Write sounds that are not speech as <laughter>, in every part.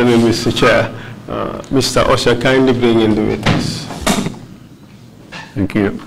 afternoon, Mr. Chair. Uh, Mr. Osha, kindly bring in the witness. Thank you.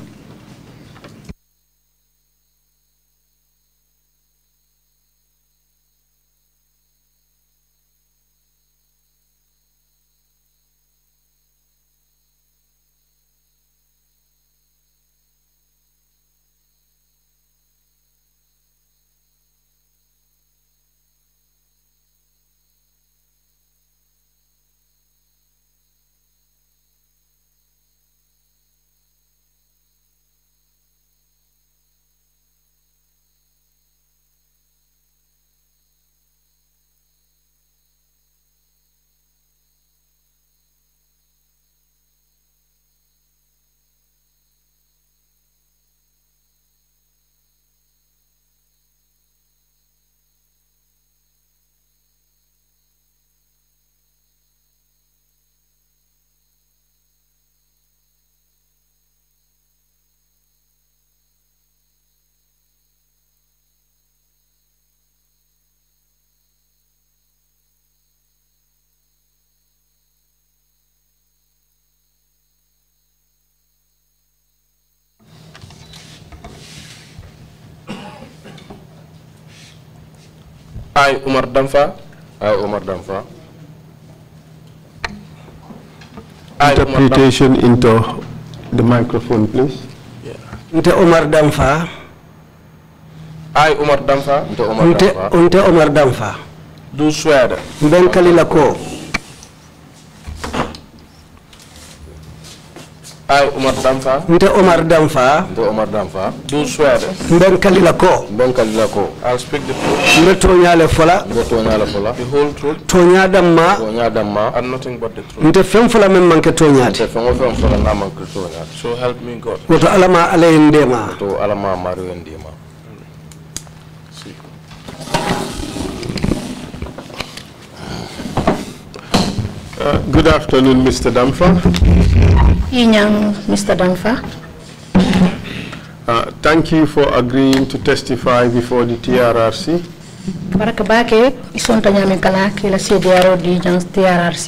Hi, Omar Damfa. Hi, Omar Damfa. Interpretation into the microphone, please. Yeah. Nte Umar Damfa. I, Umar Damfa. Nte Umar Damfa. Nte Umar Damfa. Do swear. Mbenkalila ko. ay ah, Omar Damfa nte Omar Damfa nte Omar Damfa du suwade mben kalila ko mben kalila ko I'll speak the truth mbe toñale fola mbe toñale fola the whole truth toña damma toña damma and nothing but the truth nte fen fola men manke toñade nte fen fen manke toñade so help me God woto alama alay ndema alama mario Uh, good afternoon, Mr. Damfa. Inyang, Mr. Damfa. Uh, thank you for agreeing to testify before the TRRC. Barakabake, kala kila di jang TRRC.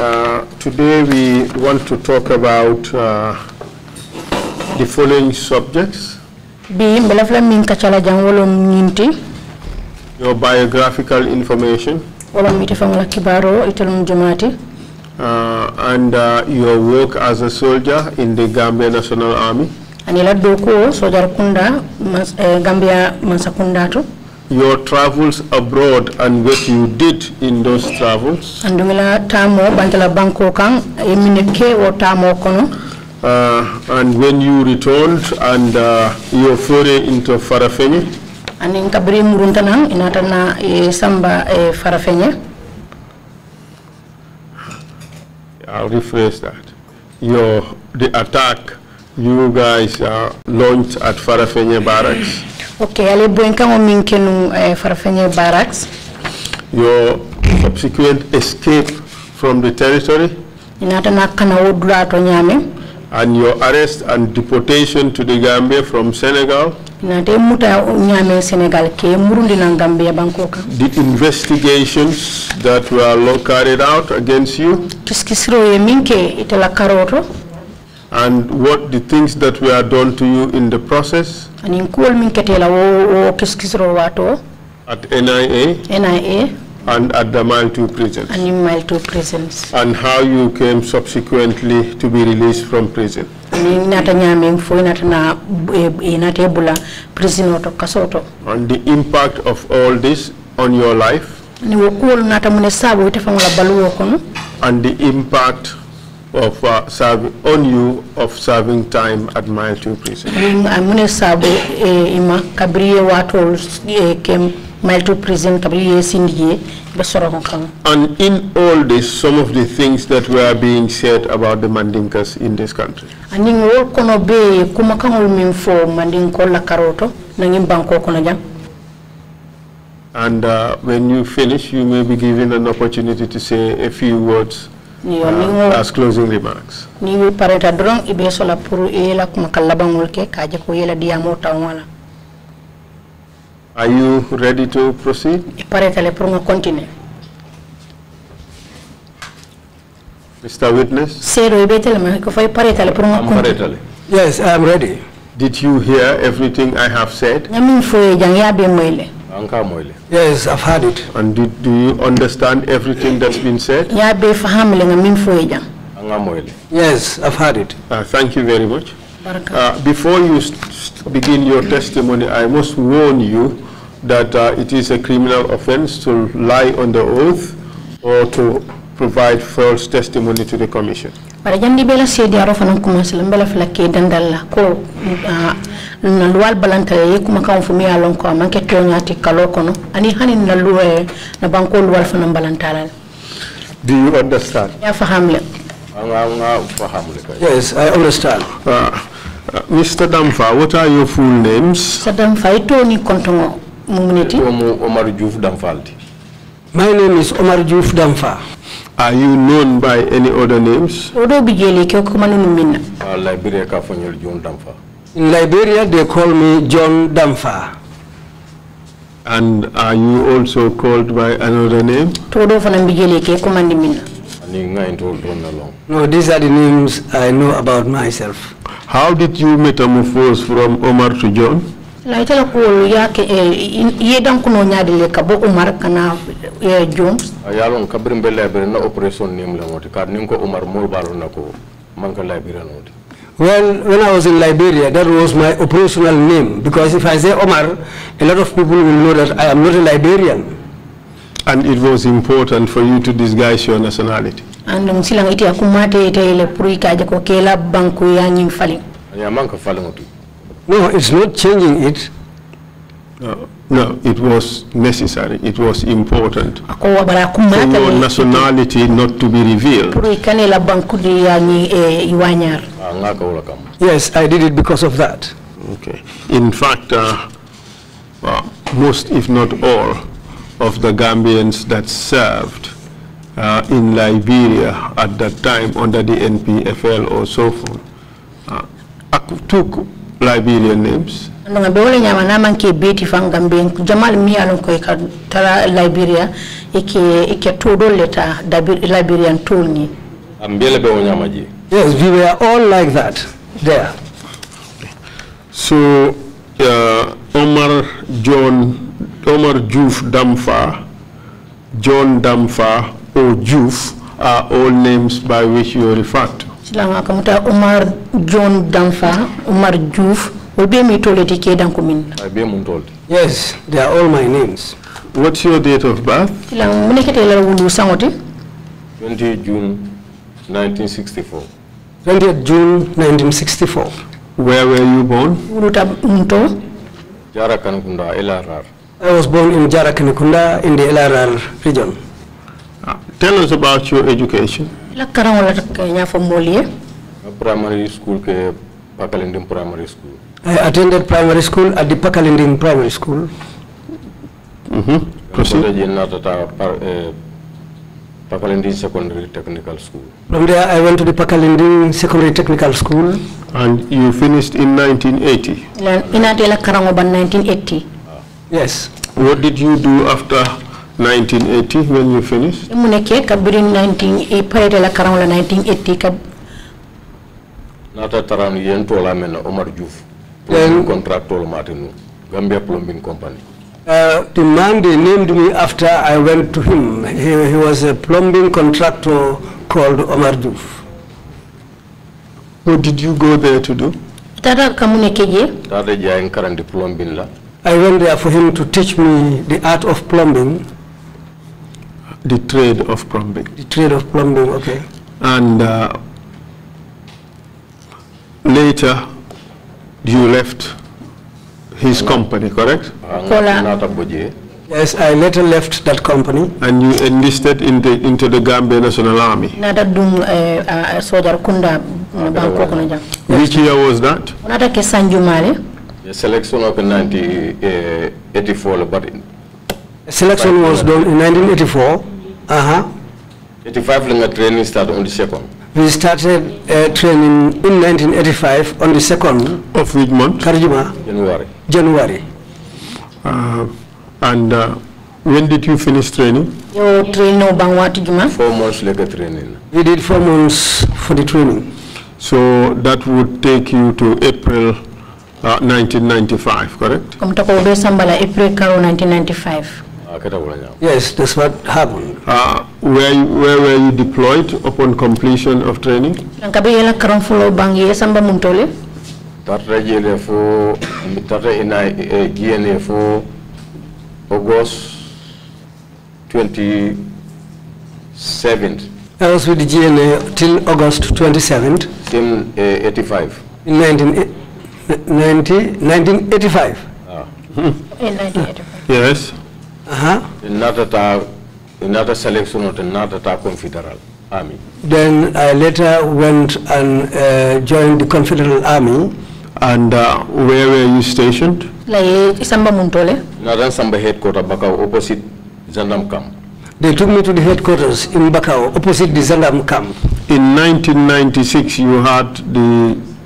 Uh, today we want to talk about uh, the following subjects. Bi jang wolo Your biographical information. Uh, and uh, your work as a soldier in the Gambia National Army. Eh, your travels abroad and what you did in those travels. Eh, uh, and when you returned and uh, your foray into Farafeni. anin kabri muruntanan inatana e samba e farafenya I'll rephrase that. Your the attack you guys uh, launched at Farafenye Barracks. Okay, ale buenka ominkenu e, Farafenye Barracks. Your subsequent escape from the territory. Inatana kana wodula to nyame. And your arrest and deportation to the Gambia from Senegal. The investigations that were carried out against you and what the things that were done to you in the process at NIA, NIA and at the Mile 2 prisons? And in Mile 2 prisons. And how you came subsequently to be released from prison? Eh, eh, and the impact of all this on your life? And the impact of uh, serving on you of serving time at Mile 2 prison? Uh, and in all this, some of the things that were being said about the Mandinkas in this country. Aning all kono be kumakangol mimfo Mandinko la karoto nangim banko kono jam. And uh, when you finish, you may be given an opportunity to say a few words uh, as closing remarks. Ni pareta drong e la ke kaje ko yela diamo tawala. Are you ready to proceed? Parekale pour nga continuer. Mr. Witness? Sero ibetele ma ko fay parekale Yes, I am ready. Did you hear everything I have said? Ngamin foye jang yabe moyle. Anka Yes, I've heard it. And did, do you understand everything that's been said? Yabe fahamle ngamin foye jang. Anga Yes, I've heard it. Uh, thank you very much. Uh, before you begin your testimony, I must warn you that uh, it is a criminal offense to lie on the oath or to provide false testimony to the commission. Uh, Do you understand? Yes, I understand. Uh, uh Mr. Damfa, what are your full names? Mr. Damfa, ito kontongo. Mumniti? Omar Diouf Damfaldi. My name is Omar Diouf Damfa. Are you known by any other names? Odo kumani minna. Ah, Liberia Kafanyol John Damfa. In Liberia, they call me John Damfa. And are you also called by another name? Todo Fanambijele Kyokumandimina. No, these are the names I know about myself. How did you metamorphose from Omar to John? la ko ya ke eh, kuno nyaade le ka bo umar kana eh, jones yalon kabrim be na operation nim la moti kar nim umar mol balo na ko man ka Well, when I was in Liberia, that was my operational name because if I say Omar, a lot of people will know that I am not a Liberian. And it was important for you to disguise your nationality. And silang iti akumate ite ile puri kaje ko kela banku ya nyimfali. Ya manka falimotu. No, it's not changing it. No, no, it was necessary. It was important for your nationality not to be revealed. Eh, ah, yes, I did it because of that. Okay. In fact, uh, well, most, if not all, of the Gambians that served uh, in Liberia at that time under the NPFL or so forth uh, took Liberian names? nga be wala nyama na manke beti fanga mbe jamal mi alon ko ka tara Liberia ike ike to do leta Liberian tolni ambele be nyama ji yes we were all like that there so uh, Omar John Omar Juf Damfa John Damfa or Juf are all names by which you are referred to Assalamualaikum ta Omar, John Danfa, Umar Juf, Obe Mitoleti Kedan Kumin. Obe Muntolti. Yes, they are all my names. What's your date of birth? Silang munekete la wulu sangote. 20 June 1964. 20 June 1964. Where were you born? Uluta Munto. Jarakanukunda, LRR. I was born in Jarakanukunda in the LRR region. Uh, tell us about your education lakkaraŋo la ñaa fo moolu ye primary school ke pakalindin primary school eh, i attended primary school at the pakalindin primary school mm -hmm. proceed eh, Pakalindin Secondary Technical School. From there, I went to the Pakalindin Secondary Technical School. And you finished in 1980? In 1980. Yes. What did you do after 1980 when you finished? Muneke kabirin 19 eh, parade la karang la 1980 kab. Nata taram yen to la mena Omar Diouf. Then eh, contract all matinu Gambia Plumbing Company. Uh, the man they named me after I went to him. He, was a plumbing contractor called Omar Diouf. What did you go there to do? Tata kamuneke je. Tata jayen karang di plumbing la. I went there for him to teach me the art of plumbing. The trade of plumbing. The trade of plumbing, okay. And uh, later, you left his company, correct? Yes, I later left that company. And you enlisted in the, into the Gambia National Army? Eh, eh, eh, ah, Which year was that? The selection of 1984, but... Selection was done in 1984. Uh-huh. 85 Langa training started on the 2nd. We started uh, training in 1985 on the 2nd. Of which month? Karjuma. January. January. Uh, and uh, when did you finish training? You train no Bangwatu Four months later training. We did four months for the training. So that would take you to April uh, 1995, correct? Kumtako Sambala, April 1995. Yes, that's what happened. Uh, where, where were you deployed upon completion of training? GNA eh, August 27th. I was with the GNA till August 27th. Till uh, 85. In 19, eh, 19, 1985. Ah. In 1985. Yes natata nata selection to natata confederal army then i uh, later went and uh, joined the confederal army and uh, where were you stationed like samba muntole naran samba headquarters bakau opposite zandam camp they took me to the headquarters in bakau opposite the zandam camp in 1996 you had the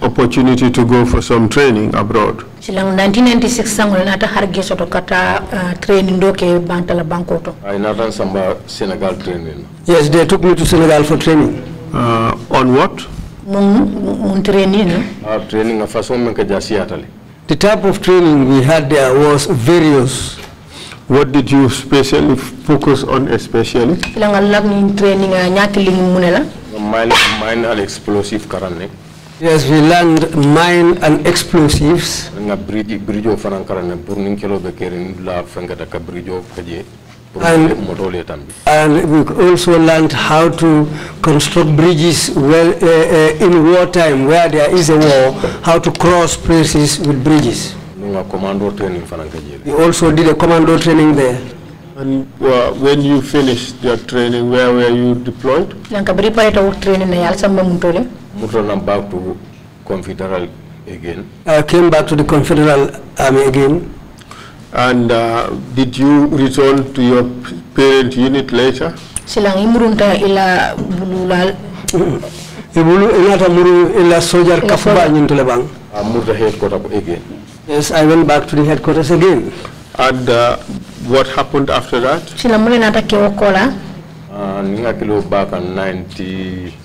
opportunity to go for some training abroad. In 1996 training I natan samba Senegal training. Yes, they took me to Senegal for training. Uh, on what? Ah, training. Uh, training a façon The type of training we had there was various. What did you specially focus on especially? Silang alag training a uh, nyaki Mine, mine explosive Karanek. Yes, we land mine and explosives. And, and we also learned how to construct bridges well uh, uh, in wartime where there is a war, how to cross places with bridges. We also did a commando training there. And uh, when you finished your training, where were you deployed? back to Confederal again. I uh, came back to the Confederal Army again. And uh, did you return to your parent unit later? Silang imurunta ila bululal. Ibulu inata muru ila soldier kafuba nyintulebang. Amurta ah, headquarters again. Yes, I went back to the headquarters again. And uh, what happened after that? Silang mure nata kewokola. Uh, ah, Ninga kilo back in 90.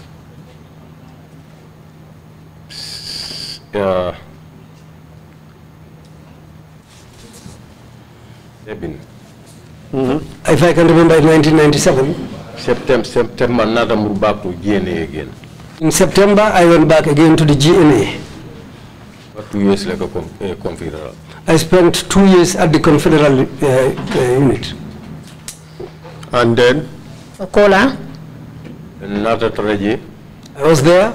Uh, Mm -hmm. If I can remember, 1997. September, September, another move back to GNA again. In September, I went back again to the GNA. About two years like a uh, confederal. I spent two years at the confederal uh, uh, unit. And then? Okola. Another tragedy. I was there.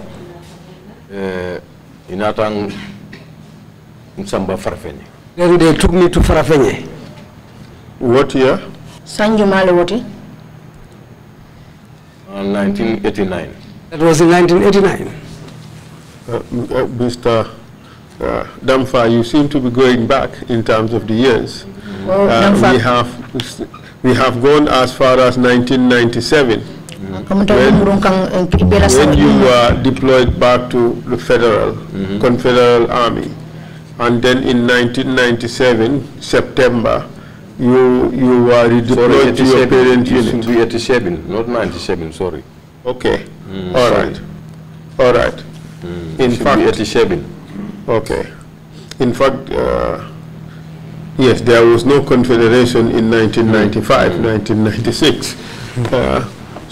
Uh, Inatang Msamba Farfenye. Then they took me to Farfenye. What year? Sanjumale what year? 1989. Uh, that was in 1989. Uh, uh, Mr. Uh, Damfa, you seem to be going back in terms of the years. Well, uh, we have we have gone as far as 1997. Mm -hmm. when, you were deployed back to the federal, mm -hmm. confederal army, and then in 1997, September, you you were redeployed to your parent unit. Sorry, 87, not 97, sorry. Okay, mm, all sorry. right, all right. Mm. in fact, 87. Okay. In fact, uh, yes, there was no confederation in 1995, 1996. Mm. <laughs> Uh,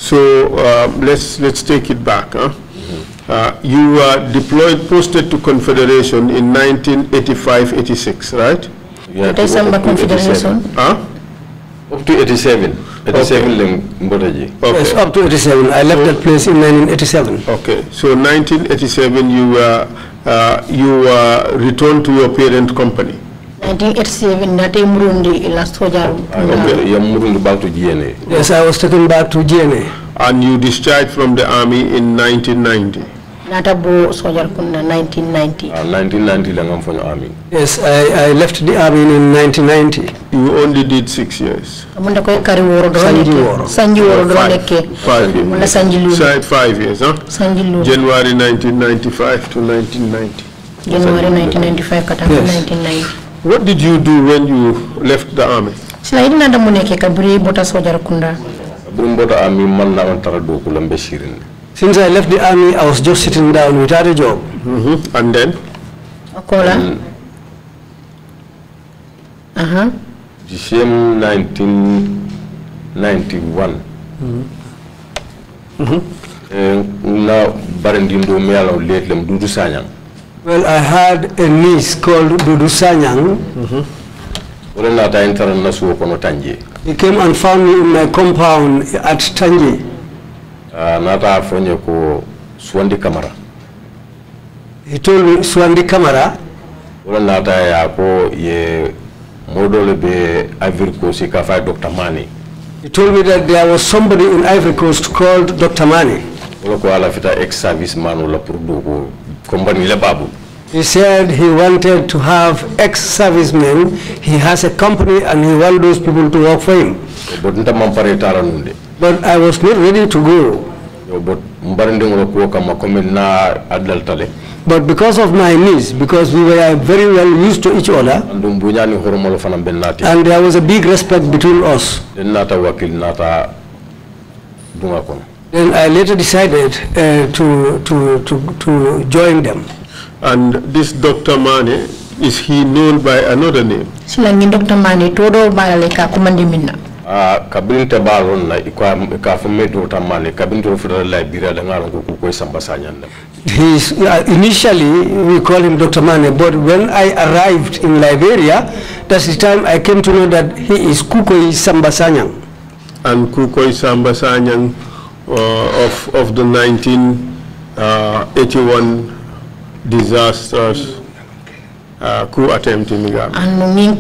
so uh, let's, let's take it back. Huh? uh, you were uh, deployed, posted to Confederation in 1985-86, right? Yeah, December Confederation. Huh? Up to 87. 87 okay. Okay. Yes, up to 87. I left so, that place in 1987. Okay, so 1987 you were, uh, uh, you were uh, returned to your parent company. 1987 Nate Murundi in last ah, euh, Murundi Yes, I was taken back to GNA. And you discharged from the army in 1990? Nata bo soldier kunna 1990. Uh, ah, 1990 langam from the army. Yes, I, I left the army in 1990. You only did six years. Sanji waro. Sanji waro. Five years. Sanji Five years, huh? Sanji January 1995 to 1990. January 1995 kata 1990. What did you do when you left the army? Sila idina da muneke kaburi bota sojar kunda. Burum bota army man na antara kulam Since I left the army, I was just sitting down without a job. Mm -hmm. And then? Akola. Mm. Uh huh. The same 1991. Mm -hmm. Mm -hmm. Uh, eh, now, Barendindo Mialo late lem Dudu Sanyang. Well, I had a niece called Dudusanyang. Mm -hmm. He came and found me in my compound at Tanji. Ah, the camera. He told me Swandi Kamara. Ulanata yako ye modole be Ivory Coast Dr. Mani. He told me that there was somebody in Ivory Coast called Dr. Mani. ex-service man he said he wanted to have ex-servicemen. He has a company and he wants those people to work for him. But I was not ready to go. But because of my knees, because we were very well used to each other, and there was a big respect between us. Then I later decided uh, to, to, to, to join them. And this Dr. Mane, is he known by another name? Silangi Dr. Mane, todo balale kumandi minna. Ah, kabin te na ikwa Dr. Mane, kabin to fura la bira da ngaro sambasanya He's, uh, initially, we call him Dr. Mane, but when I arrived in Liberia, that's the time I came to know that he is Kukoi Sambasanyang. And Kukoi Sambasanyang uh, of, of the 1981 uh, disastrous uh, coup attempt in Uganda. And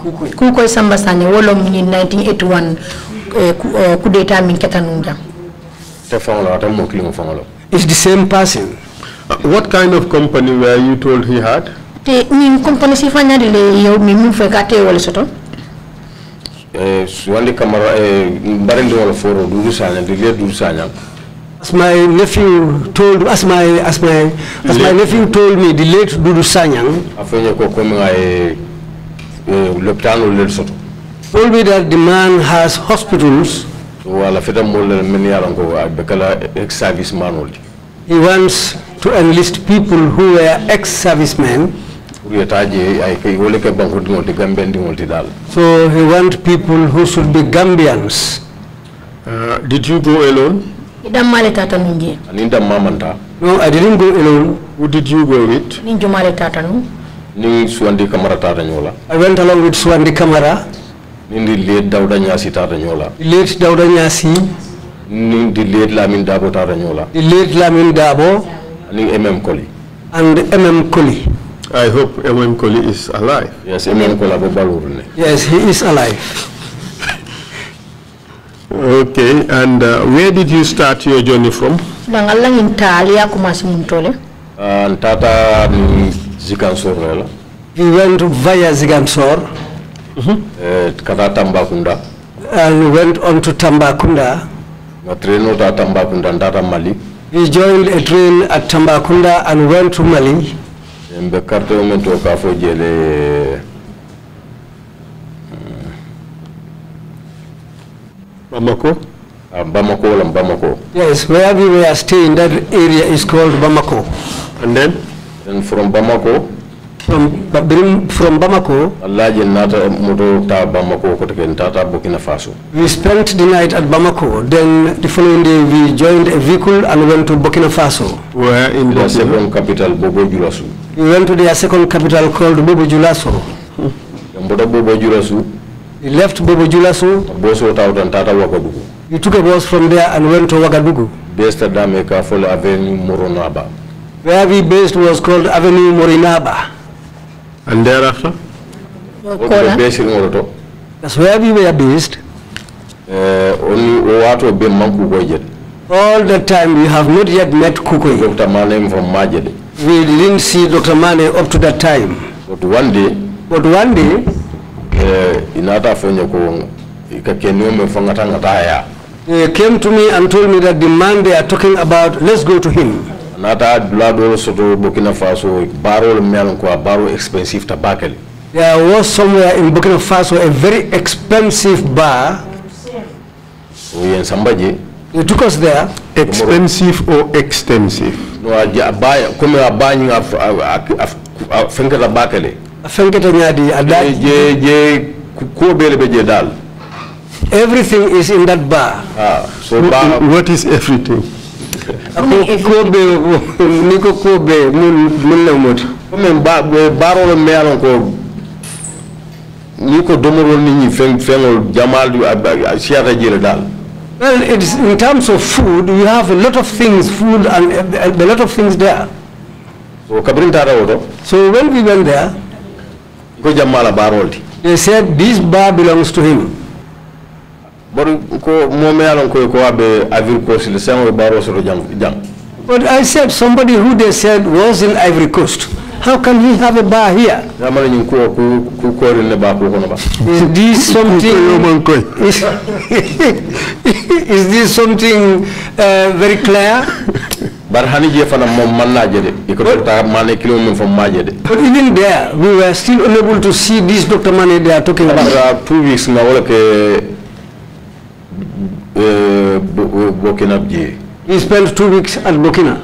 could, coup coup samba sane wolom ni 1981 coup d'état min ketanunga. Te fanglo atam mo klingo fanglo. It's the same person. Uh, what kind of company were you told he had? The min company si fanya dile yow mi mun fe gate wala soto. Swandi eh, Kamara, eh, Barindi Woloforo, Durusanya, the late Durusanya. As my nephew told, as my as my as my nephew told me, the late Dudu Sanyang. Afenye ko kome ngai eh, leptano soto. Told me that the man has hospitals. Wala feta mole meni arango ah, bekala ex service man He wants to enlist people who were ex servicemen. So he want people who should be Gambians. Uh, did you go alone? No, I didn't go alone. Who did you go with? I went along with Swandi Kamara. Nindi late Dauda Nyasi Taranyola. Late Dauda Nyasi. Nindi late Lamin Dabo Taranyola. The late Lamin Dabo. And MM Koli. And MM Koli. I hope M.M. Koli is alive. Yes, M.M. Koli Yes, he is alive. Okay, and uh, where did you start your journey from? Nangalang in Talia kumasumuntole. Ah, and Tata Zikansor nela. We went via Zigansor. Kata mm-hmm. eh, Tambakunda. And we went on to Tambakunda. Na train ota Tambakunda and Tata Mali. We joined a train at Tambakunda and went to Mali mbe carte o men hmm. Bamako? Uh, Bamako, Lam Bamako. Yes, where we were staying, that area is called Bamako. And then? And from Bamako? From, from Bamako. We spent the night at Bamako. Then the following day we joined a vehicle and went to Burkina Faso. Where in the second capital, Bobo Julasu. You went to their second capital called Bobo Julaso. Bobo Julaso. He left Bobo Julaso. He took a bus from there and went to Wagadugu. Based at Dameka for Avenue Moronaba. Where we based was called Avenue Morinaba. And thereafter? Moroto. That's where we were based. Uh, all the time we have not yet met Kukoy. Dr. Malem from Majede we didn't see Dr. Mane up to that time. But one day, but one day, uh, inata fanya ko ikakenwe mfangata He eh, came to me and told me that the man they are talking about, let's go to him. Nata blado soto Burkina Faso baro melon baro expensive tobacco. There was somewhere in Burkina Faso a very expensive bar. We in Sambaji. He took us there. Expensive or extensive? comme a bañi a fenkata bakale a fenkata ñaadi a daaj je je ko bele be je dal everything is in that bar ah so bar what is everything kobe ni ko kobe mun mun na moti comme ba baro le mealon ko ni ko domorol ni ñi fen fenol jamal du siyata jere dal Well, it's, in terms of food, we have a lot of things, food and, a lot of things there. So, so when we went there, they said this bar belongs to him. But I said somebody who they said was in Ivory Coast. How can he have a bar here? is this something? is, is this something uh, very clear? But even there, we were still unable to see this Dr. Mane they are talking about. Two weeks now, eh, He spent two weeks at Burkina.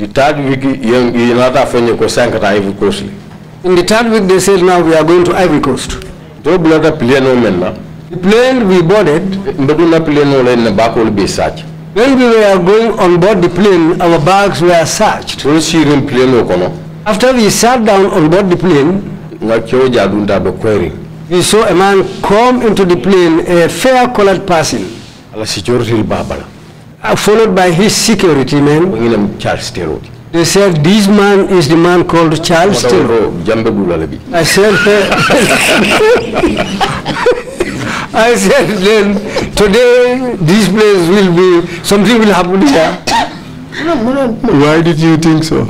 The third week, Ivory Coast. In the third week, they said now we are going to Ivory Coast. Do blood a plane no The plane we boarded. the plane no in the back will be searched. When we were going on board the plane, our bags were searched. After we sat down on board the plane, we saw a man come into the plane, a fair-colored person. Uh, followed by his security men. Charles Terodi. They said, this man is the man called Charles Terodi. I said, <laughs> I said then, today this place will be, something will happen here. Why did you think so?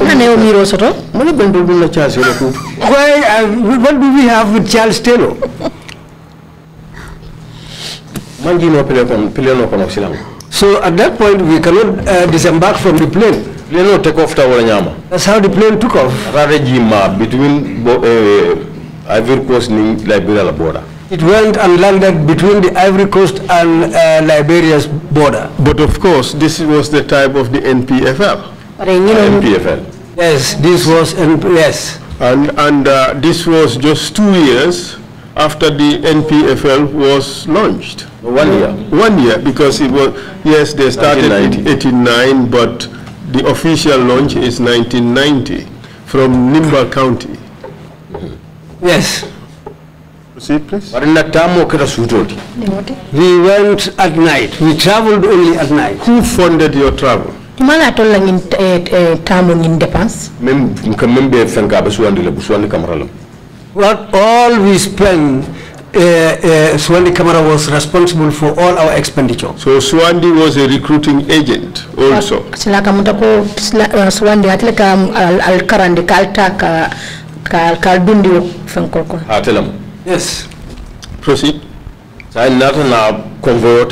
Why, uh, what do we have with Charles Taylor? So at that point, we cannot uh, disembark from the plane. Plane will take off to Nyama. That's how the plane took off. Rarejima uh, between uh, Ivory Coast and Liberia border. It went and landed between the Ivory Coast and uh, Liberia's border. But of course, this was the type of the NPFL. mean, uh, um, NPFL. Yes, this was NPS. Yes. And, and uh, this was just two years after the NPFL was launched. One year. One year, because it was, yes, they started in 89, but the official launch is 1990 from Nimba County. Yes. Proceed, please. We went at night. We traveled only at night. Who funded your travel? mala tolla ngin eh, eh, tamo ngin dépense what all we spend, uh, uh, Swandi Kamara was responsible for all our expenditure. So Swandi was a recruiting agent also. Silakamutako Swandi uh, atleka um, al karande kalta ka kal kaldundio Atelam. Ah, yes. Proceed. Sai nata na convoy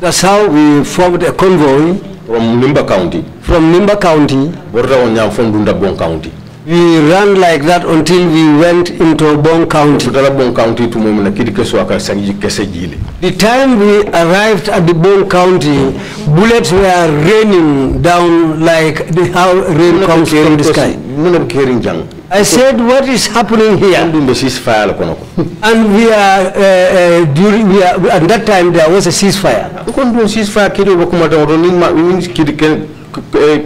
That's how we formed a convoy from Nimba County. From Nimba County. Borda wanyam from Dundabong County. We ran like that until we went into Bone County. The time we arrived at the Bone County, bullets were raining down like the, how rain comes from the sky. I said, what is happening here? and we are, uh, uh, during, we are, at that time there was a ceasefire. Eh, uh,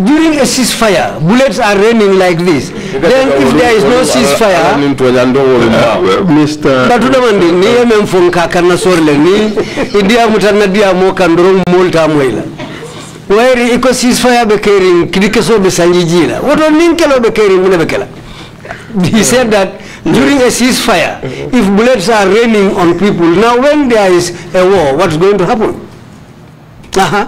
during a ceasefire, bullets are raining like this. Then if there is no ceasefire, Mr. Batudamandi, ni yememfunka kana sorle ni idia mutana dia mo kandoro molta moila. Where iko ceasefire be caring, kidikeso be sanjijila. What on kelo be caring mune bekela. He said that during a ceasefire, if bullets are raining on people, now when there is a war, what's going to happen? Aha.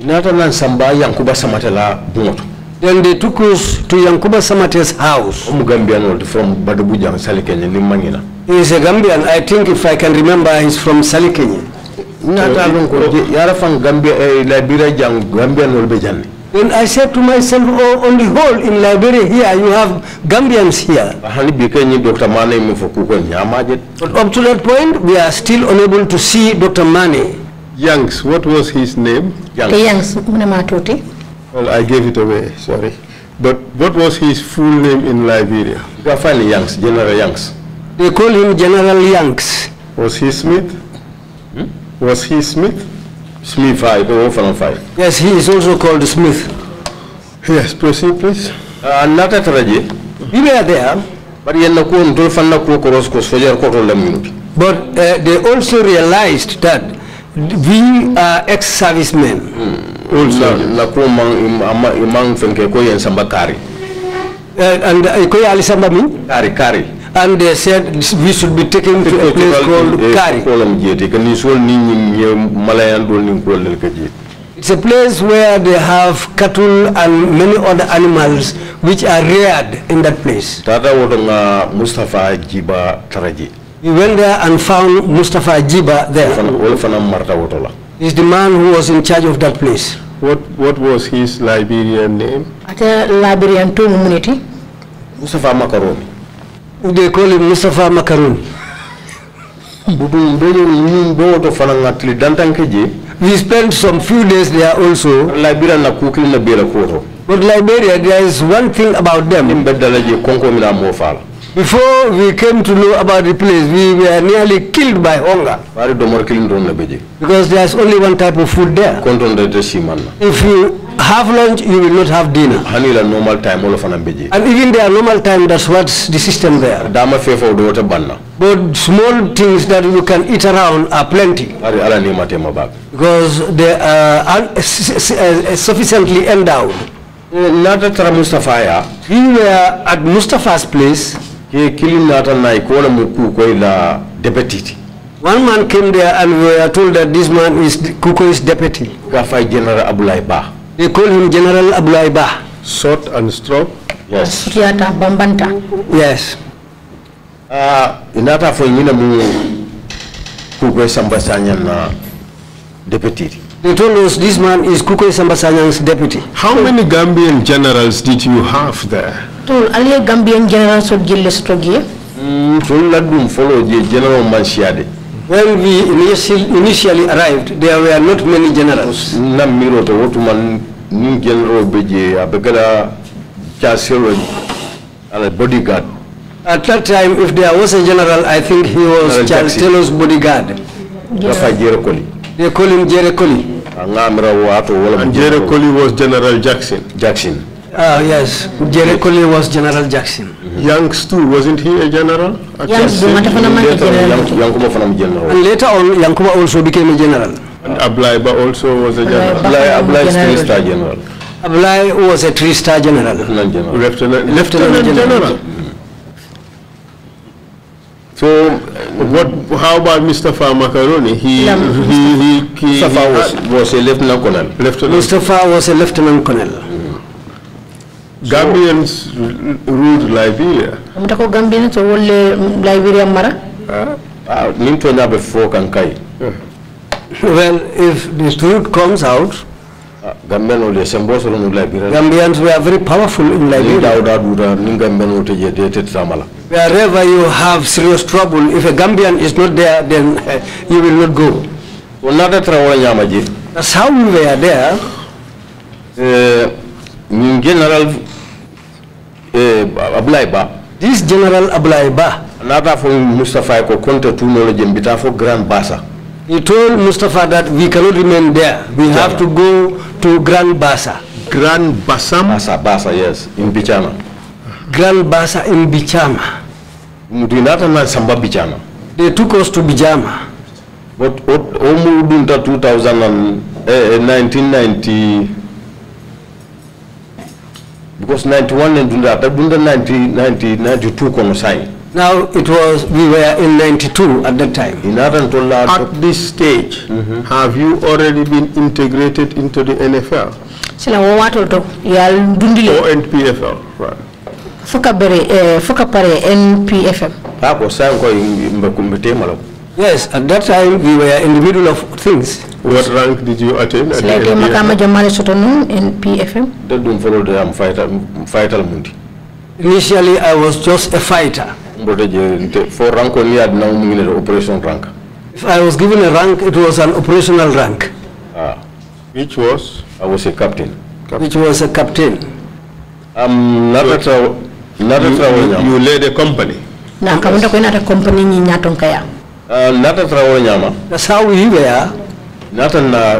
Inatanan samba yankuba samate la bumoto. Then they took us to Yankuba Samate's house. Um, Gambian old from Badubuja and Salikenya in Mangina. He is a Gambian. I think if I can remember, is from Salikenya. Eh, eh, from Gambia eh, Liberia Jang Gambian old Bajan. Then I said to myself, oh, on the whole, in Liberia here, you have Gambians here. Dr. Mani, But up At absolute point, we are still unable to see Dr. Mani. Youngs, what was his name? Youngs. Well, I gave it away, sorry. But what was his full name in Liberia? Gafali Youngs, General Youngs. They call him General Youngs. Was he Smith? Hmm? Was he Smith? Smith 5, or 5. Yes, he is also called Smith. Yes, proceed please. Uh, not a Raji. We were there. But uh, they also realized that we are ex-servicemen. Also, hmm. la ko mang eh, And eh, ko yali samba min? Kari kari. And they said we should be taken to a place called Kari. Kolam jeti kan sol ni ni malayan dol ni ko lel It's a place where they have cattle and many other animals which are reared in that place. Tata wodonga Mustafa Jiba Taraji. We went there and found Mustafa Ajiba there. He's the man who was in charge of that place. What, what was his Liberian name? Ate Liberian to community. Mustafa Makaroni. They call him Mustafa Makaroni. we spent some few days there also. But Liberia, there is one thing about them. Before we came to know about the place, we were nearly killed by hunger. Because there's only one type of food there. If you have lunch, you will not have dinner. normal time And even their normal time, that's what's the system there. But small things that you can eat around are plenty. Because they are uh, sufficiently endowed. Eh, not We were at Mustafa's place. He killing that and I call him the deputy. One man came there and we were told that this man is Kukoi's deputy. Kafai General Abulai Ba. They call him General Abulai Ba. sort and strong? Yes. Kiata Bambanta. Yes. Uh, inata for yina mu Kukoi Sambasanya na deputy. They told us this man is Kukwe Sambasanyan's deputy. How so, many Gambian generals did you have there? Tol aliye Gambian generals od jille stogie. Hmm, tol ladum follow the general Mansiade. When we initially, arrived, there were not many generals. Na the to wotuman ni general beje abegala chasero a bodyguard. At that time, if there was a general, I think he was Charles Taylor's bodyguard. Yes. They call him Jerry Coley. And Jerry was General Jackson. Jackson. Uh, yes, Jerry Coley was General Jackson. Mm -hmm. Youngs too, wasn't he a general? Youngs, general. And later on, Yankuma also became a general. And Ablaiba also was a general. Ablai, Ablai is three-star general. Ablai was a three-star general. Lieutenant general. Lieutenant, Lieutenant, Lieutenant general. general. So, what? How about Mustafa Macaroni? He yeah, he, he, he, Mustafa he was, was a lieutenant colonel. Lieutenant. Mustafa was a lieutenant colonel. Mm. So Gambians ruled Liberia. Mtako Gambians ruled Liberia mara? Ah, ah nimtona before kankai. <laughs> Well, if the truth comes out, ah, Gambians were very powerful in Liberia. Wherever you have serious trouble, if a Gambian is not there, then uh, you will not go. That's how we were there. Uh, eh, General uh, eh, Ablaiba. This General Ablaiba. Another from Mustafa Kokonte Tunology for Grand Bassa. He told Mustafa that we cannot remain there. We Bichana. have to go to Grand Bassa. Grand Bassam? Bassa, Bassa, yes, in Bichama. Grand Bassa in Bichama mudinata na samba bijama they took us to bijama what what omu dunta 2000 and, eh, 1990 because 91 and dunta dunta 90 92 kono sai now it was we were in 92 at that time inata at this stage mm -hmm. have you already been integrated into the NFL sila watu to ya dundile or NPFL right foka bere eh, foka pare npfm ako sanko mbakumbe Yes, at that time we were in the middle of things. What rank did you attain? At like the Makama Jamari Sotono in That don't follow the um, fighter, fighter mundi. Initially, I was just a fighter. For rank only, I had now operation rank. If I was given a rank, it was an operational rank. Ah, which was? I was a captain. captain. Which was a captain. Um, Narata nata nyama you led a company na kamu ndako inata company ni nyaton kaya uh, nata trawo nyama na sawu hiwe ya nata na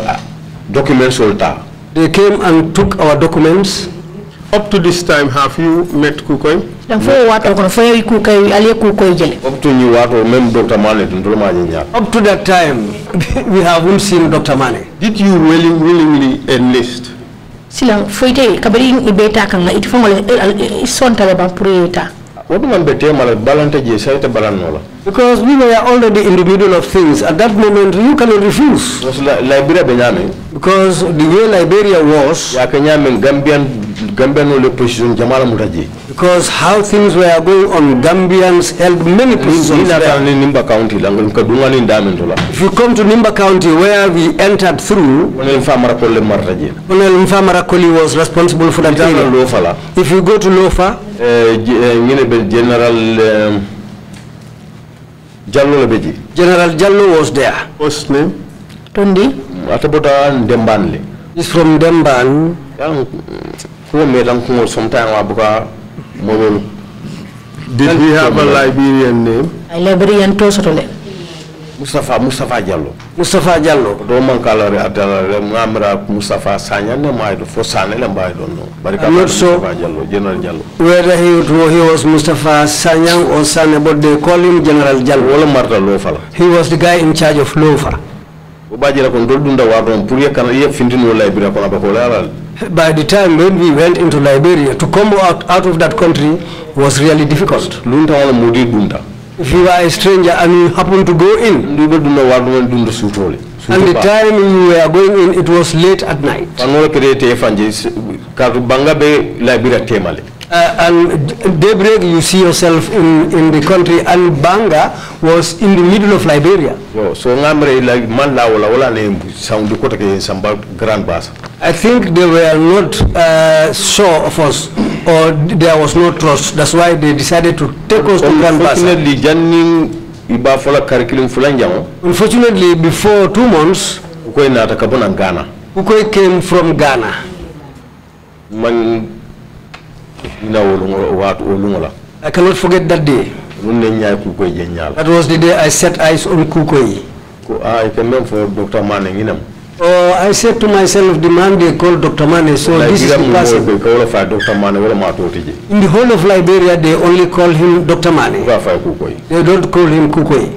documents solta they came and took our documents up to this time have you met kukoy up to ni wato même dr mane up to that time <laughs> we haven't seen dr mane did you really willingly enlist silan foyte kabiri ibeta kanga itu fongo le eh, eh, sonta le bampureta what man bete mal balanta je sayta balanno la because we were already in the middle of things at that moment you cannot refuse because liberia be because the way liberia was ya kanyame gambian because how things were going on, Gambians held many prisons If you come to Nimba County where we entered through, Colonel Mfamarakoli was responsible for that area. If you go to Lofa, eh, eh, General um, Jallo Lebeji. General Jallo was there. What's name? Tundi. Atabuta Dembanli. He's from Demban. kuwa me lang kungo sometimes buka momelu did he have a liberian name a liberian to sotole mustafa mustafa jallo mustafa jallo do man kala re adala re ngamra mustafa sanya ne may do fo le mbay don no bari mustafa jallo general jallo Where he he was mustafa sanya or sane but they call him general jallo wala marta lofa he was the guy in charge of lofa o bajira kon dol dunda wa don pour yakana ye findino liberian ko abako la by the time when we went into Liberia, to come out, out of that country was really difficult. If you are a stranger and you happen to go in, and the time you were going in, it was late at night uh, and daybreak you see yourself in, in the country and Banga was in the middle of Liberia. so like man grand I think they were not uh, sure of us or there was no trust. That's why they decided to take us to grand Unfortunately, iba oh. Unfortunately, before two months, Ukoi na atakabona Ghana. Ukoi came from Ghana. Man I cannot forget that day. That was the day I set eyes on Kukoi. Ah, oh, I said to myself, the man they call Dr. Mane, so like this is the person. In the whole of Liberia, they only call him Dr. Mane. They don't call him Kukoi.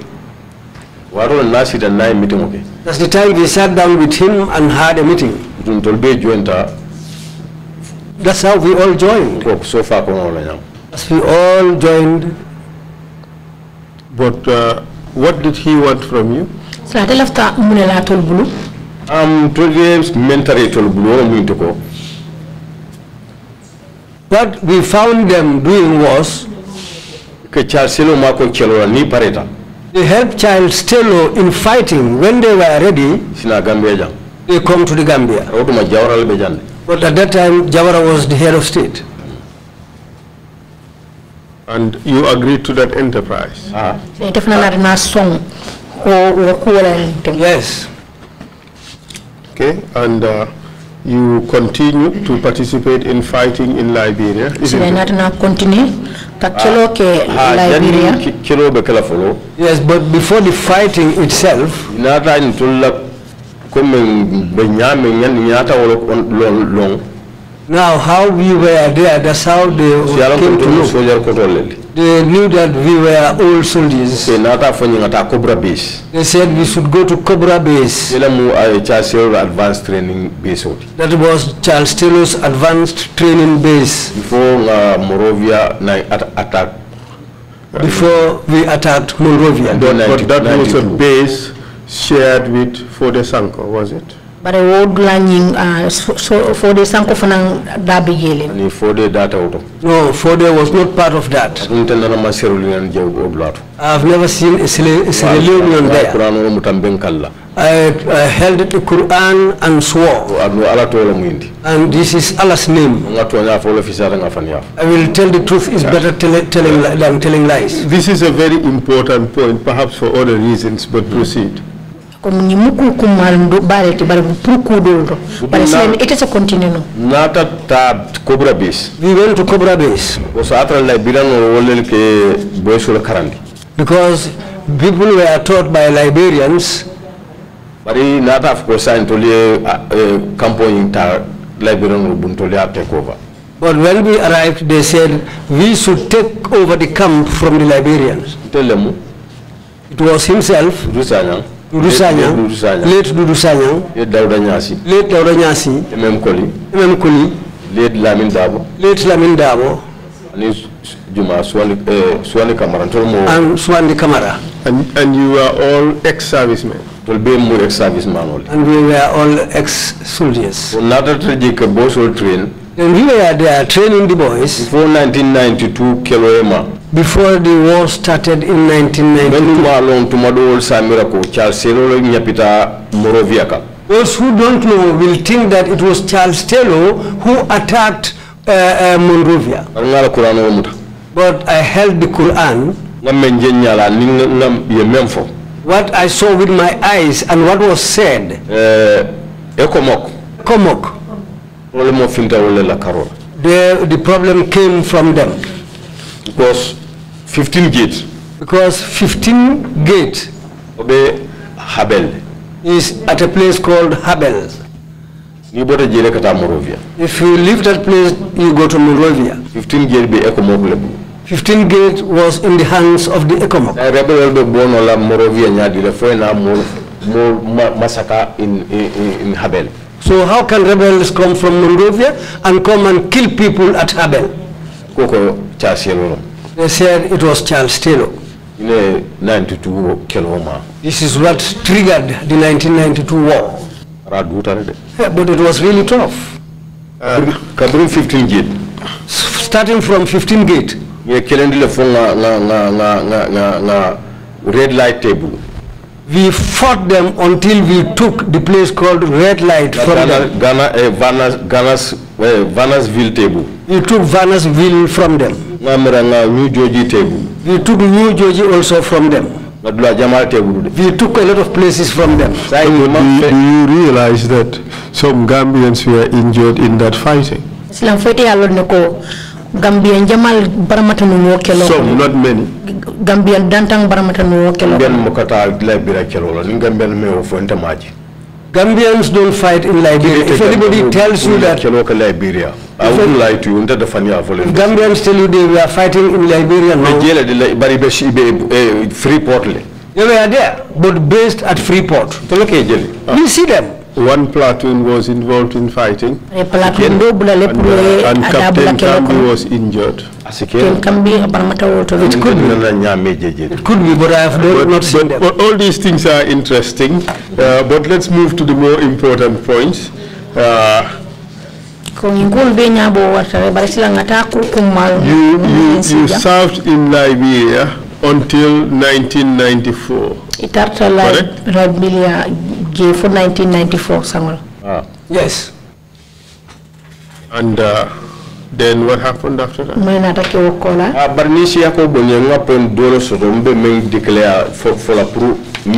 That's the time we sat down with him and had a meeting. That's how we all joined. So far, we all joined. But uh, what did he want from you? So I left Munela Tolbulu. Um, Tolgame's mentally Tolbulu, What we found them doing was. They help child stello in fighting when they were ready. They come to the Gambia. But at that time, Jawara was the head of state. And you agreed to that enterprise? Ah. Yes. Okay, and uh, you continue to participate in fighting in Liberia, not continue. Ah. Ah, Liberia. Yes, but before the fighting itself, now, how we were there, that's how they came to know. They knew that we were old soldiers. They said we should go to Cobra Base. That was Charles Taylor's advanced training base. Before uh, Morovia attacked. Before we attacked Morovia. But that was a base shared with Fode was it? bare wo dulanyin uh, so, for the sanko fanan dabi gele ni for the data auto no for the was not part of that intel na ma serulu nan jew o dulato i've never seen a serulu on there quran o mutamben kala I, held the Quran and swore. And this is Allah's name. I will tell the truth is better telling, than telling lies. This is a very important point, perhaps for other reasons, but hmm. proceed komin mukkukummalum ɗo ɓarete bara pour kuuɗol ɗo bara sen etesa continue nata ta cobra base we went to cobra base o so atral bilan o wollel ke boysol karandi because people were taught by liberians bari nata af ko sani toli ye campagne ta liberian o bun toli take over But when we arrived, they said we should take over the camp from the Liberians. Tell them. It was himself. Dudusanya. late Dudusanya. late Daouda late Daouda Nyasi, Emem Koli, Emem Koli, late Lamine Dabo, late Lamine Dabo, and Juma Swani eh, Swani Kamara, and Swani Kamara, and and you are all ex-servicemen. Tol ex-serviceman And we were all ex-soldiers. Another tragic boss train. And here they are training the boys. Before 1992, Keloema. Before the war started in 1992. Those who don't know will think that it was Charles Taylor who attacked uh, uh, Monrovia. But I held the Quran. What I saw with my eyes and what was said. Uh, Ekomok. The, the problem came from them. Because 15 gates. Because 15 gates. Obe Habel. Is at a place called Habel. If you leave that place, you go to Morovia. 15 gate be Ekomog 15 gate was in the hands of the Ekomog. I eh, rebel the Bonola Morovia Nyadi, the a Massacre in, in, in Habel. So how can rebels come from Monrovia and come and kill people at Haben? They said it was Charles Taylor. This is what triggered the 1992 war. but it was really tough. from uh, 15 gate. Starting from 15 gate. Red light table we fought them until we took the place called Red Light from them. Ghana, uh, Ghana's, Ghana's, uh, Ghana's table. We took Vanasville from them. New Georgie table. We took New Georgie also from them. We took a lot of places from them. So do, do, you realize that some Gambians were injured in that fighting? Gambian Jamal Baramatanu Wokelo. Some, not many. Gambian Dantang Baramatanu Wokelo. Gambian Mokata Gambian Gambians don't fight in Liberia. If anybody tells you that... Liberia. I wouldn't lie to you. If Gambians tell you they were fighting in Liberia now... Eh, Freeport. They were there, but based at Freeport. You see them. One platoon was involved in fighting. And, uh, and Captain Kambi was injured. It could be. It could be, but I have but, not seen but, but all these things are interesting. Uh, but let's move to the more important points. Uh, you, you, you served in Liberia until 1994. Correct? gave for 1994 Samuel. Ah. Yes. And uh, then what happened after that? May declare for I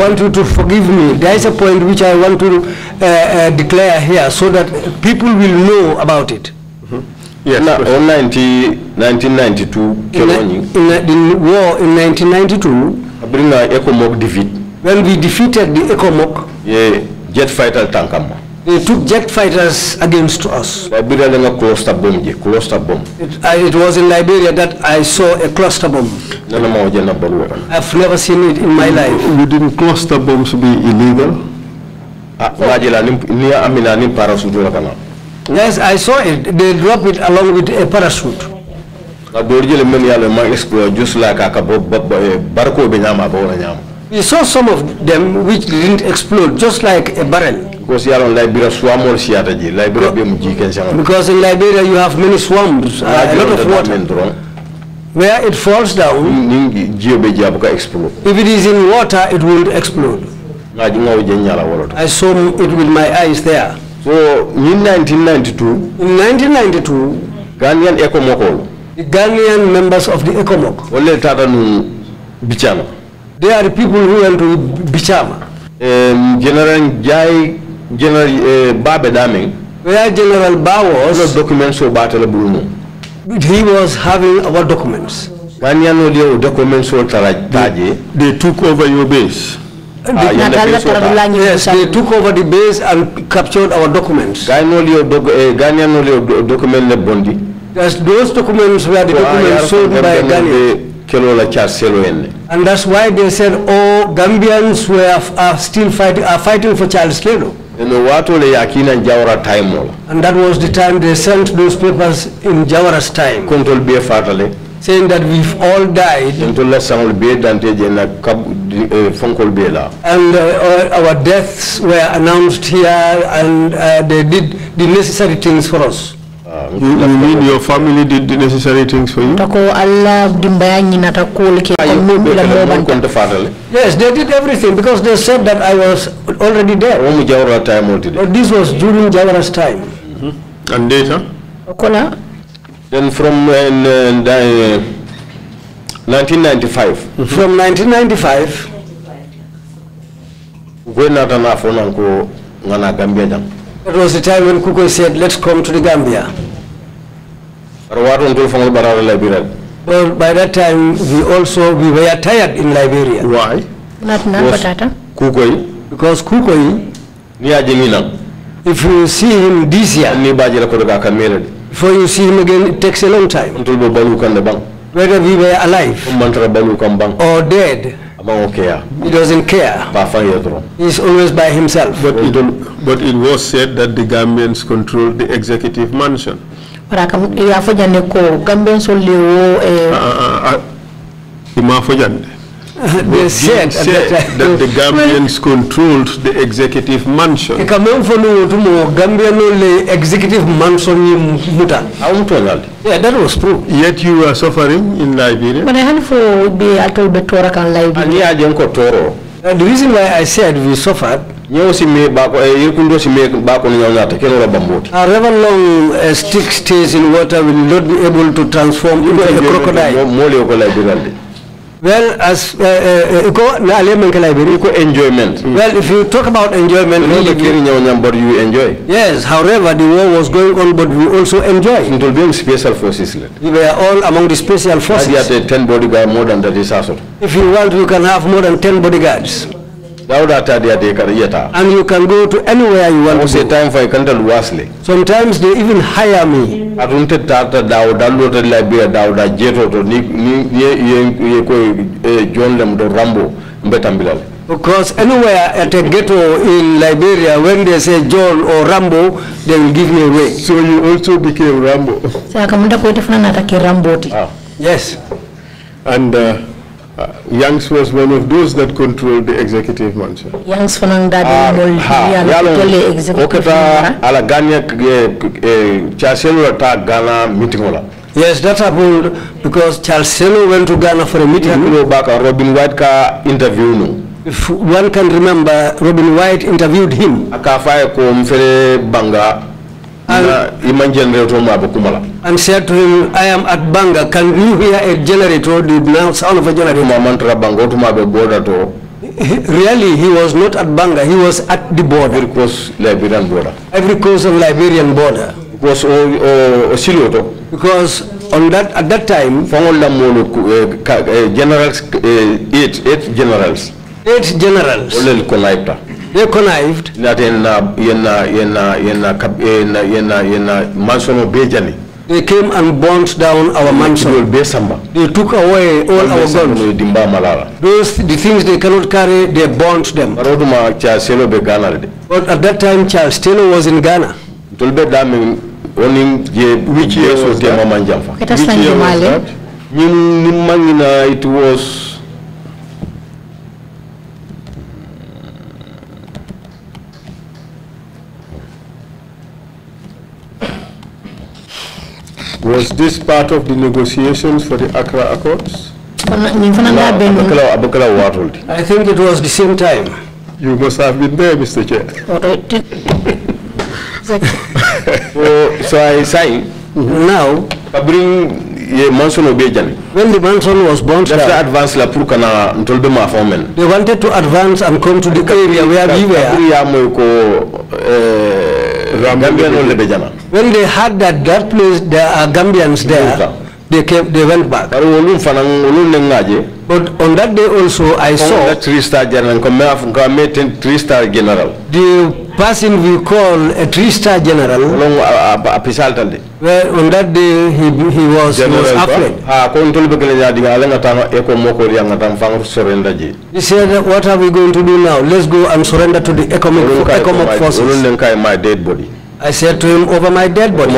want you to forgive me. There is a point which I want to uh, uh, declare here so that people will know about it. Mm -hmm. Yes, na, on 1992 Kelonyi. In, in, in war in 1992. Abringa ECOMOC defeat. When we defeated the ECOMOC. Yeah, jet fighter tankama. They took jet fighters against us. Liberia then a cluster bomb, yeah, cluster bomb. It, I, uh, it was in Liberia that I saw a cluster bomb. I've never seen it in my life. did not cluster bombs be illegal? Ah, oh. Majela, ni Yes, I saw it. They drop it along with a parachute. A dorjele men many le mang explore just like a kabo barco binyama bora nyam. We saw some of them which didn't explode, just like a barrel. Because here in Liberia, swamp or sea are there. Liberia be muji kensiama. Because in Liberia you have many swamps, a lot of water. Where it falls down, If it is in water, it will explode. I saw it with my eyes there in 1992, in 1992, Ghanaian ECOMOC, the Ghanaian members of the ECOMOC, they are the people who went to Bichama. Um, General Jai, General uh, Babe Daming, where General Ba was, documents about he was having our documents. Ghanaian documents were They took over your base. Ah, they took over the base and captured our documents. That's eh, those documents were the ah, documents sold by Ghanaian. And that's why they said, oh, Gambians were are still fighting, are fighting for child slavery. And that was the time they sent those papers in Jawara's time saying that we've all died. Eh, and uh, our deaths were announced here and uh, they did the necessary things for us. Ah, you, you mean your family did the necessary things for you? Ah, yes, they did everything because they said that I was already dead. But this was during Jawara's time. Mm -hmm. And later? Then from uh, uh, uh From 1995. Mm -hmm. From 1995. That was the time when Kuko said, let's come to the Gambia. Well, by that time, we also, we were tired in Liberia. Why? Not Because Kukoi. Because Kukoi, if you see him this year, before you see him again, it takes a long time. Whether we were alive or dead, he doesn't care. He's always by himself. But it, but it was said that the Gambians control the executive mansion. Uh, uh, uh, they said, said that, that the <laughs> Gambians well, controlled the executive mansion. Ika memfono tumo mo no le executive mansion yim muta. Yeah, that was true. Yet you were suffering in Liberia. But I had for be atol betora kan Liberia. Ali ajenko toro. The reason why I said we suffered ñoo si mee baako eh, yéen ku ndoo si mee baako ñoo ñaata a long eh, stick stays in water will not be able to transform into a crocodile. moo lee ko well, as uh, uh, uh enjoyment. Mm. Well, if you talk about enjoyment, mm. but you enjoy. Yes. However, the war was going on, but we also enjoy. It being special forces. We were all among the special forces. I had ten bodyguard more than that is also. If you want, you can have more than ten bodyguards. And you can go to anywhere you want to go. Sometimes they even hire me. to to ni ni ye ye ye them Rambo Because anywhere at a ghetto in Liberia, when they say John or Rambo, they will give me away. So you also became Rambo. I come Rambo. Ah. Yes. And uh, uh, Yangs was one of those that controlled the executive mansion. for fanang dadi ah, mol yala executive. Okata ala ganya eh, eh, chaselo ta Ghana meeting ola. Yes, that happened because Charles Selo went to Ghana for a meeting. You know back Robin White ka interview no. If one can remember, Robin White interviewed him. Aka Akafa ko mfere banga and, and said to him, I am at Banga. Can you hear a generator, the sound of a generator? <laughs> really he was not at Banga, he was at the border. Every coast Liberian border. Every coast of Liberian border. was all uh, Because on that at that time eh, eh, generals eh, eight eight generals. Eight generals. They connived. That in uh, in uh, in uh, in in in in They came and burnt down our mansion. They took away all our guns. Those the things they cannot carry, they burnt them. But at that time, Charles Taylor was in Ghana. Which year was that? It was Was this part of the negotiations for the Accra Accords? I think it was the same time. You must have been there, Mr. Chair. <laughs> so, so I say, mm-hmm. now, I bring ye Manson When the Manson was born, After out, advance la pour kana ntolbe ma fomen. They wanted to advance and come to the area where we were. Gambian only Bejana. When they had that, that place, there are uh, Gambians there. They came. They went back. But on that day also, I saw that three-star general. three-star general. The person we call a three-star general. Uh, uh, uh, well, on that day he he was general, he was afraid. Ah, he said, "What are we going to do now? Let's go and surrender to the economic economic forces." my dead body. I said to him over my dead body.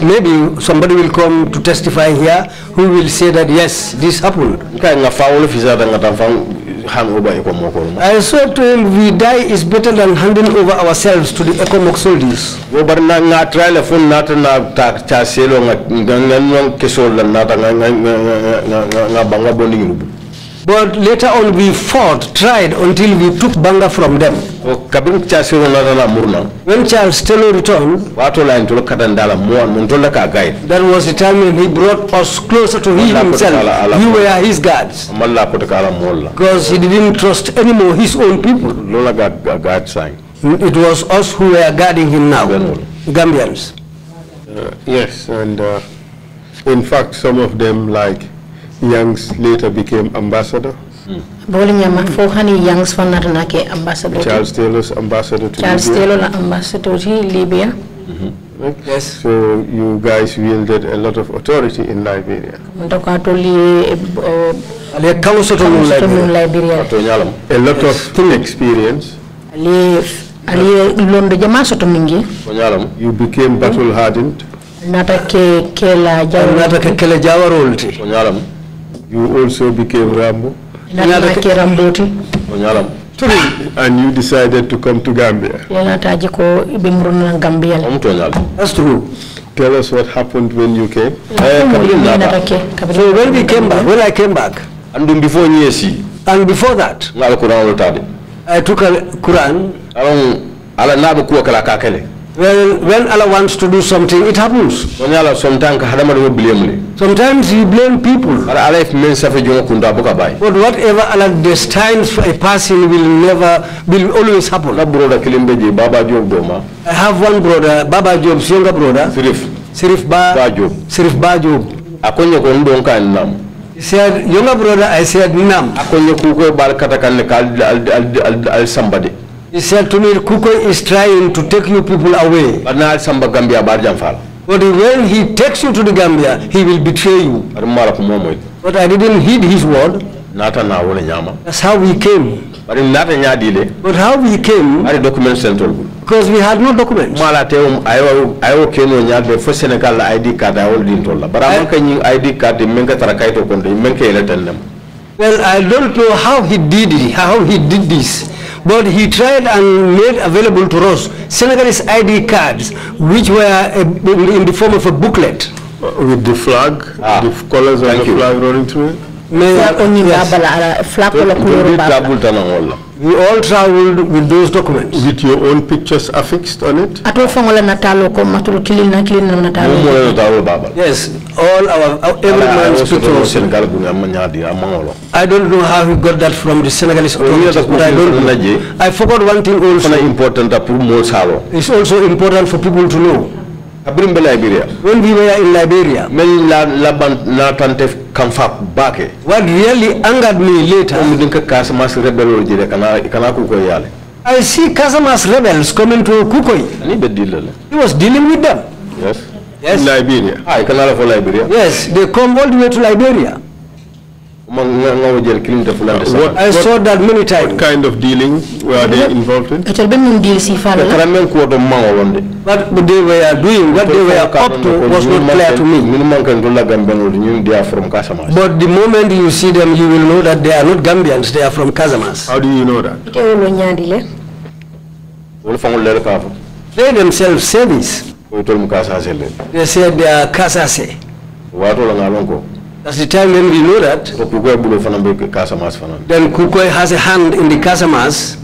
Maybe somebody will come to testify here who will say that yes, this happened. I said to him, we die is better than handing over ourselves to the Ekomok soldiers. But later on we fought, tried until we took Banga from them. When Charles Taylor returned, that was the time when he brought us closer to him himself. We were his guards. Because he didn't trust anymore his own people. Mm, it was us who were guarding him now, Gambians. Uh, yes, and uh, in fact some of them like Youngs later became ambassador. Mm. Charles Taylor's ambassador to Charles Libya. Taylor ambassador to Libya. Mm-hmm. right? Yes. So you guys wielded a lot of authority in Liberia. Eh, eh, a lot of experience. You became battle hardened. You also became Rambo. And you decided to come to Gambia. That's true. Tell us what happened when you came. Eh, so when we came back, when I came back, and before Nyesi, and before that, I took a Quran. Alam, alam na kala kakele. When, when Allah wants to do something, it happens. Sometimes He blames people. But whatever Allah destines for a person will never, will always happen. I have one brother, Baba Job's younger brother. Sirif. Sirif Ba. ba Job. Sirif Ba Job. He said, younger brother, I said, Nam. Somebody. He said to me, Kuko is trying to take you people away. But now some Gambia Barjanfal. But when he takes you to the Gambia, he will betray you. But I didn't heed his word. That's how we came. But how we came? document central. Because we had no documents. I first on for Senegal ID card. I already told. But I'm ID card. I'm going to them. Well, I don't know how he did it, how he did this, but he tried and made available to us Senegalese ID cards, which were uh, in the form of a booklet. With the flag, ah, the colors of the you. flag running through it? Uh, we all traveled with those documents. With your own pictures affixed on it? Yes, all our, every man's pictures. I don't know how he got that from the Senegalese authorities, but I don't know. I forgot one thing also. It's also important for people to know abrimbe Liberia. When we were in Liberia. Men la laban na tante kamfap bake. What really angered me later. Omu dinka kasamas rebel jere kana kana kuko yale. I see Kasamas rebels coming to Kukoi. Ani he, deal, he was dealing with them. Yes. Yes. In Liberia. Ah, I la for Liberia. Yes, they come all the way to Liberia. I saw that many times. What kind of dealing were they involved in? But what they were doing, what they were up to was not clear to me. They are from Casamas. But the moment you see them, you will know that they are not Gambians, they are from Casamas. How do you know that? They themselves say this. They said they are Casase. That's the time when we know that. Then Kukoi has a hand in the Kasamas.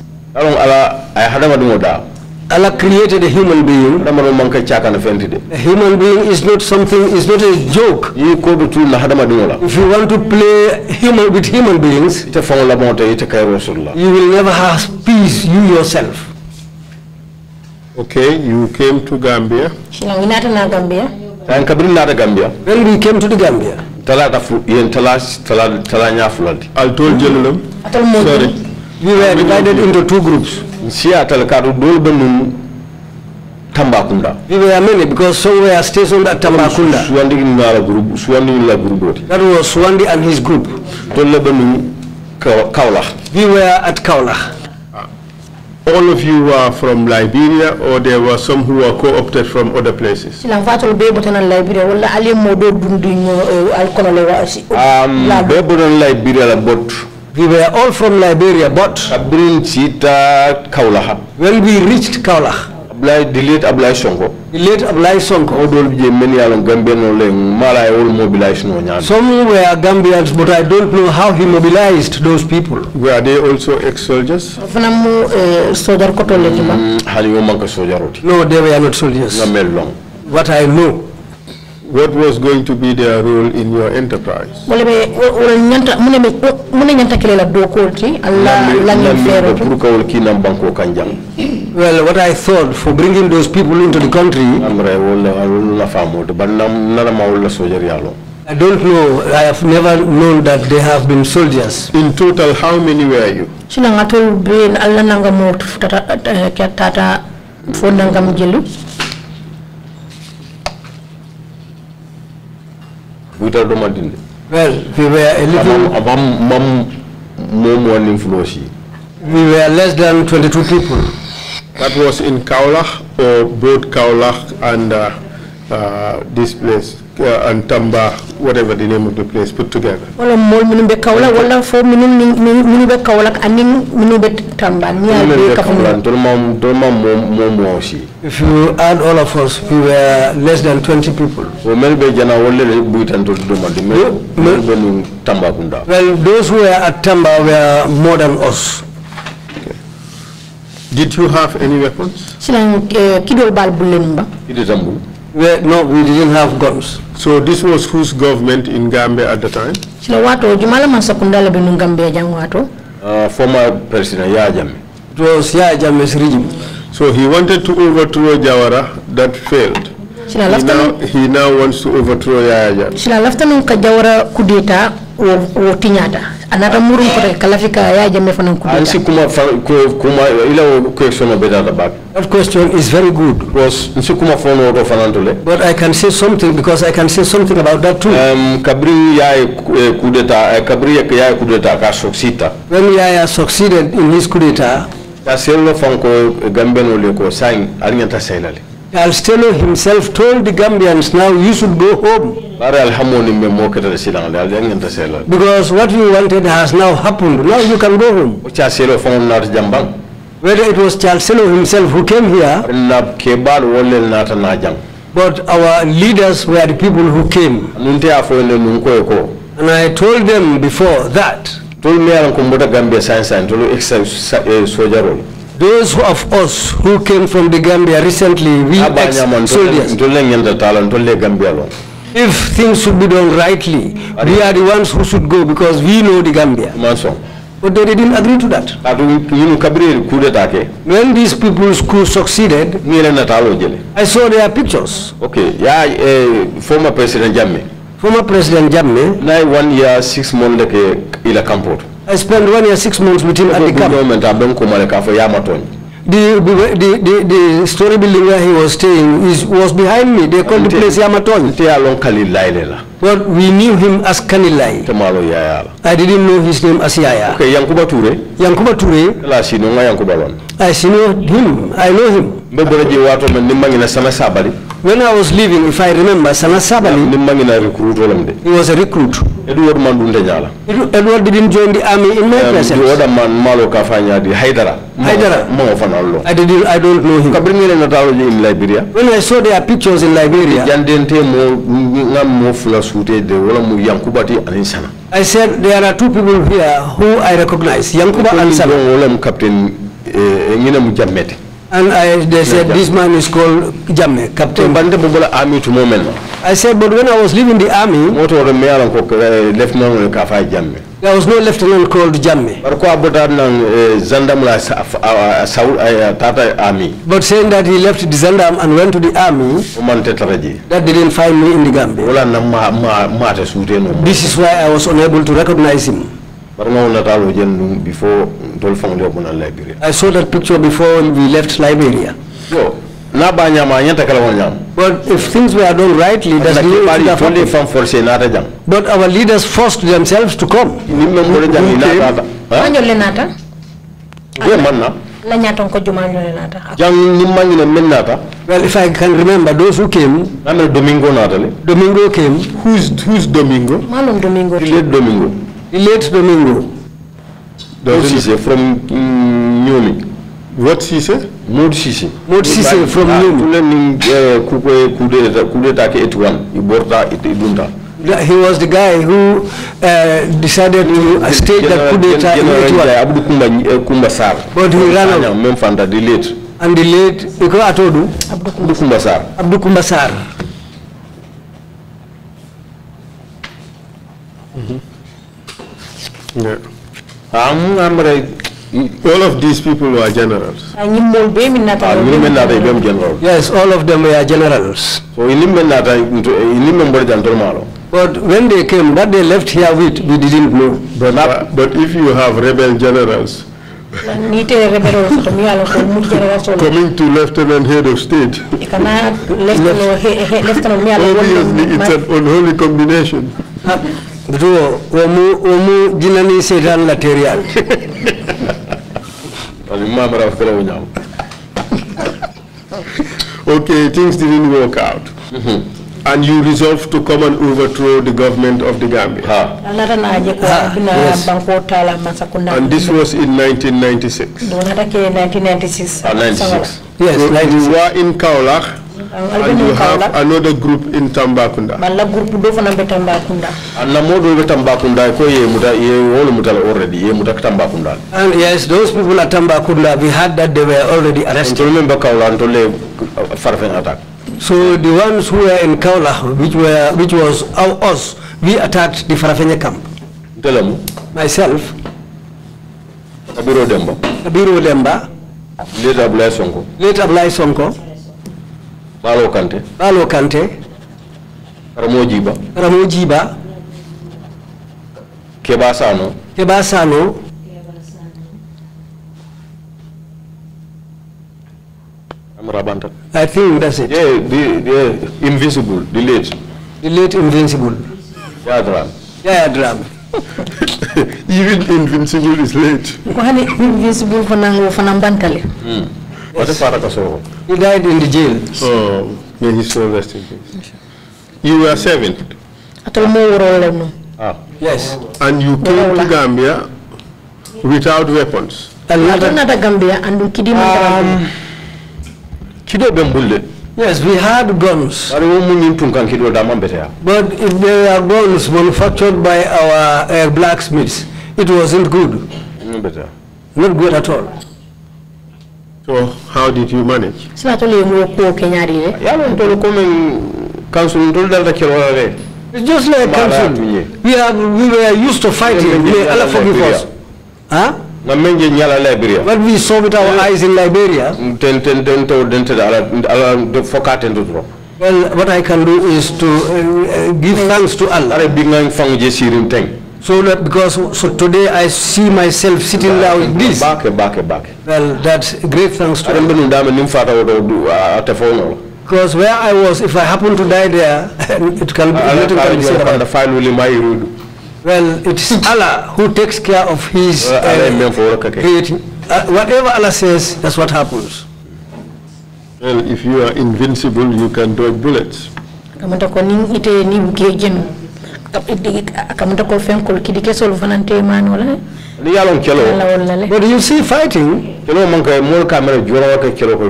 Allah created a human being. A human being is not something, is not a joke. If you want to play human with human beings, you will never have peace, you yourself. Okay, you came to Gambia. When we came to the Gambia, talata fu yen talas talata talanya fulanti al tol jelulam atal mo sorry we were divided into two groups siatal kadu dol benum Tambakunda. We were many because some were stationed at Tambakunda. Swandi in our group, Swandi la group. That was Swandi and his group. Don't let Kaula. We were at Kaula all of you were from Liberia or there were some who were co-opted from other places? Eh, um, Liberia, but we were all from Liberia, but Well, we reached Kaulach. Sonko. Sonko. je no Some were Gambians, but I don't know how he mobilized those people. Were they also ex-soldiers? Fanamu soldier kotole No, they were not soldiers. What I know what was going to be their role in your enterprise? Well, what I thought for bringing those people into the country, I don't know. I have never known that they have been soldiers. In total, how many were you? Well, we were a little... Among, among more We were less than 22 people. That was in Kaulach, or both Kaulach and uh, uh, this place and Tamba, whatever the name of the place, put together. Wala mol minumbe kaula, wala fo minumbe kaula, anin minumbe Tamba. Minumbe kaula, dolma momoshi. If you add all of us, we were less than 20 people. Well, So melbe jana wale buit and dolma, melbe ning Tamba kunda. Well, those who were at Tamba were more than us. Did you have any weapons? Silang eh, kidol bal bulenba. It is a move no, we didn't have guns. So this was whose government in Gambia at the time? Chilawato, Jumala Masakundala binu Gambia Jangwato. Uh, former President Yajame. It was Yajame's regime. So he wanted to overthrow Jawara, that failed. He now, he now wants to overthrow Yajame. Chila lafta nunka Jawara kudeta wo wo tiñata anata murum kote kalafika ya jame fanan kudeta ansi ah, kuma fa, kuma ila wo question no bedata bak that question is very good was ansi kuma fono do fanantole but i can say something because i can say something about that too um kabri ya eh, kudeta eh, kabri ya ya e kudeta ka soxita when ya ya succeeded in his kudeta ta selo fanko gambeno le ko sain ta sainale Alstelo himself told the Gambians, now you should go home. Because what you wanted has now happened. Now you can go home. Whether it was Charles Selo himself who came here, but our leaders were the people who came. And I told them before that those of us who came from the Gambia recently, we ex-soldiers, if things should be done rightly, we are the ones who should go because we know the Gambia. But they didn't agree to that. When these people's coup succeeded, I saw their pictures. Okay, yeah, former President Jammeh. Former President Jammeh. Now one year, six months, ila camped. I spent one year, six months with him at the government. The, the, the, the story building where he was staying is, was behind me. They called the place Yamaton. Well, we knew him as Kanilai. I didn't know his name as Yaya. Okay, Yankuba Ture. Yankuba Ture. I know him. I know him. When I was leaving, if I remember, Sana Sabali, he was a recruit. Edward Mandunde Edward didn't join the army in my um, presence. Edward Man Malo Kafanya di Haidara. Haidara. of Fanallo. I didn't. I don't know him. Kabrimele Nataloji in Liberia. When I saw their pictures in Liberia. yandente mo ngam mo sute de wala mu Yankubati Aninsana. I said there are two people here who I recognize, Yankuba and Sana. Captain eh, eh, ngina mu jammete. And I, they said, this man is called Jamme, Captain. army moment. I said, but when I was leaving the army, eh, there was no lieutenant called Jamme. Eh, ah, ah, eh, ah, but saying that he left the Zandam and went to the army, that didn't find me in the Gambia. This is why I was unable to recognize him. I saw that picture before we left Liberia. So, but if things were done rightly, that's new But our leaders forced themselves to come. Well, if I can remember, those who came. Domingo Domingo came. Who's who's Domingo? Malum Domingo. Domingo the late Domingo. Domingo say? from mm, ah, Nyomi. What she Maud Sise. she Sise from Nyomi. Kule ni eh, kukwe kude kude take etuan iborta idunta. He was the guy who uh, decided to stage the coup d'etat in Etuan. Abdu Kumba eh, Kumba Sar. But he ran out. And the because I told you. Abdu Kumba Sar. Abdu Kumba Sar. Yeah. Um, I'm all of these people were generals. Ah, ah, yes, all of them were generals. So But when they came, what they left here with, we didn't know. But, uh, but if you have rebel generals, coming to lieutenant head of state. Obviously, it's an unholy combination. Ah, bituwo womu womu jinani setan la terial ali mamara fere o okay things didn't work out mm-hmm. and you resolved to come and overthrow the government of the Gambia ha. Ha. Yes. and this was in 1996 uh, ah, 96 yes so 96. you were in Kaolach and you have another group in Tambakunda. Malla group do fana be Tambakunda. Alla modo be Tambakunda ko ye muta ye wolu mutal already ye muta Tambakunda. And yes, those people at Tambakunda we had that they were already arrested. And remember Kaula Antole Farfen attack. So the ones who were in Kaula, which were which was our, us, we attacked the Farafenya camp. Delamu. Myself. Kabiru Demba. Kabiru Demba. Later Blaise Sonko. Later Blaise Sonko. Balo Kante. Balo Kante. Karamo Jiba. Karamo Jiba. Keba Sano. Keba Sano. I think that's it. Yeah, the, the invisible, the late. The late invincible. Yeah, drum. Yeah, drum. <laughs> Even invincible is late. Kwani invincible fana fana bantale. Mm. What yes. father Kasoro? He died in the jail. Oh, may his soul rest in peace. You were seven? At Ah. Yes. And you came to Gambia without weapons? don't Another Gambia and we um, Chido um, Bembule. Yes, we had guns. But if they are guns manufactured by our uh, blacksmiths, it wasn't good. Not good at all. So how did you manage? Sila tole yung ko Kenya rin. Yalo tole ko ng council that dalta kilo rin. It's just like council. We have, we were used to fighting. May Allah forgive us. Huh? Namenje nyala Liberia. But we saw with our eyes in Liberia. Ten ten ten to ten to ala ala drop. Well, what I can do is to uh, uh give thanks to Allah. Are being fang jesirin teng. So that because so today I see myself sitting back, like this. Back, back, back. Well, that's great thanks to. Uh, because where I was, if I happen to die there, <laughs> it can be. Nothing ah, can be my ah, ah, about. Well, it's Allah who takes care of His uh, creating. Uh, whatever Allah says, that's what happens. Well, if you are invincible, you can dodge bullets liyalon but you see fighting kelo man kay mol camera joron ka kelo ko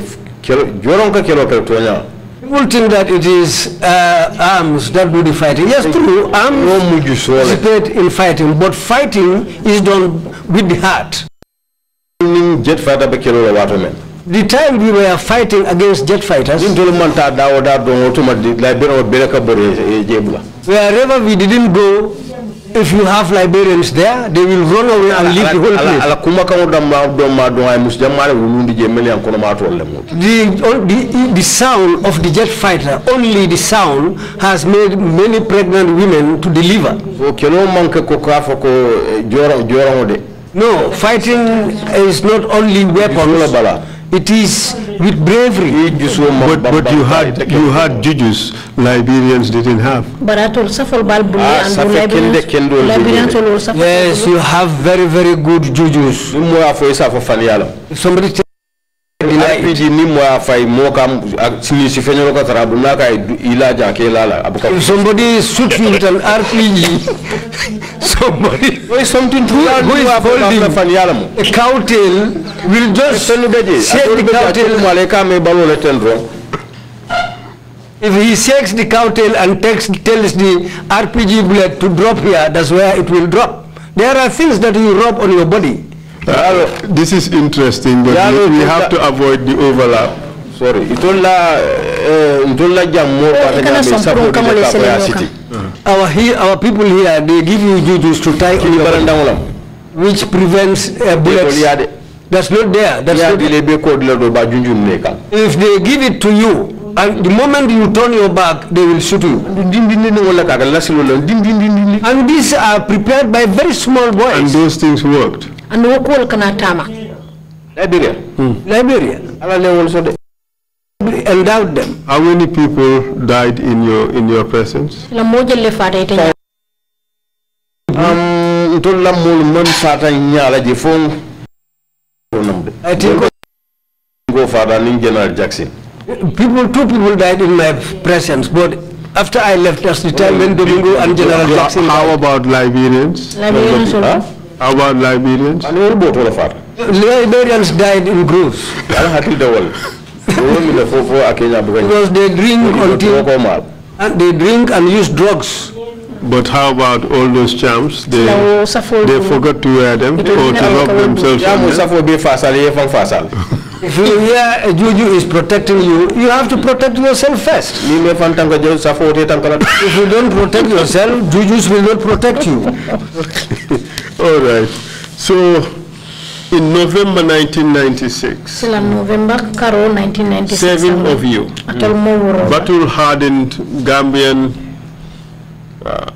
joron ka kelo ko tonya people think that it is uh, arms that do the fighting yes true arms participate in fighting but fighting is done with the heart jet fighter be kelo la the time we were fighting against jet fighters din tol man ta dawo da don automatic la bere bere ka bore jebula Wherever we didn't go, if you have Liberians there, they will run away and leave the whole place. Ala wulundi jemeli ankono The the sound of the jet fighter, only the sound has made many pregnant women to deliver. manke jora jora No, fighting is not only weapons. It is with bravery. But, but you had you had jujus Liberians didn't have. Yes, you have very very good jujus. Somebody ila ni mo afai mo kam sini si fenyo ko tarabu na ila ja ke lala abuka somebody shoot me with an <laughs> rpg somebody why something true who is holding fan yalamu a cow tail will just send shake the cow tail balo le tendro If he shakes the cow tail and takes, tells the RPG bullet to drop here, that's where it will drop. There are things that you rub on your body this is interesting, but we, have to avoid the overlap. Sorry, itola eh, itola jammo eh, kana sabu kama le city. Our here, our people here, they give you jujus to tie on your body, which prevents uh, bullets. That's not there. That's not there. If they give it to you, and the moment you turn your back, they will shoot you. And these are prepared by very small boys. And those things worked. And wo kuwol kana tama liberia hmm. liberia ala lewol so de endowed them how many people died in your in your presence la moje le fata ite um ntol la mol man fata nyaala je fon i think go fata nin general jackson people two people died in my presence but after i left us the time when domingo and general jackson how about liberians liberians huh? About Liberians? Liberians died in groves. because they drink until and they drink and use drugs. But how about all those champs? They, they forgot to wear them or to rub themselves if you juju is protecting you, you have to protect yourself first. if you don't protect yourself, jujus will not protect you. <laughs> All right. So, in November 1996, Sila November, Karo 1996 seven of you, mm. battle-hardened Gambian, uh,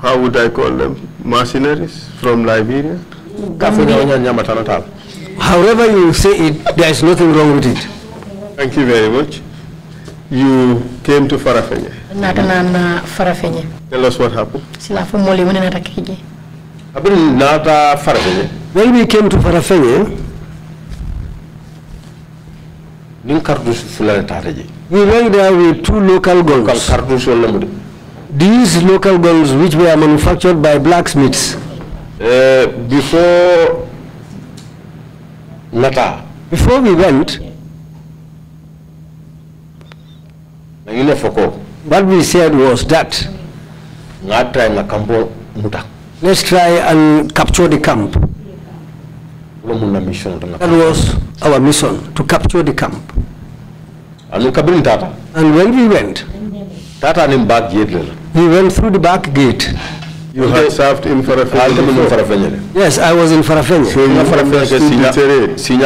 how would I call them, mercenaries from Liberia? Gambia. However you say it, there is nothing wrong with it. Thank you very much. You came to Farafenye. Natanana Farafenye. Tell us what happened. Silafu mole wene natakije. Abin nata Farafenye. When we came to Farafenye, din cartouche fulane tataji. We went there with two local guns. These local guns which were manufactured by blacksmiths. Uh, before letter. Before we went, what we said was that let's try and capture the camp. That was our mission, to capture the camp. And when we went, we went through the back gate. You had served in Farafenye. Yes, I was in Farafenye. So you Farafenye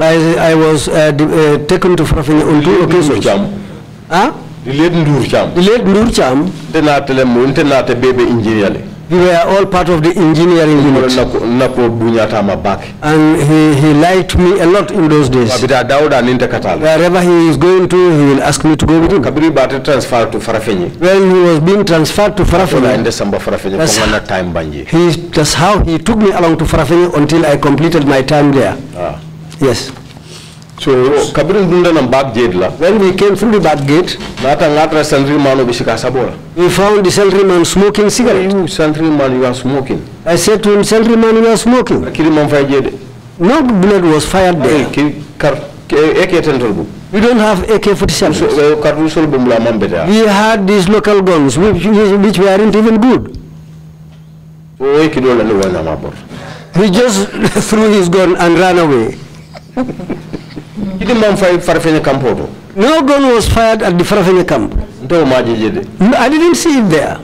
I, I was uh, uh, taken to Farafenye on two occasions. Huh? The late Ndur Cham. The late Ndur Cham. The late Ndur The late Ndur Cham. We were all part of the engineering unit. And he, he liked me a lot in those days. Wherever he is going to, he will ask me to go with him. transferred to Farafenye. When he was being transferred to Farafenye, that's, he, just how he took me along to Farafenye until I completed my time there. Ah. Yes so oh, back gate la when we came through the back gate naata ŋaatara sentryman o we found the sentryman smoking cigarette you sentryman you are smoking i said to him sentryman you are smoking man no bullet was fired there we don't have AK-47. Eh, we had these local guns, which, which weren't even good. Eh, he just <laughs> threw his gun and ran away. <laughs> Iti mom fay farafene camp No gun was fired at the farafene camp. No, I didn't see it there.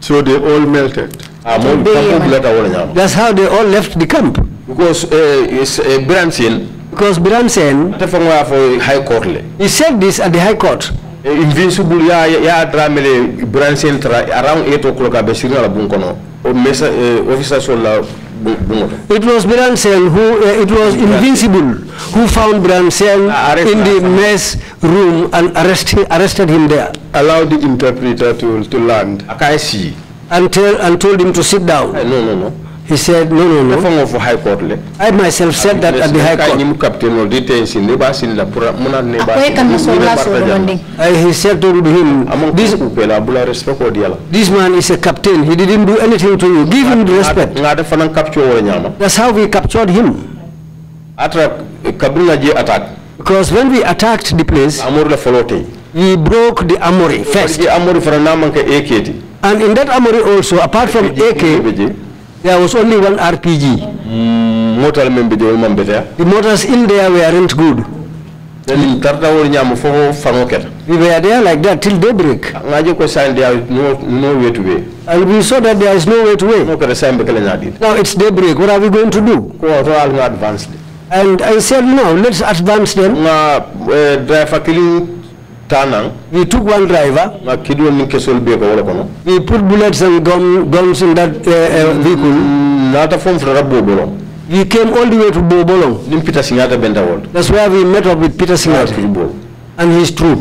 So they all melted. Ah, That's how they all left the camp. Because uh, it's uh, eh, Branson. Because Branson. High Court. He said this at the High Court. Eh, invincible ya ya dramele Branson around 8 o'clock abesirina la bunkono. officer la it was Bransen who, uh, it was Invincible who found Bransen uh, in the mess room and arrest, arrested him there. Allowed the interpreter to, to land. And, tell, and told him to sit down. Uh, no, no, no. He said, no, no, no. of High Court. I myself said that at the High Court. He said to him, this, this man is a captain. He didn't do anything to you. Give him the respect. That's how we captured him. Because when we attacked the place, we broke the Amori first. And in that Amori also, apart from AK, there was only one RPG. Mm, motor membe de wolman bete. The motors in there weren't good. Mm. We were there like that till daybreak. No, no way to way. And we saw that there is no way to way. Now it's daybreak. What are we going to do? And I said, no, let's advance them. Tanang. We took one driver. We put bullets and gun, guns in that uh, uh, mm, vehicle. We came all the way to Bobolong. That's where we met up with Peter ah, Singata and his troop.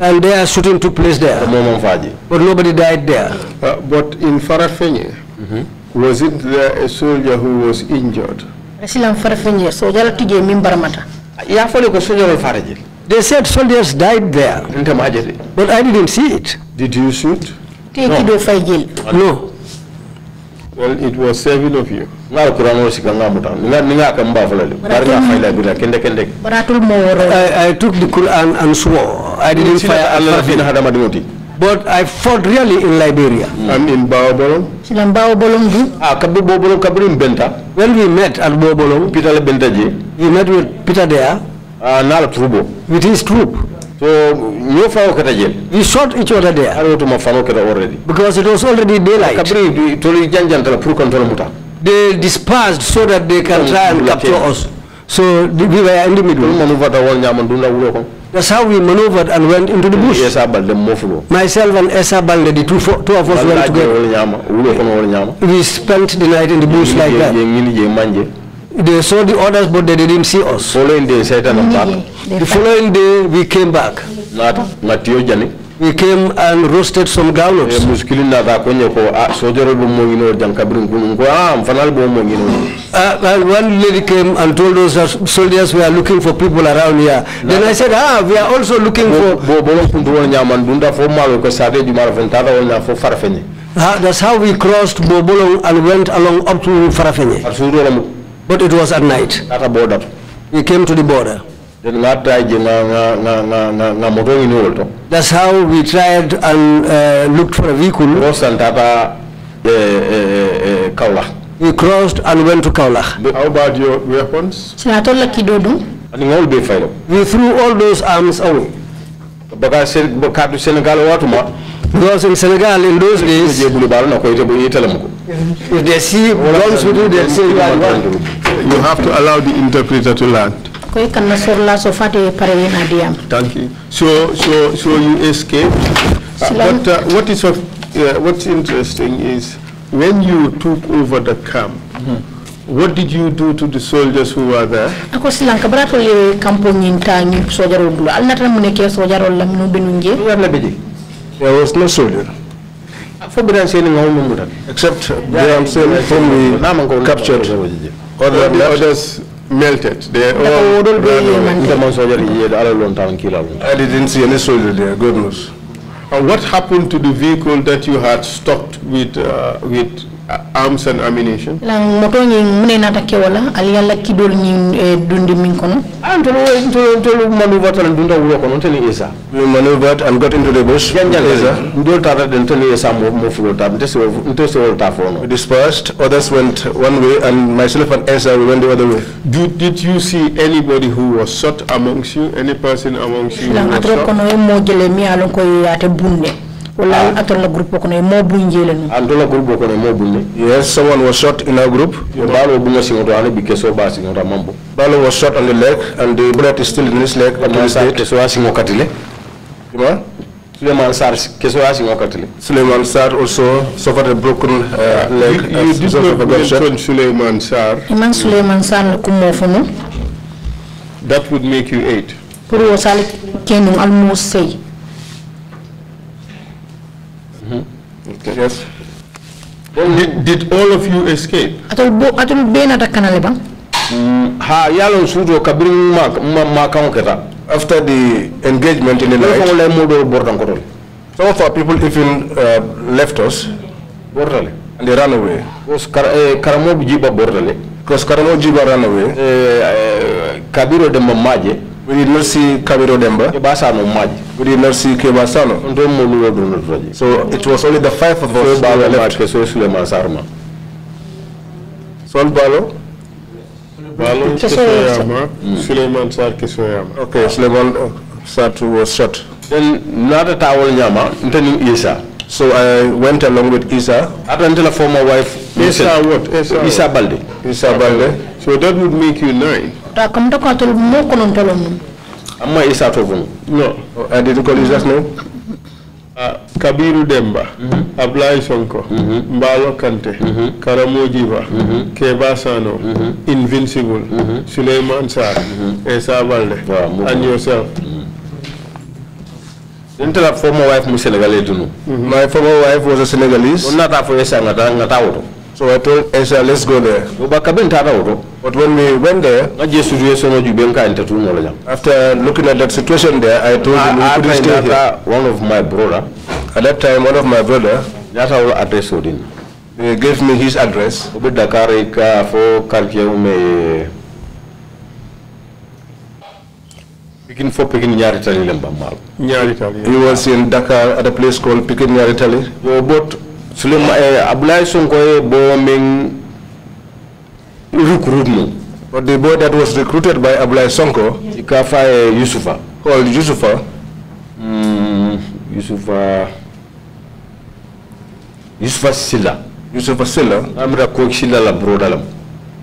And they are shooting took place there. But nobody died there. Uh, but in Farafenye, mm -hmm. was it there a soldier who was injured? Resilam Farafenye, ah, soldier to Jemim Baramata. Yeah, follow the soldier of Farafenye. They said soldiers died there. But I didn't see it. Did you shoot? No. no. Well, it was seven of you. I, I took the Quran and swore. I didn't fire Allah. But I fought really in Liberia. Mm. And in Baobolong? Silang Baobolong Ah, kabi Baobolong, in Benta. When we met at Baobolong, Peter Le Benta We met with Peter there anala uh, turubo with his troop so ñofao kata jel we shot each other there I ano to mafano kata already because it was already daylight kabri control muta they dispersed so that they can try and capture us so we were in the middle that's how we maneuvered and went into the bush. Myself and Esa Balde, the two of us went together. We spent the night in the bush like that. They saw the others, but they didn't see us. Following day, Satan mm, attacked. The following day, we came back. Not, not you, We came and roasted some gallops. Eh, ah, ah, uh, and one lady came and told us that soldiers were looking for people around here. Then I said, ah, we are also looking for... Uh, that's how we crossed Bobolong and went along up to farafeni. But it was at night. At a border. We came to the border. That's how we tried and uh, looked for a vehicle. Uh, uh, uh, we crossed and went to Kaulach. How about your weapons? We threw all those arms away. Because in Senegal, in those days, if they see wrongs we do. they say you have to allow the interpreter to land. Thank you. So, so, so you escaped. Uh, uh, what is of, uh, what's interesting is when you took over the camp, mm -hmm. what did you do to the soldiers who were there? Ako silang kabrato le kampo nyinta nyi sojarol dula. Alnatra muneke sojarol la minu benunje. Wala bedi. There was no soldier. Except they are saying whom we captured. Other the others melted. They all I didn't see any soldier there, Goodness. And what happened to the vehicle that you had stopped with, uh, with arms and ammunition lang moto ñi mune na takke wala al yalla ki dol ñi eh, dundi min kono am to to to dunda wulo kono tan isa we maneuvered and got into the bush janjal isa ndol tata den tan isa mo mo fulo tam te so te so ta fono dispersed others went one way and myself and isa we went the other way did, did you see anybody who was shot amongst you any person amongst you lang atro kono mo jele mi alon ko yaate bunde and ah. group ah, Yes, someone was shot in our group. Balo bulle singo Balo was shot on the leg and the bullet is still in his leg to So Suleiman Sar Suleiman Sar also suffered a broken uh, leg. You, you did not Suleiman Sar. Suleiman Sar That would make you eight. Yes. Did, did all of you escape? Atul bo atul bena takana lebang. Mm, ha yalo sudo kabiri ma ma kamu kata. After the engagement in the night. Kau mulai mudo bordang korol. Some of our people even uh, left us. Bordale. And they ran away. Because Kar eh, Karamo Jiba bordale. Because Karamo Jiba ran away. Eh, eh, Kabiro de Mamaje. We did Wiri Nursi Kabiro Demba. Kebasano Maji. Wiri Nursi Kebasano. Ndemo Luwe Bruno So it was only the five of us who were left. Keso Suleiman Sarma. Sol Balo. Balo Kesoyama. Hmm. Suleiman Sar Kesoyama. Okay, Suleiman uh, Sar was shot. Then Nada Tawol Nyama, Ntenu Isa. So I went along with Isa. Up until a former wife Issa what? Issa, Issa Balde. Issa Balde. So that would make you nine. Ta kamta ka tol mo konon tolo mun. Amma Issa to bun. No. I didn't call his last name. Uh, Kabiru Demba, mm -hmm. Ablai Sonko, mm -hmm. Mbalo Kante, mm -hmm. Karamo Jiva, mm -hmm. Keba Sano, mm -hmm. Invincible, mm -hmm. Suleiman Sar, mm -hmm. Esa Balde, wow, and yourself. Mm -hmm. Didn't former wife mu Senegalese? Mm -hmm. My former wife was a Senegalese. Not that for Esa Ngata Ngata so I told Esha, let's go there. But when we went there, after looking at that situation there, I told him we couldn't stay here. One of my brother, at that time, one of my brother, that our address Odin. He gave me his address. Obi Dakar ika fo quartier me eh, Pikin fo Pikin Nyari Tali lemba mal. Nyari Tali. He was in Dakar at a place called Pikin Nyari Tali. Yo bot Sulema eh, Abulai Sonko bo ming recruitment. But the boy that was recruited by Abulai Sonko, Ikafa yes. Eh, Yusufa, called Yusufa. Mm, Yusufa. Yusufa Silla. Yusufa Silla. I'm the coach Silla la brother.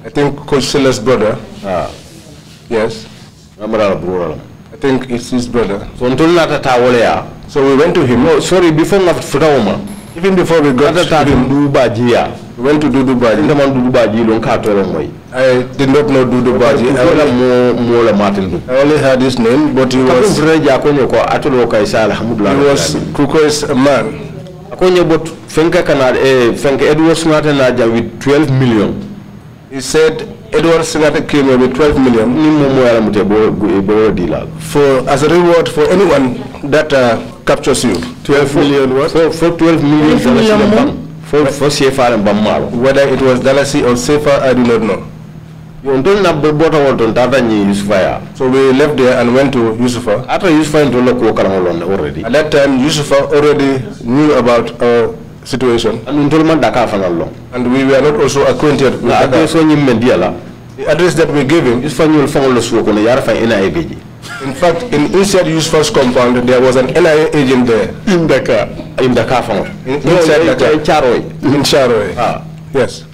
I think Coach Silla's brother. Ah. Yes. I'm the brother. I think it's his brother. So until that, So we went to him. No, sorry, before Nafutawoma even before we got started, that Dubaji yeah went to Dudu I did not know Dudu I only more I only heard his name but he was he was Kuko's man Akonyo but eh, Edward Singate with 12 million he said Edward Singate came with 12 million for as a reward for anyone that uh, captures you. 12 million what? For, for 12 million dollars For, for CFR and Bamaro. Whether it was Dalasi or CFR, I do not know. So we left there and went to Yusufa. After Yusufa into already. At that time, Yusufa already knew about our situation. And we were not also acquainted with ah. the address that we gave him. In fact, in Inside Use First compound, there was an NIA agent there. In car. In Dakar, fang. In, inside no, Dakar. In Charoy. In Charoy. Ah. Yes.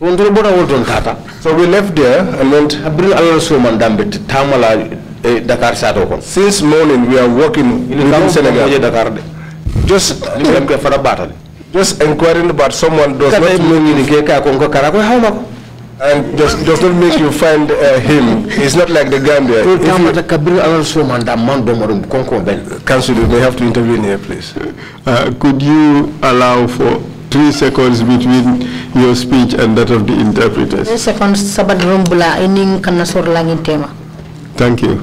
So we left there and went. Abril Alonso Mandambit, Tamala, eh, Dakar Sato. Since morning, we are working in Senegal. Dakar. Just, just inquiring about someone does not know. And does, does not make you find uh, him. It's not like the Gambia. Council, you may have to intervene here, please. Uh, could you allow for three seconds between your speech and that of the interpreters? Three seconds. kanasor langin tema. Thank you.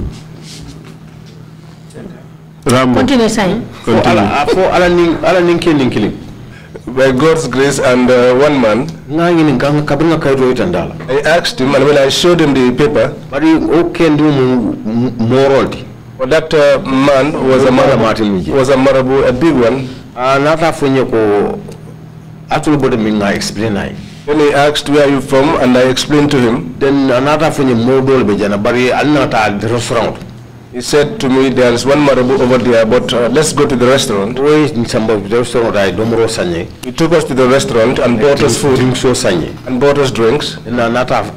Rambo. Continue, Sain. Continue by God's grace and uh, one man. I asked him and when I showed him the paper. Well, that uh, man was a marabu, was a marabu, a big one. Another ah, ko atul bodo min na explain nai. When he asked where are you from and I explained to him. Then uh, another funyo modol be jana bari alna ta restaurant. He said to me, there is one marabu over there, but uh, let's go to the restaurant. He took us to the restaurant and bought us food oh, and bought us drinks. Eh?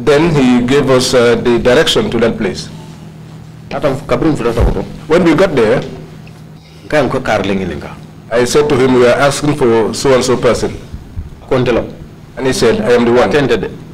Then he gave us uh, the direction to that place. When we got there, I said to him, we are asking for so-and-so person. And he said, I am the one.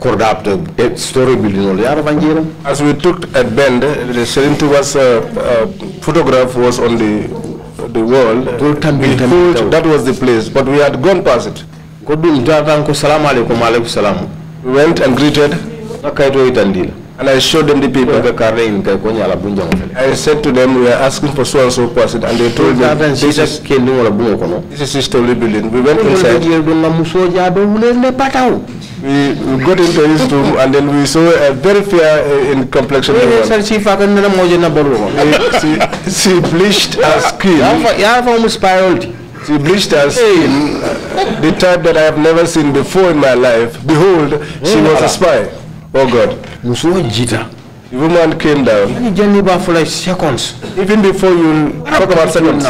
story building as we took at bend the serintu was a, a photograph was on the the wall we thought that was the place but we had gone past it we went and greeted And I showed them the paper. I said to them, we are asking for so and so person, and they told me this is, this is building. We went inside we, got into his room and then we saw a very fair uh, in complexion woman. she, she bleached her skin. She bleached her skin, the type that I have never seen before in my life. Behold, she was a spy. Oh God. The woman came down. for like seconds. Even before you talk about seconds.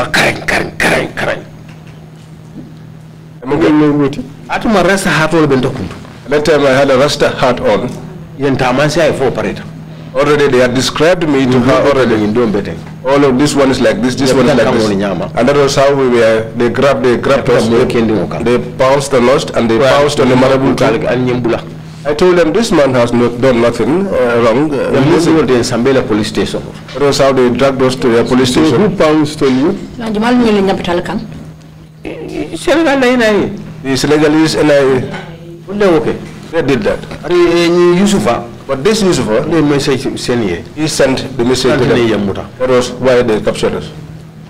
Atu marasa hatu olbentokundu. That time I had a Rasta hat on. Already they had described me to her already. All of this one is like this, this one is like this. And that was how we were, they grabbed, they grabbed us, they, they pounced on us and they pounced on the marble I told them this man has not done nothing uh, wrong. Uh, the Sambela police station. That was how they dragged us to the police station. So who pounced on you? The Senegalese NIA. The Senegalese NIA. Okay. They did that. Eh, Yusufa. But this Yusufa, the message sent here. He sent the message to them. That was why they captured us.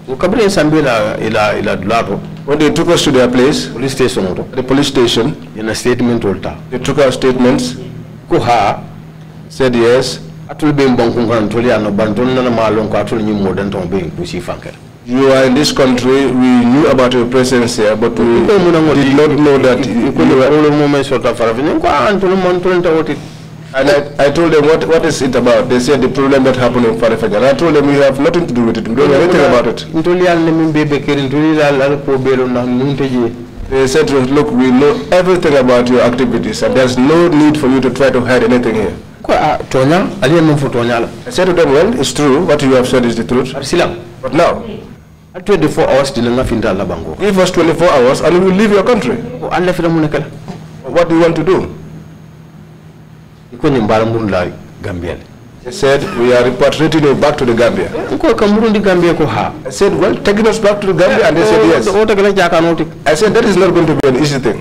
When they took us to their place, police station, the police station, in a statement, they took our statements. Kuha said yes. Atul bin bangkungan tulia ano bantun na malong ko atul nyi modan tong bin kusi fanker you are in this country, we knew about your presence here, but we did not know that you were... And I, I told them, what, what is it about? They said the problem that happened in And I told them, you have nothing to do with it. We don't know anything about it. They said to look, we know everything about your activities, and there's no need for you to try to hide anything here. Ah, I said to them, well, it's true. What you have said is the truth. But now, at 24 hours, dila nga finta la bango. Give us 24 hours and we will leave your country. What do you want to do? Iko nyimbara murula Gambia. They said, we are repatriating you back to the Gambia. I said, well, taking us back to the Gambia? And they said, yes. I said, that is not going to be an easy thing.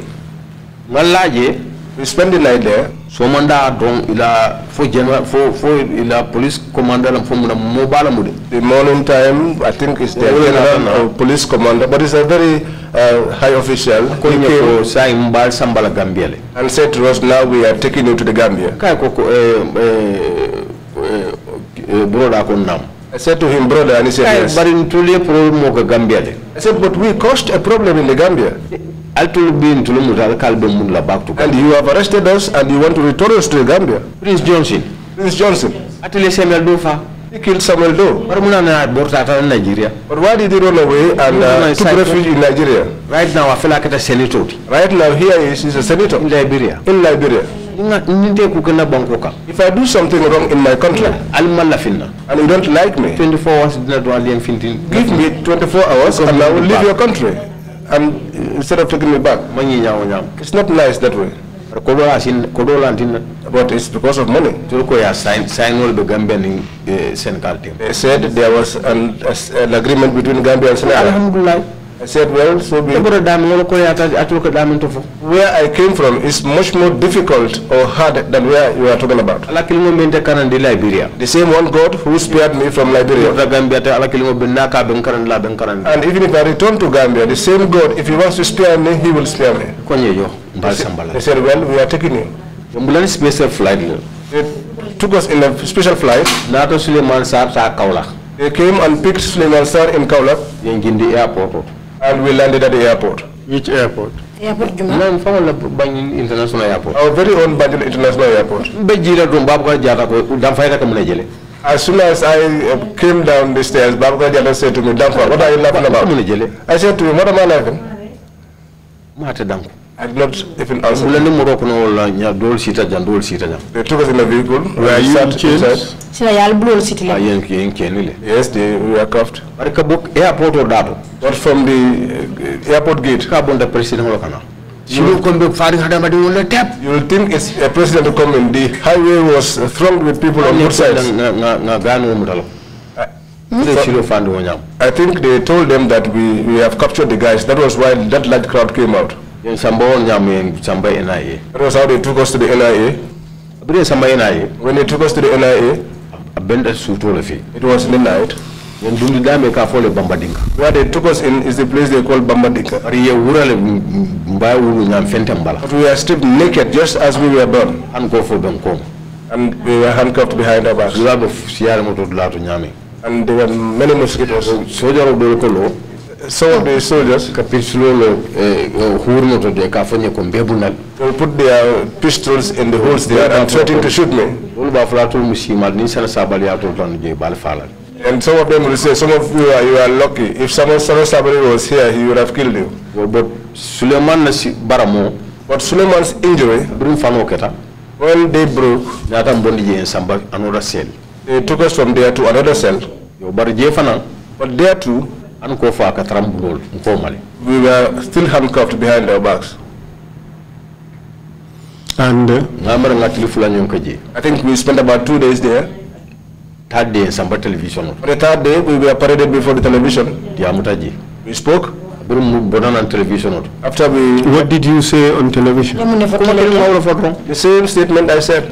We spend the night there. So Somanda dong ila for general for for ila police commander and for mobile mude. The morning time, I think is the general police commander, but it's a very uh, high official. He came sa imbal sambala Gambia and said to us, now we are taking you to the Gambia. Kaya koko eh, eh, eh, brother kunam? I said to him, brother, and he said, yes. But in Tulia problem Gambia. I said, but we caused a problem in the Gambia. And you have arrested us and you want to return us to Gambia. Prince Johnson. Prince Johnson. Atule Samuel Dofa. He killed Samuel Doe. But Nigeria. But why did he run away and uh, took refuge in Nigeria? Right now, I feel like a senator. Right now, here he is, he's a senator. In Liberia. In Liberia. If I do something wrong in my country, and you don't like me, 24 hours, give me 24 hours and I will leave your country and instead of taking me back, it's not nice that way. But it's because of money. Eh, they said there was an, an agreement between Gambia and Senegal. Alhamdulillah. I said, well, so be Where I came from is much more difficult or hard than where you are talking about. The same one God who spared me from Liberia. And even if I return to Gambia, the same God, if he wants to spare me, he will spare me. They said, well, we are taking you. They took us in a special flight. They came and picked Suleiman Sar in Kaulak. airport. And we landed at the airport. Which airport? Airport Juma. Lan fama la Banjul International Airport. Our very own Banjul International Airport. Be jira dum babu jata ko dam fayta kam jele. As soon as I uh, came down the stairs, Babu Jata said to me, Dampa, what are you laughing about? I said to him, what am I laughing? Mata Dampa. I did not even answer. They took us in a vehicle. Were you sat inside? Ah, yes, they were cuffed. airport or that? But from the uh, airport gate. Carbon the president holokana. You will think it's a president to come in. The highway was thronged with people on both sides. Hmm? I think they told them that we, we have captured the guys. That was why that large crowd came out. That was how they took us to the NIA. When they took us to the NIA, a it was midnight. Where they took us in is the place they call Bambadinka. But we were stripped naked just as we were born. And go for and we were handcuffed behind our backs. And there were many mosquitoes some oh. of the soldiers ka pistolol eh, eh, hurnoto de ka ko bebunal they put their pistols in the holes there and threatened to shoot me wol ba musimal ni sala sabal ya to je bal falal and some of them will say some of you are you are lucky if someone sala sabal was here he would have killed you well, but suleiman na baramo but suleiman's injury brum fano keta when they broke nyatam bondi je samba another cell they took us from there to another cell yo bar je fana but there too we were still handcuffed behind our backs. And uh, I think we spent about two days there. Third day, Samba television. On the third day, we were paraded before the television. We spoke. After we... What did you say on television? The same statement I said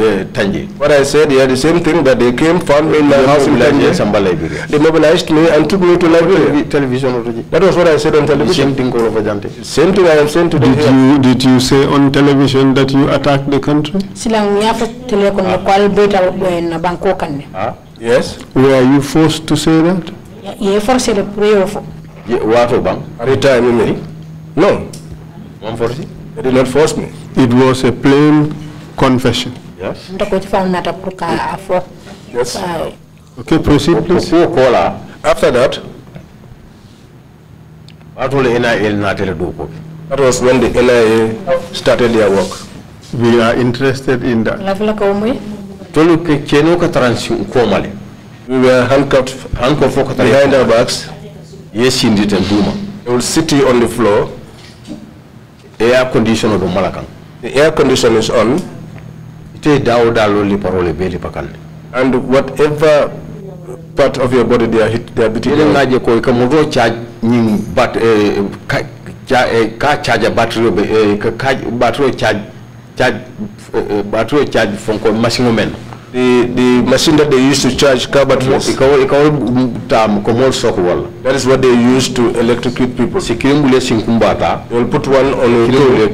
uh, Tanji. What I said, yeah, the same thing that they came, found me in my the house in Tanji. They mobilized me and took me to Liberia. Television That was what I said on television. The same thing all over Jante. Same thing I am saying to Did you did you say on television that you attacked the country? Silang na ah. ah, Yes. Were you forced to say that? Yeah, forced to pray of. What bang? Retire me. No. One forty. They did not force me. It was a plain confession. Yes. Yes. Okay, proceed, please. After that, the NIA that was when the NIA started their work. We are interested in that. We were handcuffed, handcuffed behind our backs. Yes, indeed, and Duma. We will sit on the floor. Air condition of the Malakan. The air condition is on and whatever part of your body they are hit they are beating ele ngaje ko ka mo do eh, eh, charge nying bat eh, eh battery battery charge battery charge fonko machine men the the machine that they use to charge car batteries it call tam komol sok wala that is what they use to electrocute people sikimbule sinkumbata they will put one on your ear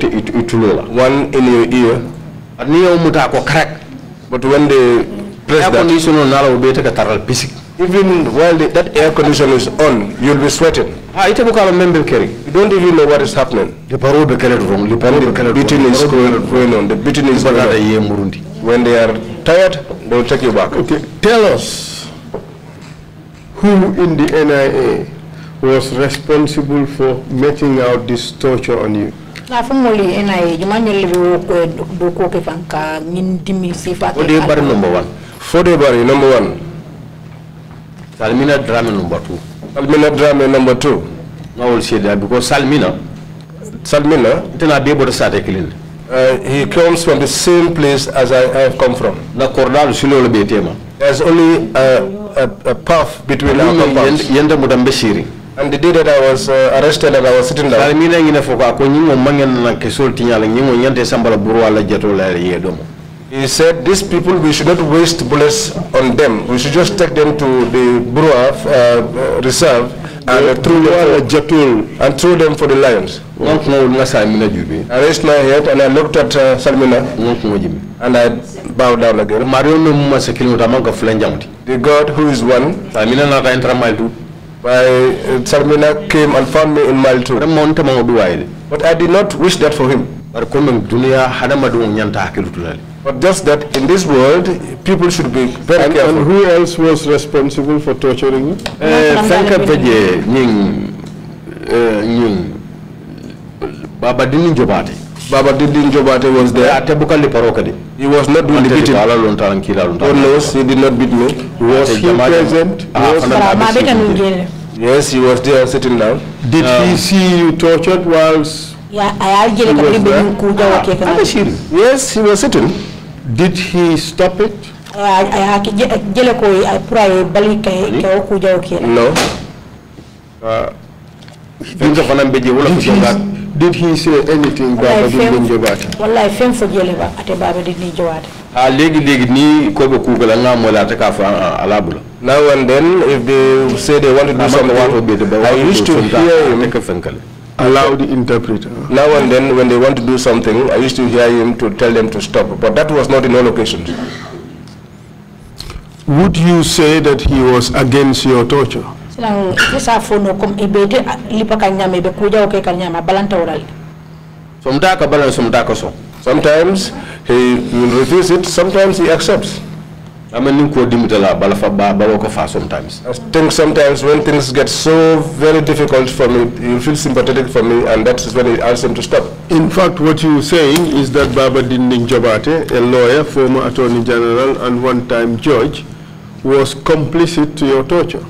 one in your ear niyo muta ko crack but when the air conditioner nala be take taral pisik even while that air conditioner is on you'll be sweating ah ite buka member carry you don't even know what is happening the paro be kelet wrong. the paro be The beating is going on the beating is going on when they are tired they will take you back okay tell us who in the NIA was responsible for meting out this torture on you na fo moli juma do ko ke dimi si fa ko de number 1 fo de bar number 1 salmina drama number 2 salmina drama number 2 ngawol sedia because salmina salmina tena be bodo sate kilin Uh, he comes from the same place as I have come from. The cordal There's only a, a, a path between our compounds. And the day that I was uh, arrested and I was sitting down. Sari mina ngine foko ako nyingo mangen na kesol tinyala nyingo nyante sambala buru ala jeto la yedomo. He said, these people, we should not waste bullets on them. We should just take them to the Burua uh, uh, reserve and uh, throw them for, and throw them for the lions. I raised my head and I looked at uh, Salmina and I bowed down again. The God who is one my uh, Sarmina came and found me in Mali too. But I did not wish that for him. But just that in this world, people should be very and, careful. And who else was responsible for torturing you? Uh, Franka Peje, Nying, uh, Nying, Baba Dini Jobati. Baba Didin he was there. He was not really beaten. God knows, he did not beat me. Was he present? Ah, yes, he was there sitting down. Did he um, see you tortured whilst he was there? Ah, yes, he was sitting. Did he stop it? No. Uh, ah, did, did, he, did he say anything Baba didn't jawata? Wallahi fem fo jele ba ate Baba didn't jawata. Ah legi legi ni ko be kugala nga mola ta ka fa ah, ah, alabula. Now and then if they say they want to do ah, something I used to hear him make a allow the interpreter. Now and then when they want to do something I used to hear him to tell them to stop but that was not in all occasions. Would you say that he was against your torture? silang isa fono kom ibede lipa kanyama ibe kuja oke kanyama balanta oral somtaka balan somtaka so sometimes he will refuse it sometimes he accepts i ning ko dimitala bala fa bala ko sometimes i think sometimes when things get so very difficult for me you feel sympathetic for me and that is when it asks him to stop in fact what you are saying is that baba dinding jabate a lawyer former attorney general and one time judge was complicit to your torture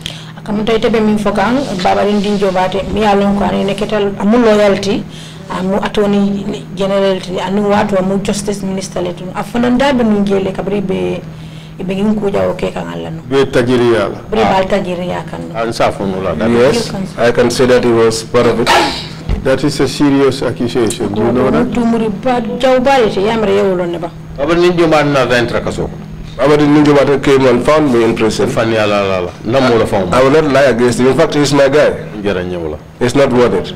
kama tayte ɓe min fo kan babarin ndin joɓate mbiyalon amu loyalty amu attorney general anu wato amu justice minister le tun afananda kabri be ibe kuja o ke be tajiriya la be bal tajiriya kan la ah, yes i can say that he was part of it that is a serious accusation do you know that tumuri ba jawbare te yamre yewlo ba abal nin juma na ventre kaso Abadi Ninjawata came and found me in prison. I, I will not lie against him. In fact, he's my guy. It's not worth it.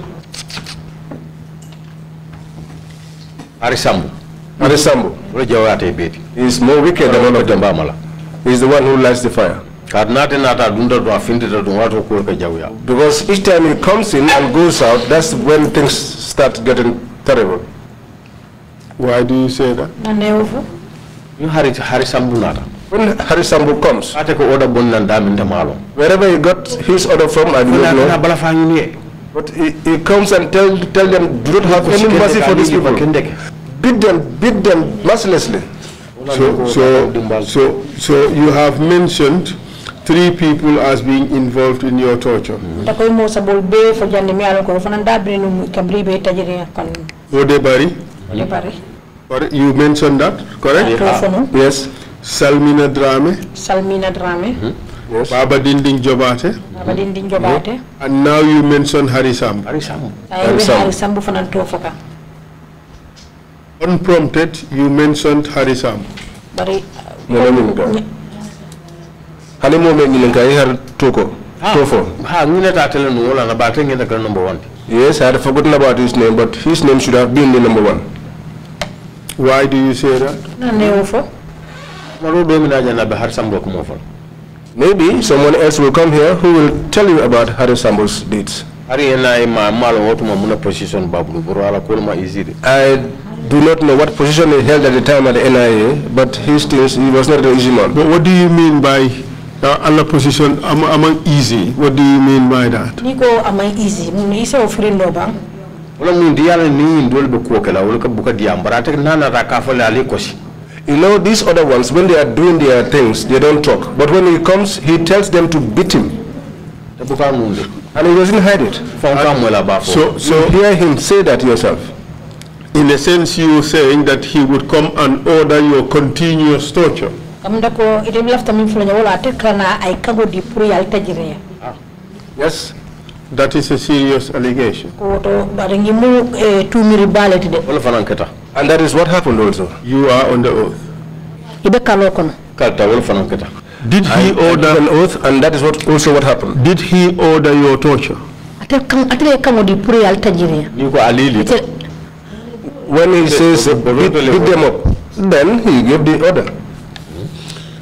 Arisambu. Arisambu. He's more wicked than one of them. He's the one who lights the fire. Because each time he comes in and goes out, that's when things start getting terrible. Why do you say that? No Harry Harry Sambulata. When Harry Sambu comes, I take order Bonlanda in the Malo. Wherever he got his order from, I do not know. Eh. But he, he comes and tell tell them do not have any mercy for these people. Beat them, beat them mercilessly. So, so, so, so you have mentioned three people as being involved in your torture. Mm-hmm. Odebari. Odebari. You mentioned that, correct? Yes. Salmina Drame. Salmina Drame. Mm-hmm. Yes. Baba Dinding Jobate. Baba Dinding Jobate. Mm-hmm. And now you mention Harisam. Harisam. Harisam. Harisam Bufanan Tofoka. Unprompted, you mentioned Harisam. Bari. Monaminka. Hali mome ngilenka ihar toko. Tofo. Ha, ngine tatele nuola na bate the number one. Yes, I had forgotten about his name, but his name should have been the number one. Why do you say that? Maybe someone else will come here who will tell you about Harry Sambo's deeds. I do not know what position he held at the time at the NIA, but he still he was not an easy man. But what do you mean by uh, Allah position among easy? What do you mean by that? Niko among easy. no oh, bang wala mun di yalla ni ko wala bu barata nana ka fa ko you know these other ones when they are doing their things they don't talk but when he comes he tells them to beat him and he doesn't hide it so so hear him say that yourself in a sense you saying that he would come and order your continuous torture ah. yes that is a serious allegation. Eh, and that is what happened also. You are on the oath. Did he order an oath and that is what also what happened? Did he order your torture? When he says beat, beat them up, then he gave the order.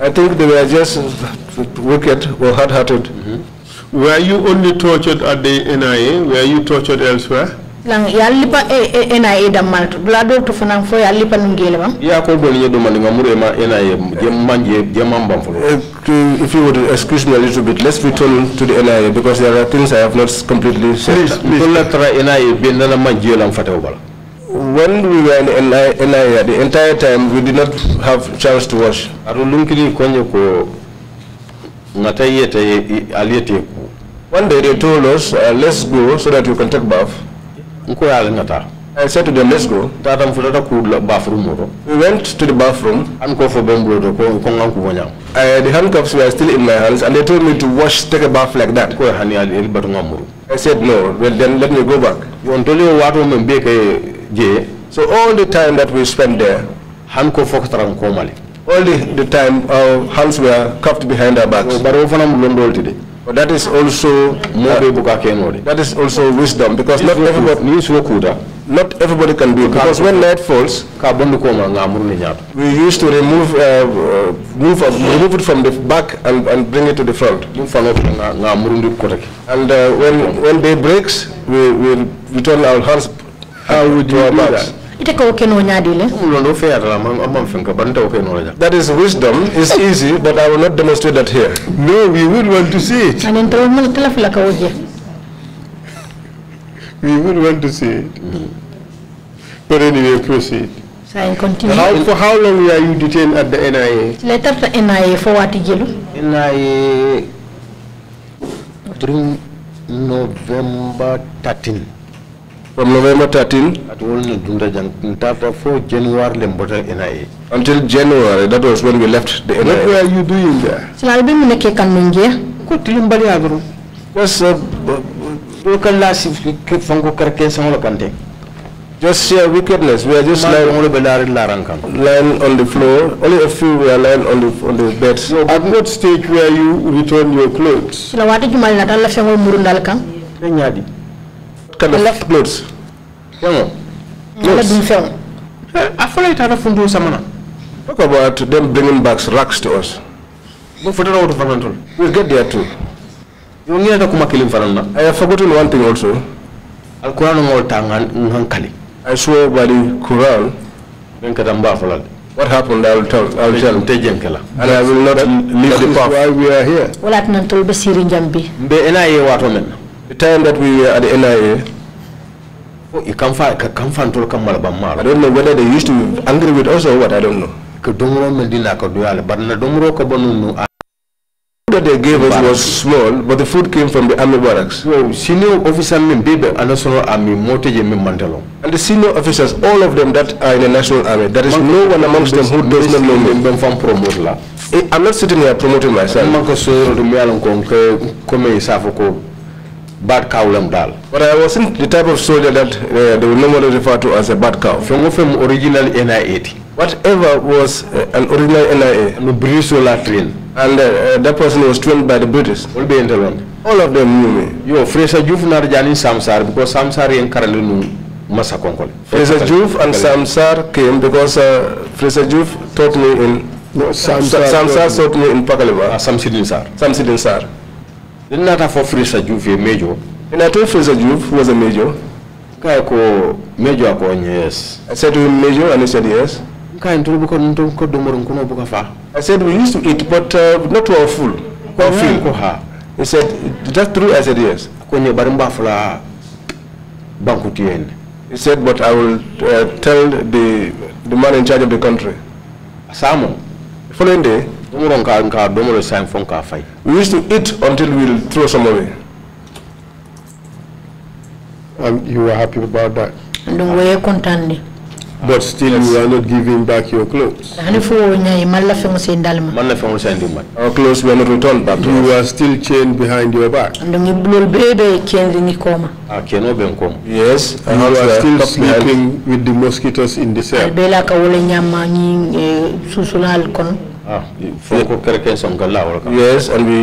I think they were just wicked or hard-hearted. Mm -hmm. Were you only tortured at the NIA? Were you tortured elsewhere? lang yallipa eh, eh, NIA damal. blado to fanan fo yallipa ngele bam ya ko dol yedo mani ngamure ma NIA jem manje jem ambam fo eh, if you would excuse me a little bit let's return to the NIA because there are things i have not completely said please please tra NIA ben na manje lam fatew bala when we were in NIA, the entire time we did not have chance to wash. One day they told us, uh, let's go so that you can take bath. I said to them, let's go. We went to the bathroom. And the handcuffs were still in my hands and they told me to wash, take a bath like that. I said, no, well then let me go back so all the time that we spent there hanko fokataran komale all the, the time our hands were cuffed behind our backs bari wo fana mu londolti But that is also uh, that is also wisdom because not everybody not everybody can do it because when night falls we used to remove uh, move remove it from the back and, and bring it to the front and uh, when when day breaks we will return our hands how would you do that? That is wisdom. It's easy, but I will not demonstrate that here. No, we would want to see it. we would want to see it. But anyway, proceed. So I continue. How, for how long are you detained at the NIA? Later to NIA for what you NIA during November 13. From November 13 until January, that was when we left the NIA. What were you doing there? Just uh, wickedness. We are just lying, lying on the floor. Only a few were lying on the on the bed. So at what stage were you return your clothes? kind of left yeah I follow it out of Samana talk about them bringing back racks to us go for the road of Anatol we'll get there too I have forgotten one thing also Al Quran I swear by the Quran what happened, I will tell. I will tell. And I will not leave the path. why we are here. Walat nan be serious, jambi. Be ena ye wato the time that we were at the NIA, oh, you can't find talk about find I don't know whether they used to be angry with us or what, I don't know. Kedungro Medina Koduale, but Nadungro Kobonunu. What they gave us was small, but the food came from the army barracks. So senior officers, me baby and also army motage me mantalo. And the senior officers, all of them that are in the national army, there is no one amongst them who does not know me. Eh, I'm not sitting here promoting myself bad cow lam dal. But I wasn't the type of soldier that uh, they would normally refer to as a bad cow. From from original NIA. Whatever was uh, an original NIA. And British uh, Latrine. And uh, that person was trained by the British. All be interrupted. All of them knew me. Yo, Fraser Juf Narjani Samsar because Samsar and Karalunu Masakonkol. Fraser Juf and Samsar came because uh, Fraser Juf taught me in. No, Samsar, Samsar taught me in Pakaliba. Uh, ah, Samsidin Sar. Samsidin Sar then not fo frisa juve major and i told frisa juve who was a major kai major yes i said to him major and he said yes kai ko buka fa i said we used to eat but uh, not to our full ko full ko ha he said "That true i said yes ko nyo barimba fula banku tiene he said but i will uh, tell the the man in charge of the country samo following day we used to eat until we'll throw some away. And um, you were happy about that? And But still yes. you are not giving back your clothes. Our clothes were not returned back to You were still chained behind your back. Yes, and you are still sleeping with the mosquitoes in the cell. Yes, and we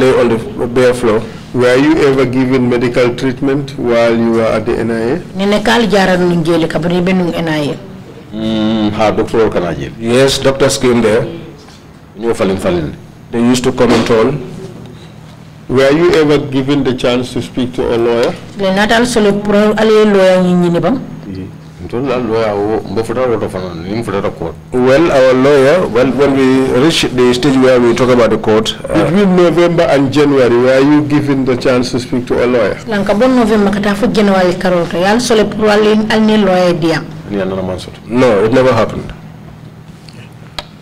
lay on the bare floor. Were you ever given medical treatment while you were at the NIA? Mm, yes, doctors came there. They used to come and all. Were you ever given the chance to speak to a lawyer? Well, our lawyer, well, when we reach the stage where we talk about the court. Uh, Between November and January, were you given the chance to speak to a lawyer? No, it never happened.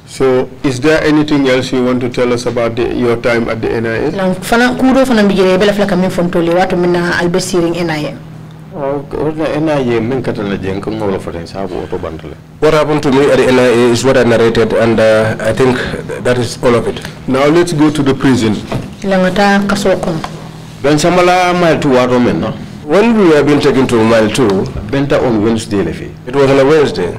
So, is there anything else you want to tell us about the, your time at the NIA? What happened to me at the NIA is what I narrated, and uh, I think that is all of it. Now let's go to the prison. When we have been taken to mile two, on Wednesday, it was on a Wednesday.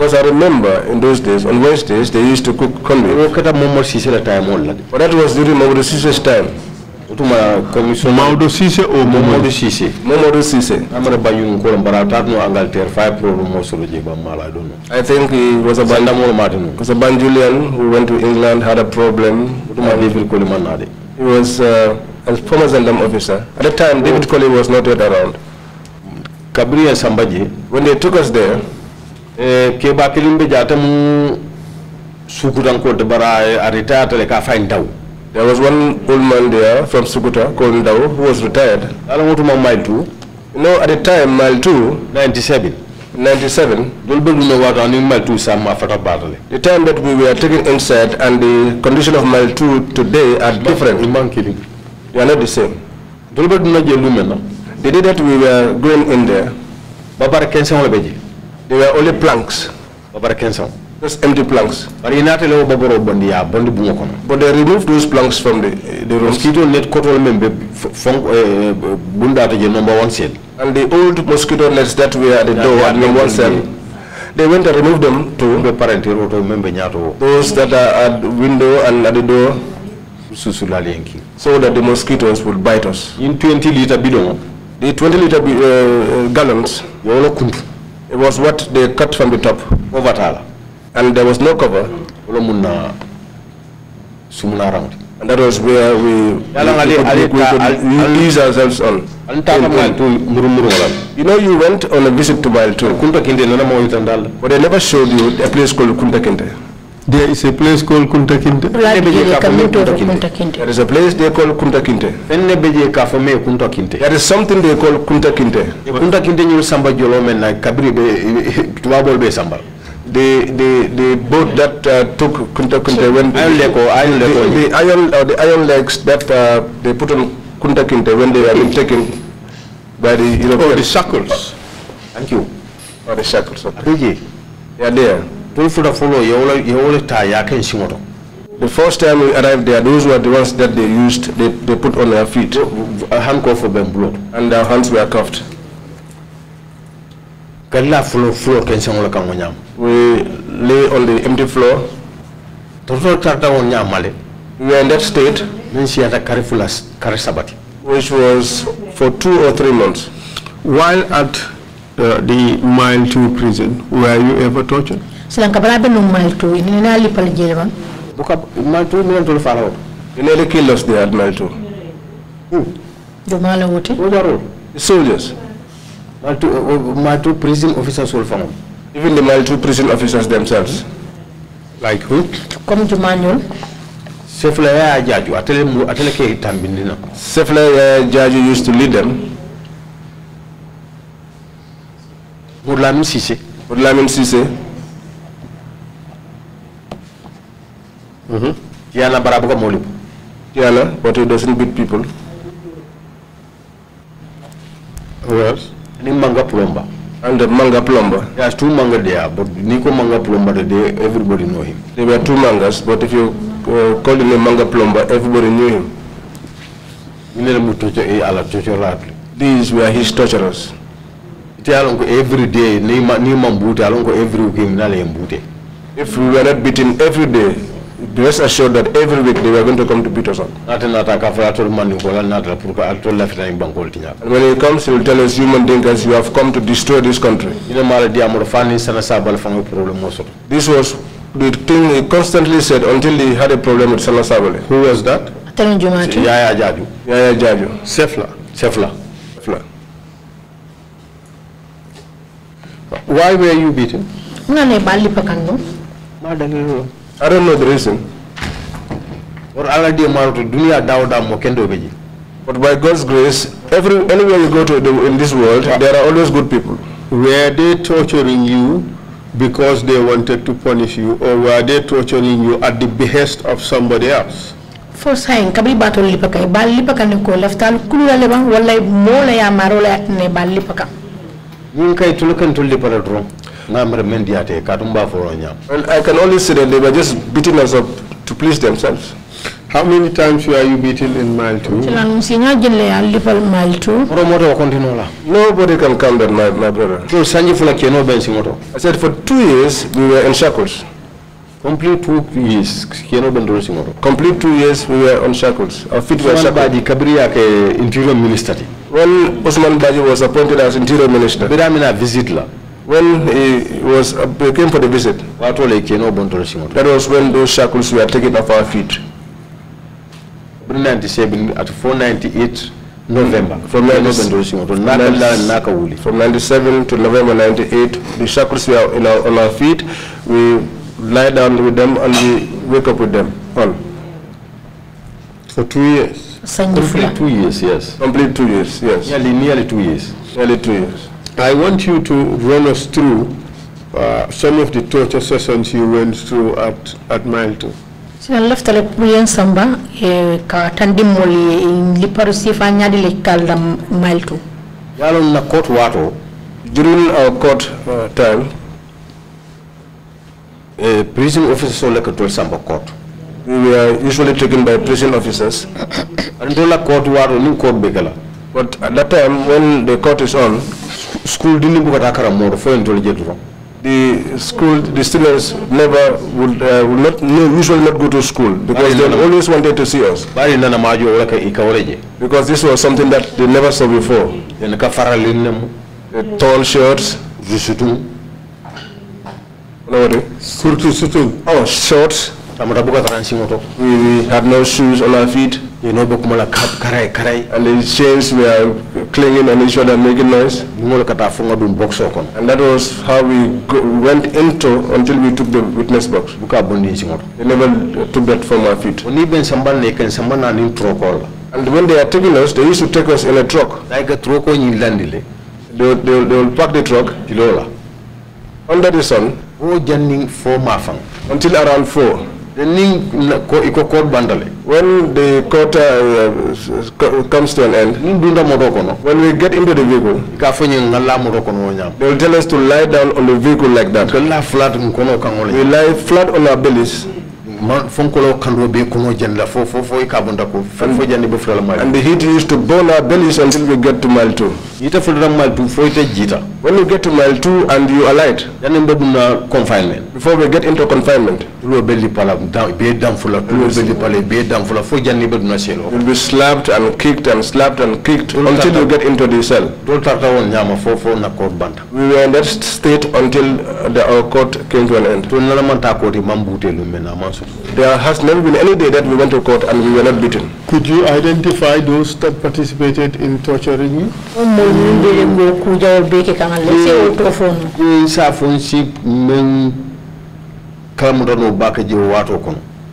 Because I remember in those days, on Wednesdays, they used to cook convict. But that was during Mabudu Sisse's time tuma amara ko mo solo je ba mala don i think he eh, was a banda mo matino because a Julian who went to england had a problem tuma david koli manade he was uh, a former gendarme officer at the time david oh. was not yet around gabriel Sambaji, when they took us there eh, ke ba kilimbe jata mu sukutan ko bara eh, a retire ka fain taw there was one old man there from Sukuta called Ndao who was retired. I don't want to mile two. You know, at the time, mile two. 97. 97. The time that we were taken inside and the condition of mile two today are different. They are not the same. The day that we were going in there, they were only planks. Just empty planks. But in that level, Boboro Bondi, yeah, Bondi Bungokono. But they removed those planks from the the mosquito net control member from eh, Bunda to the number one cell. And the old mosquito nets that were at the yeah, door at number one cell, they went and removed them to the parent member Those that are at the window and at the door. So that the mosquitoes would bite us. In 20 liter bidon. The 20 liter uh, gallons. It was what they cut from the top. Over and there was no cover. And that was where we, we, we, ourselves on. You know, you went on a visit to Mile 2. But they never showed you a place called Kunta Kinte. There is a place called Kunta Kunta there is a place they call Kinte. There is something they call Kunta Kinte, you samba jolo men like kabiri be, <laughs> tuwabol be samba the the the boat that uh, took Kunta Kunta when Iron or Iron the, the iron or uh, the Iron legs that uh, they put on Kunta Kunta when they were being taken by the European. Oh, the shackles. Thank you. oh, the shackles. Okay. Yeah, there. Don't follow. You only you only tie. You can see The first time we arrived there, those were the ones that they used, they, they put on their feet. A handcuff for them blood. And their hands were cuffed kala floor floor ken sen wala we lay on the empty floor toto on male we were in that state then she had a carifulas carisabati which was for two or three months while at uh, the mile two prison were you ever tortured silan kabala be no mile two ni na li buka mile two ni to faro ni le kill us there at mile two who do mala wote who soldiers Malto, uh, uh prison officers will form. Even the Malto prison officers themselves? Like who? Come to manual. Sefla ya jaju, atele mu, atele ke ya jaju used to lead them. Murlamim Sise. Murlamim Sise. Mm-hmm. Yana Barabuka Molib. Yana, but he doesn't beat people. Who else? Any manga plumber. And the manga plumber? There's two manga there, but Nico manga plumber everybody know him. There were two mangas, but if you uh, call him a manga plumber, everybody knew him. Eh, These were his torturers. Every day, every week, if we were not beaten every day, rest assured that every week they were going to come to Peterson. And when he comes, he will tell us, human beings, you have come to destroy this country. This was the thing he constantly said until he had a problem with Salah Sabale. Who was that? Yaya Jaju. Yaya Jaju. Sefla. Sefla. Sefla. Why were you beaten? Madam, I don't know the reason. Or already amount to dunya dawda mokendo beji. But by God's grace, every anywhere you go to the, in this world, there are always good people. Were they torturing you because they wanted to punish you, or were they torturing you at the behest of somebody else? fo sayin kabiri bato lipaka ba lipaka ni ko laftal kulula leban wala mola ya marola ne ba lipaka yin kai tulukan tulli para drum and I can only say that they were just beating us up to please themselves. How many times were you beaten in mile two? Nobody can come there, my, my brother. I said for two years we were in shackles. Complete two years, kiano bendoro simoto. Complete two years we were on shackles. Our feet were shackled. Badi kabiri interior minister. When Osman Baji was appointed as interior minister. Bila mina visit la. When he was uh, came for the visit, that was when those shackles were taken off our feet. at 498 November. From 97, from 97 to November 98, the shackles were in our, on our feet. We lie down with them and we wake up with them all. For two years. Complete two years, yes. Complete two years, yes. Nearly, nearly two years. Nearly two years. I want you to run us through uh, some of the torture sessions you went through at, at Milton. sina laftale puyen samba e eh, ka tandimmol e lipparo sifa ñaadi lekkal dam maltu yalon na court wato during our court uh, time uh, prison officers ole ka tol samba court we were usually taken by prison officers until <coughs> the court wato nin court begala. but at that time when the court is on school didn't book at Akara more for intelligence. The school, the students never would, uh, would not no, usually not go to school because they always wanted to see us. Because this was something that they never saw before. The tall shirts, Surtout, surtout. Oh, shorts. We had no shoes on our feet you know bok mala kap karay karay and the chains were clinging on each other making noise box okon and that was how we went into until we took the witness box buka bondi ci ngor they never took that from our feet oni ben sambal ne ken sambal na nin trokol and when they are taking us they used to take us in a truck like a troko ni landile they they they will park the truck kilola under the sun o janning fo mafang until around 4 when the quota uh, uh, uh, comes to an end, when we get into the vehicle, they will tell us to lie down on the vehicle like that. We lie flat on our bellies man fonkolo kando be kuno janda fo fo fo ka bunda ko fen fo jande be fulala mal and the heat used to burn our bellies until we get to mile 2 ita fulala mile 2 fo ita jita when you get to mile 2 and you alight in be duna confinement before we get into confinement tulo belli pala down be down fula tulo belli pala be down fula fo jande be duna selo you'll be slapped and kicked and slapped and kicked until you get into the cell do tarta won nyama fo fo na court banta we were in that state until the court came to an end to nala man ta ko di mambute lu mena man there has never been any day that we went to court and we were not beaten. Could you identify those that participated in torturing you?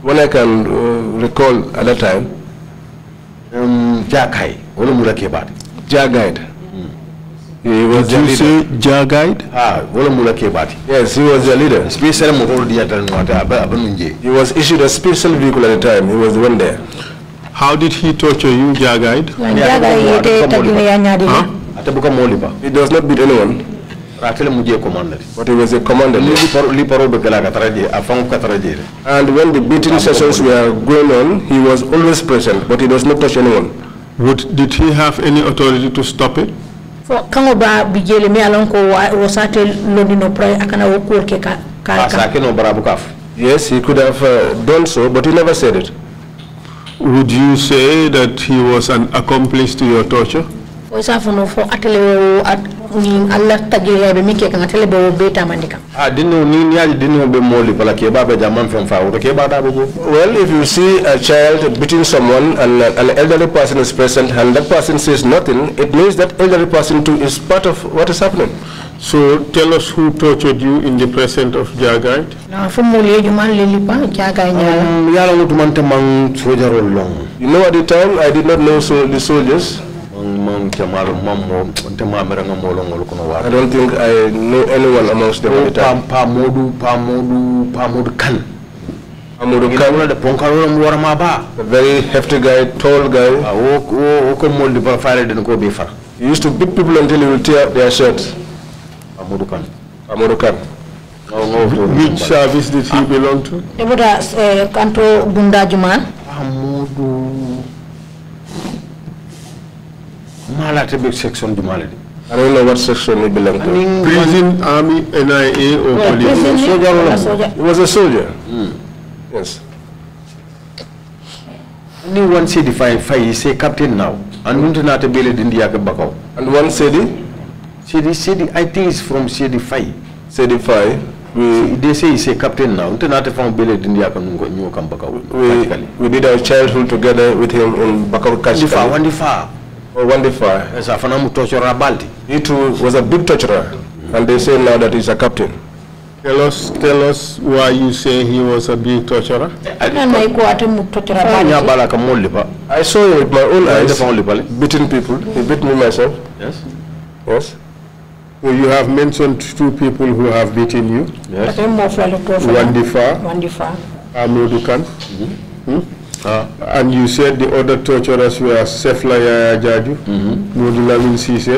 When I can uh, recall at that time, um, Jagai, Jagai, he was Did you leader. guide? Ah, yes, he was the leader. He was issued a special vehicle at the time. He was the one there. How did he torture you, Jah guide? Huh? He does not beat anyone. ratele mu a commander. but he was a commander li paro li paro be kala katara je and when the beating sessions were going on he was always present but he does not touch anyone would did he have any authority to stop it fo kango ba bijele mi ko londino wo ke barabu kaf yes he could have uh, done so but he never said it would you say that he was an accomplice to your torture fo atele wo at ni be mike kan atele be wo beta mandika ah ni ni be moli bala ke fa ke well if you see a child beating someone and uh, an elderly person is present and that person says nothing it means that elderly person too is part of what is happening So tell us who tortured you in the presence of Jagait? Um, you know, at the time I did not know so the soldiers mom kemar mom mom tema mera i don't think i know anyone amongst them at the time pa modu kan amudu kan da ponkaro mu a very hefty guy tall guy o o ko moldi ba faare den ko he used to beat people until he would tear their shirts amudu kan amudu kan Which service did he belong to? Eh, Kanto Bunda Juman. Amudu malate big section du malade I don't know section he belonged Prison, army, NIA, or yeah, police. Prison, soldier, He was a soldier. Hmm. Yes. Only one said if I fight, he say captain now. And when not not a in the Bakau. And one said it? Said he said I think it's from CD five. CD five. We, they say he's a captain now. We, we did our childhood together with him in Bakau Kashka. Oh, wonderful. Zafana mu torturer Balti. He too was a big torturer, and they say now that he's a captain. Tell us, tell us why you say he was a big torturer. I saw him with my own eyes, beating people. He beat me myself. Yes. Yes. Well, you have mentioned two people who have beaten you. Yes. Wandifa. Wandifa. Amrudu Mm mm-hmm. -hmm. hmm? Ah. And you said the other torturers were Sefla Yaya Jaju, mm -hmm. Sise,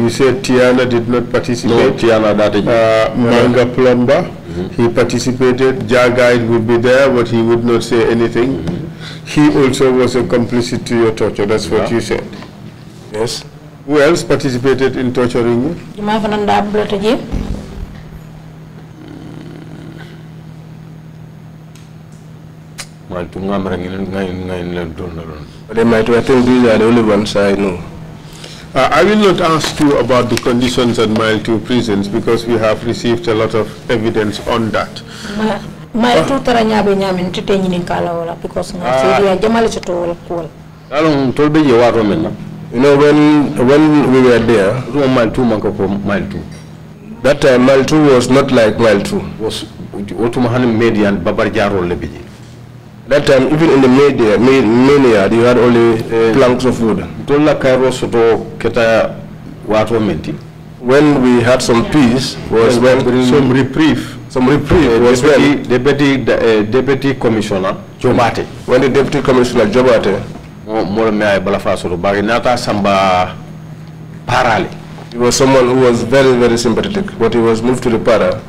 you said Tiana did not participate. No, Tiana that uh, Manga Plumber, mm -hmm. he participated. Jagaid would be there, but he would not say anything. Mm -hmm. He also was a complicit to your torture. That's yeah. what you said. Yes. Who else participated in torturing you? maltu ngamra ngin ngai ngain le But they might well think these are the only ones i know uh, I will not ask you about the conditions at Mile 2 prisons because we have received a lot of evidence on that. Mile 2 tara nyabe nyamin tete nyini kala wala because nga ah. sidi ya jamali choto wala kuwala. Along tolbe je waro mena. You know when when we were there, Roma Mile 2 manko for Mile 2. That time Mile 2 was not like Mile 2. Was what Mahani Median Babar Jaro Lebiji. That time, even in the media, mania, you had only uh, eh. planks of wood. When we had some peace, was eh, when, when some reprieve. Some reprieve uh, was deputy, when deputy uh, deputy commissioner Jobate. When the deputy commissioner Jobate, more me ay balafa soto samba He was someone who was very very sympathetic, but he was moved to the para.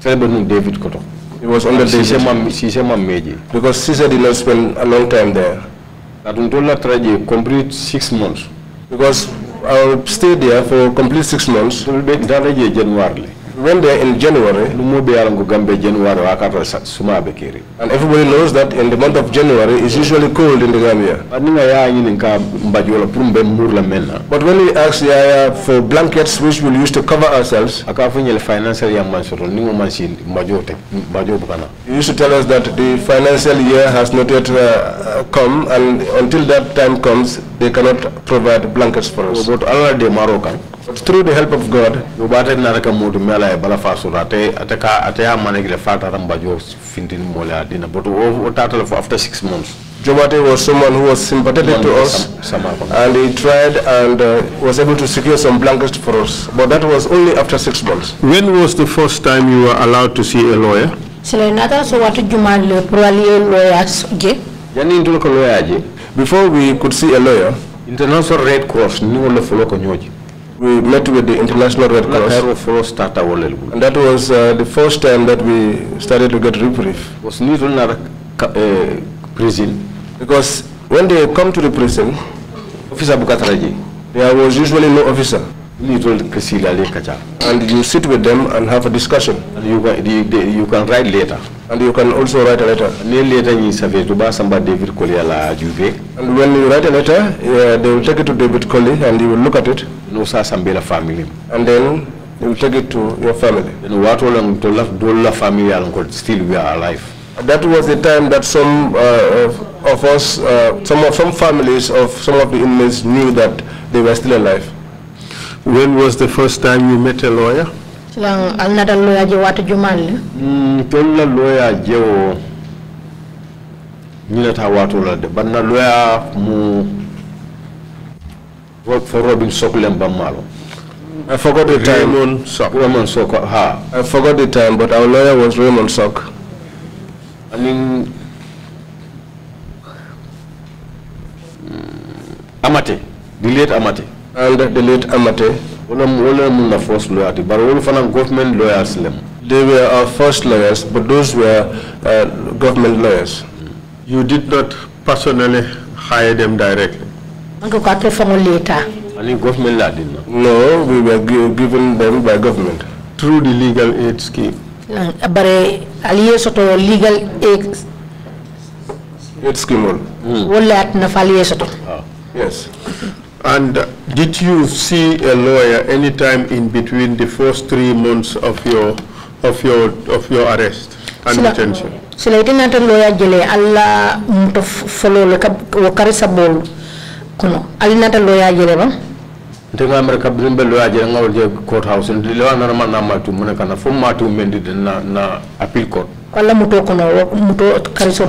David Koto. It was under the Mam Cisse Meji. Because Cisse did not spend a long time there. Katuntola tragedy complete six months. Because I uh, stayed there for complete six months. January when they're in January, January and everybody knows that in the month of January it's usually cold in the Gambia. But when we ask Yaya for blankets which we'll use to cover ourselves, financial he used to tell us that the financial year has not yet uh, come and until that time comes, they cannot provide blankets for us. But Allah de Moroccan through the help of God yobate naraka mudu mela e bala fasura ate ateka ateya manegile fata ramba fintin mola dina but o tatal after 6 months Jobate was someone who was sympathetic to us and he tried and uh, was able to secure some blankets for us. But that was only after six months. When was the first time you were allowed to see a lawyer? Before we could see a lawyer, International Red Cross knew the Foloko Nyoji we met with the International Red Cross. And that was uh, the first time that we started to get reprieve. Was uh, prison because when they come to the prison, officer Bukataraji, there was usually no officer. And you sit with them and have a discussion. And you can, you, you can write later. And you can also write a letter. And when you write a letter, they will take it to David Colley and you will look at it. And then you will take it to your family. Still we are alive. That was the time that some uh, of us, uh, some, of, some families of some of the inmates knew that they were still alive. When was the first time you met a lawyer? Silang al lawyer je watu jumal. Hmm, tolla lawyer je o nilata watu la de banna lawyer mu work for Robin Sokulem Bamalo. I forgot the time. Raymond Sok. Raymond Sock, ha. I forgot the time, but our lawyer was Raymond Sok. I mean, Amate, the late Amate and the late Amate, were first lawyers, but all of government lawyers. They were our first lawyers, but those were uh, government lawyers. You did not personally hire them directly? Any government law did not? No, we were given them by government. Through the legal aid scheme? Bare aliye soto legal aid aid scheme. Mm. Wala at na faliye soto. Ah. Yes. And did you see a lawyer anytime in between the first three months of your of your of your arrest and detention? So Sila itinata lawyer jele alla mto follow leka wakari sabol kuno alinata lawyer jele ba. Tenga mereka bimbe lawyer jele ngawul je courthouse. Lawyer nara mana matu mana kana from matu mendi na na appeal court muto kono muto kariso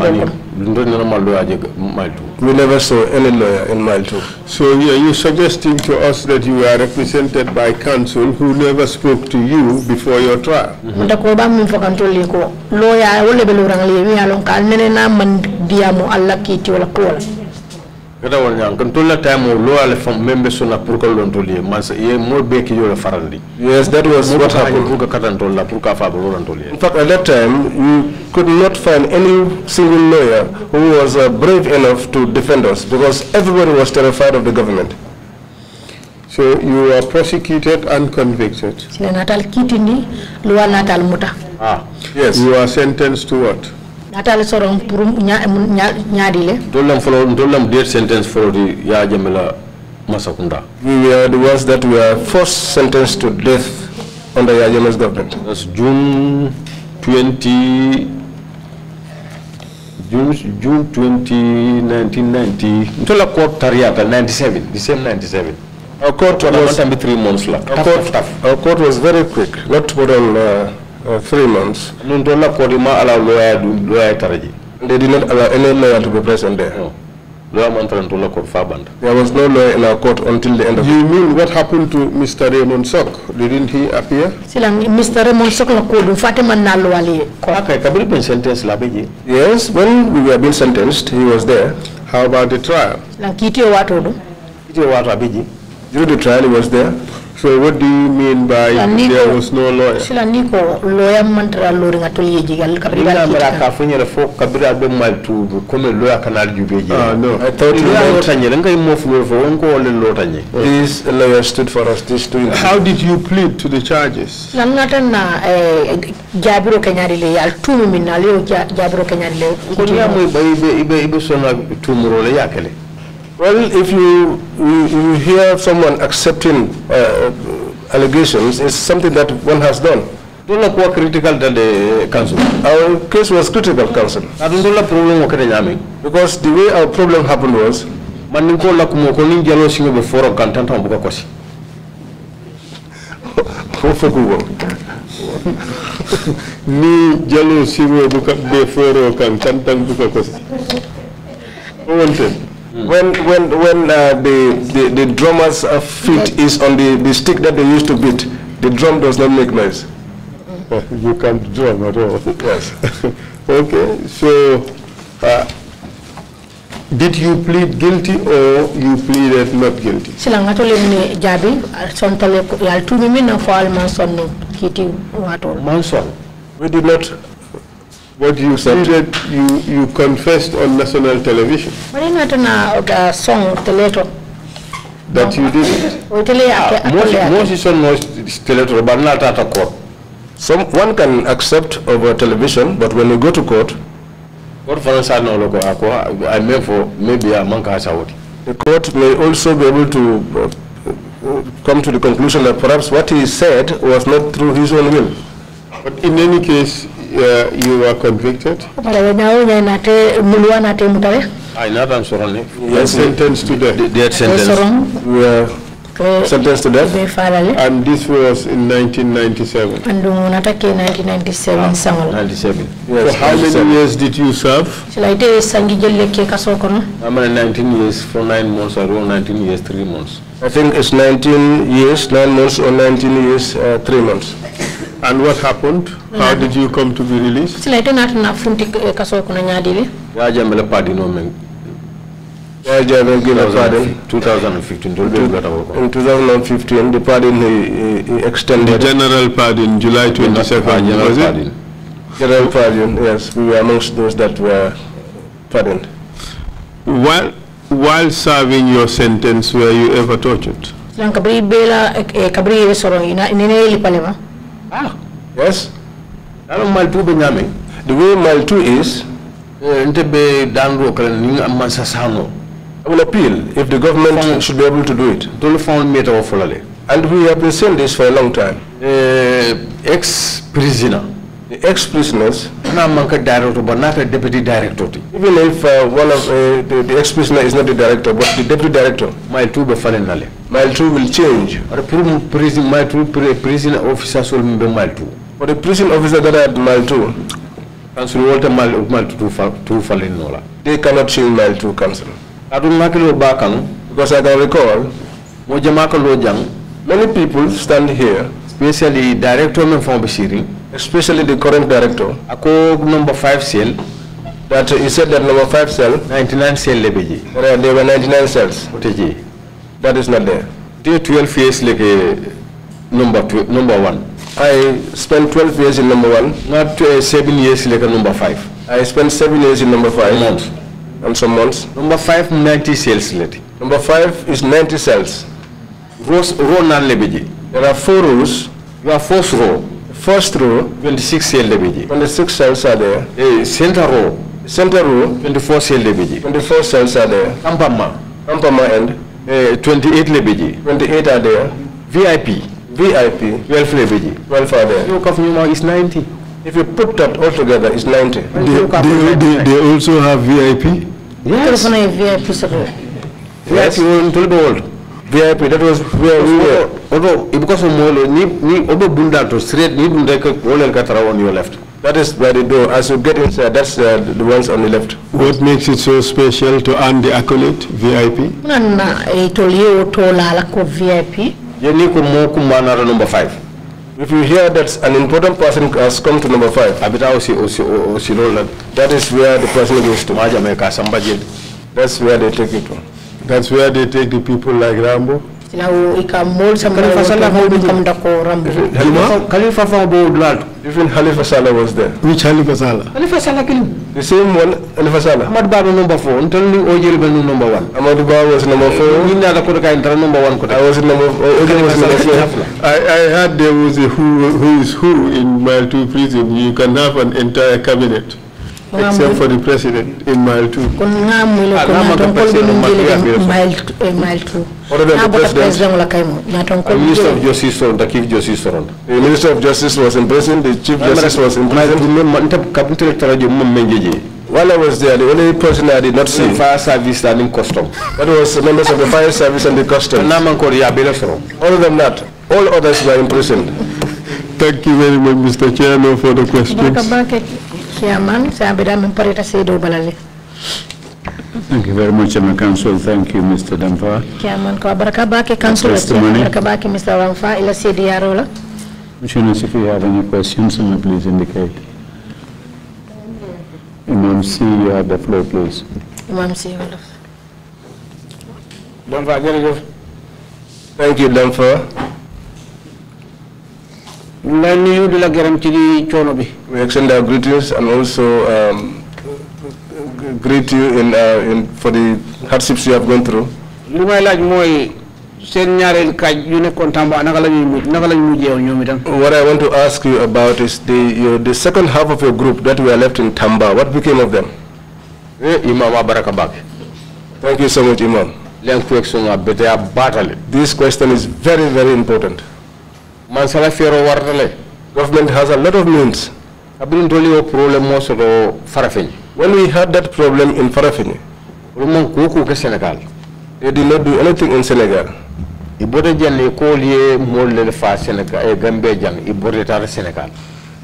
we never saw any lawyer in mile so you're suggesting to us that you are represented by counsel who never spoke to you before your trial mm-hmm. ko lawyer be lo alon kal nene na man diamo alla wala ko wanya kan time fam farandi yes that was what happened in fact at that time you could not find any single lawyer who was uh, brave enough to defend us because everybody was terrified of the government so you were prosecuted and convicted natal kitindi lo natal muta ah yes you are sentenced to what atala sorong purum nya nya nyaadile dolam follow dolam death sentence follow the ya jamila masakunda we are the ones that were first sentenced to death under Yajama's government that's june 20 June, June 20, 1990, until a court Tariata, 97, the same 97. Our court was, was three months. Our our court was very quick, not for all uh, uh, three months. They did not allow any lawyer to be present there. Oh. No. There was no lawyer in our court until the end of You mean what happened to Mr. Raymond Sok? Didn't he appear? Silang Mr. Raymond Sok na kudu Fatima Nalwali. Okay, kabili been sentenced labeji. Yes, when we were being sentenced, he was there. How about the trial? Silang kiti watu do. Kiti watu abiji. During the trial, he was there. So what do you mean by there was no lawyer? Sila niko lawyer mantara lori ngatuli yeji gal kabri gal. Ina mara kafunya na fo kabri abe mal tu kome lawyer kanal jube Ah no. I thought you were tanye. Nga imo fuwe fo unko ole lawyer tanye. Oh. This lawyer stood for us. This stood. How did you plead to the charges? Lan na eh, jabro kenyari le al tu na leo jabro kenyari le. Kunya mo ibe ibe ibe sana tu muro le yakele. Well, if you, you, you hear someone accepting uh, allegations, it's something that one has done. Dunla kuwa critical to the eh, council. Our case was critical, council. Adunla problem wakati nyami. Because the way our problem happened was. Maninko la kumoko ninja lo singo before kantanta mbuka kosi. Hofu kuwa. Ni jalo singo buka before kantanta mbuka kosi. Wanted. When when when uh, the, the the drummer's uh, feet is on the, the stick that they used to beat, the drum does not make noise. <laughs> you can't drum at all. Yes. <laughs> okay. So, uh, did you plead guilty or you pleaded not guilty? Silangatole ni jabi sontale yaltumi mina fo alman sonno kiti wato. Manson. We did not what you said that you, you confessed on national television. Uh, uh, song That you did it. Motion was television, but not at a court. Some, one can accept over television, but when you go to court, court for I mean for maybe a monk has word. The court may also be able to uh, come to the conclusion that perhaps what he said was not through his own will. But in any case, uh, you were convicted? I not am sorry. Yes, sentenced to death. Death sentence. We were sentenced to death. Eh, and this was in 1997. And 1997 ah, 97. Yes, so how many years did you serve? Chilaite sangi jelle I'm 19 years for nine months or 19 years three months. I think it's 19 years, nine months or 19 years, uh, three months. And what happened? How did you come to be released? Sila ito natin na funti pardon. 2015. In 2015, the pardon he, he eh, eh, extended. The general pardon, July 27th, general it? Pardon. General pardon, yes. We were amongst those that were pardoned. While, while serving your sentence, were you ever tortured? Ah. Yes. That is Maltu Benyami. The way Maltu is, eh, I will appeal if the government should be able to do it. Don't me And we have been saying this for a long time. Uh, ex-prisoner. The ex-prisoners. not a a director but deputy director. Even if uh, one of uh, the, the ex-prisoner is not the director, but the deputy director. Maltu Befalenale. Mile 2 will change. Or prison, prison, mile 2 prison officers will be mile 2. For the prison officer that I have, mile 2, Council Walter mile, mile 2 to Falinola. They cannot change mile 2 council. I don't make it back because I can recall Mojamaka Lojang, many people stand here, especially director Mfambi Shiri, especially the current director, Ako number 5 cell, that he said that number 5 cell, 99 cell, uh, they were 99 cells. What is it? That is not there. Day 12 years like a uh, number, two, number one. I spent 12 years in number one, not uh, seven years like a number five. I spent seven years in number five. Months. And some months. Number five, 90 sales lady. Number five is 90 sales. Rows, row non lebeji. There are four rows. You are four row. First row, 26 cells lebeji. 26 sales are there. The center row. Center row, 24 cells lebeji. 24 sales are there. Kampama. Kampama end. Eh, 28 lebeji. 28 are there. VIP. VIP. 12 lebeji. 12 are there. Look, of Numa is 90. If you put that all together, it's 90. They, they, they, they also have VIP? Yes. VIP support. VIP to the world. VIP, that was where we were. Although, because of Molo, ni, ni, obo bunda to straight, ni bunda ke, all el katara on your left. That is where they do. As you get inside, that's uh, the ones on the left. What makes it so special to earn the accolade VIP? Eh, VIP. number five. If you hear that an important person has come to number five, that is where the person goes to. That's where they take it from. That's where they take the people like Rambo you know, we can mold somebody. Khalifa Salah Even Khalifa Salah was there. Which Khalifa Salah? Khalifa Salah Kilim. The same one, Khalifa Salah. Ahmad Baba number four. Until you Ojil Benu number one. Ahmad Baba eh, was number four. You know, Kota Kain Tran number one. I was number Ojil was number four. I, I heard there was a who, who is who in Mile 2 prison. You can have an entire cabinet except for the president in mile two. Kon nga mwile ah, president eh, wala Minister of Justice soron, the Chief Justice soron. The Minister of Justice was in prison. The Chief Justice was in prison. Ma ntap kapuntere taraji mmenjeje. While I was there, the only person I did not see fire service and in custom. That was the members of the fire service and the custom. All of them not. All others were in prison. Thank you very much, Mr. Chairman, for the questions. Chairman, Thank you very much, Mr. Council. Thank you, Mr. Damfa. Chairman, you, baraka baki Council. Testimony. baki Mr. Wamfa ila Commissioners, if you have any questions, please indicate. Imam C, you have the floor, please. Imam C, you have Damfa, Thank you, Damfa. We extend our greetings and also um, greet you in, uh, in, for the hardships you have gone through. What I want to ask you about is the, your, the second half of your group that were left in Tamba. What became of them? Eh, Imam Thank you so much, Imam. This question is very, very important. Mansala Fero Wartale. Government has a lot of means. I've been told you a problem also When we had that problem in Farafeni, they did not do anything in Senegal. Ibote jali ko liye mo le fa Senegal e eh, Gambia jang ibote tar Senegal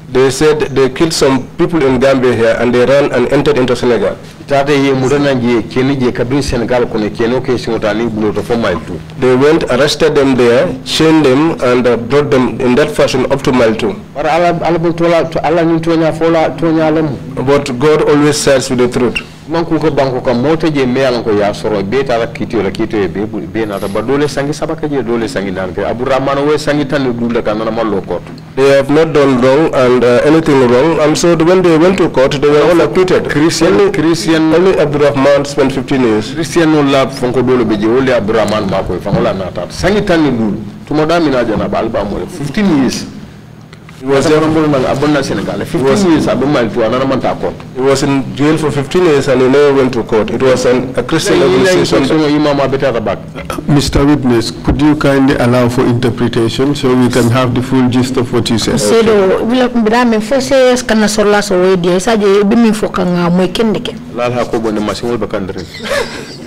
they said they killed some people in Gambia here and they ran and entered into Senegal. They went, arrested them there, chained them, and uh, brought them in that fashion up to mile two. But God always sides with the truth manku ko banko kam mota je me alan ko ya soro be tara kitiyo la kitiyo be be na ta badole sangi sabaka je dole sangi nan ke abdurrahman we sangi tan dula kan na mallo court they have not done wrong and uh, anything wrong and so when they went to court they were all acquitted christian only, christian only abdurrahman spent 15 years christian no lab fonko dole be je only abdurrahman ma ko fangola na ta sangi tan dulu tumoda mina jana balba mo 15 years was there Senegal. 15 years He was in jail for 15 years and he never went to court. It was an, a Christian organization. Mr. Witness, could you kindly allow for interpretation so we can have the full gist of what you said? Sedo, Lala machine will be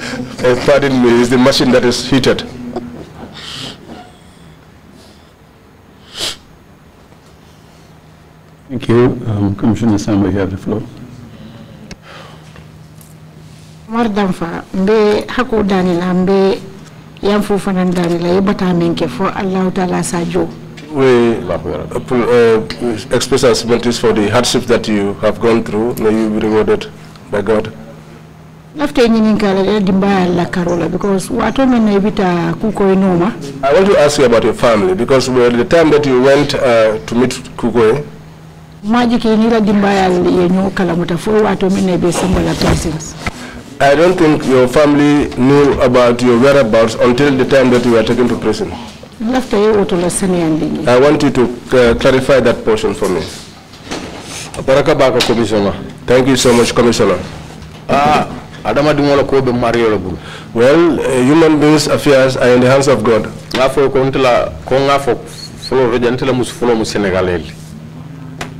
<laughs> eh, Pardon me, it's the machine that is heated. Thank you. Um, Commissioner Samba, you have the floor. Umar Danfa, mbe hako danila, mbe yanfu fanan danila, yebata menke fo Allah Ta'ala sajo. We uh, express our sympathies for the hardship that you have gone through. May you be rewarded by God. After Ninkala, Dimbaya La Carola, because what women Evita Kukoe Noma. I want to ask you about your family, because well, the time that you went uh, to meet Kukoe, Magic inira dimbayal yenyo kalamuta for what women be similar persons. I don't think your family knew about your whereabouts until the time that you were taken to prison. I want you to uh, clarify that portion for me. Barakabaka, Commissioner. Thank you so much, Commissioner. Ah, Adama Dumola Kobe Mario Well, uh, human beings' affairs are in the hands of God. Ngafo kontla konga fo follow regentla mus follow mus Senegalese.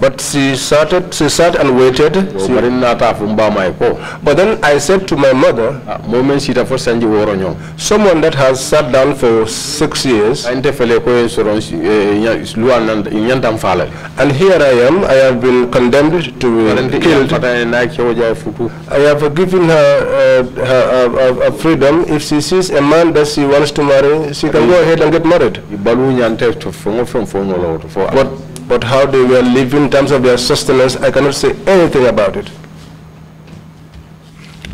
But she sat, she sat and waited. She, but then I said to my mother, ah, someone that has sat down for six years, and here I am, I have been condemned to be killed. I have given her, uh, her uh, uh, freedom. If she sees a man that she wants to marry, she can go ahead and get married. But but how they were living in terms of their sustenance, I cannot say anything about it.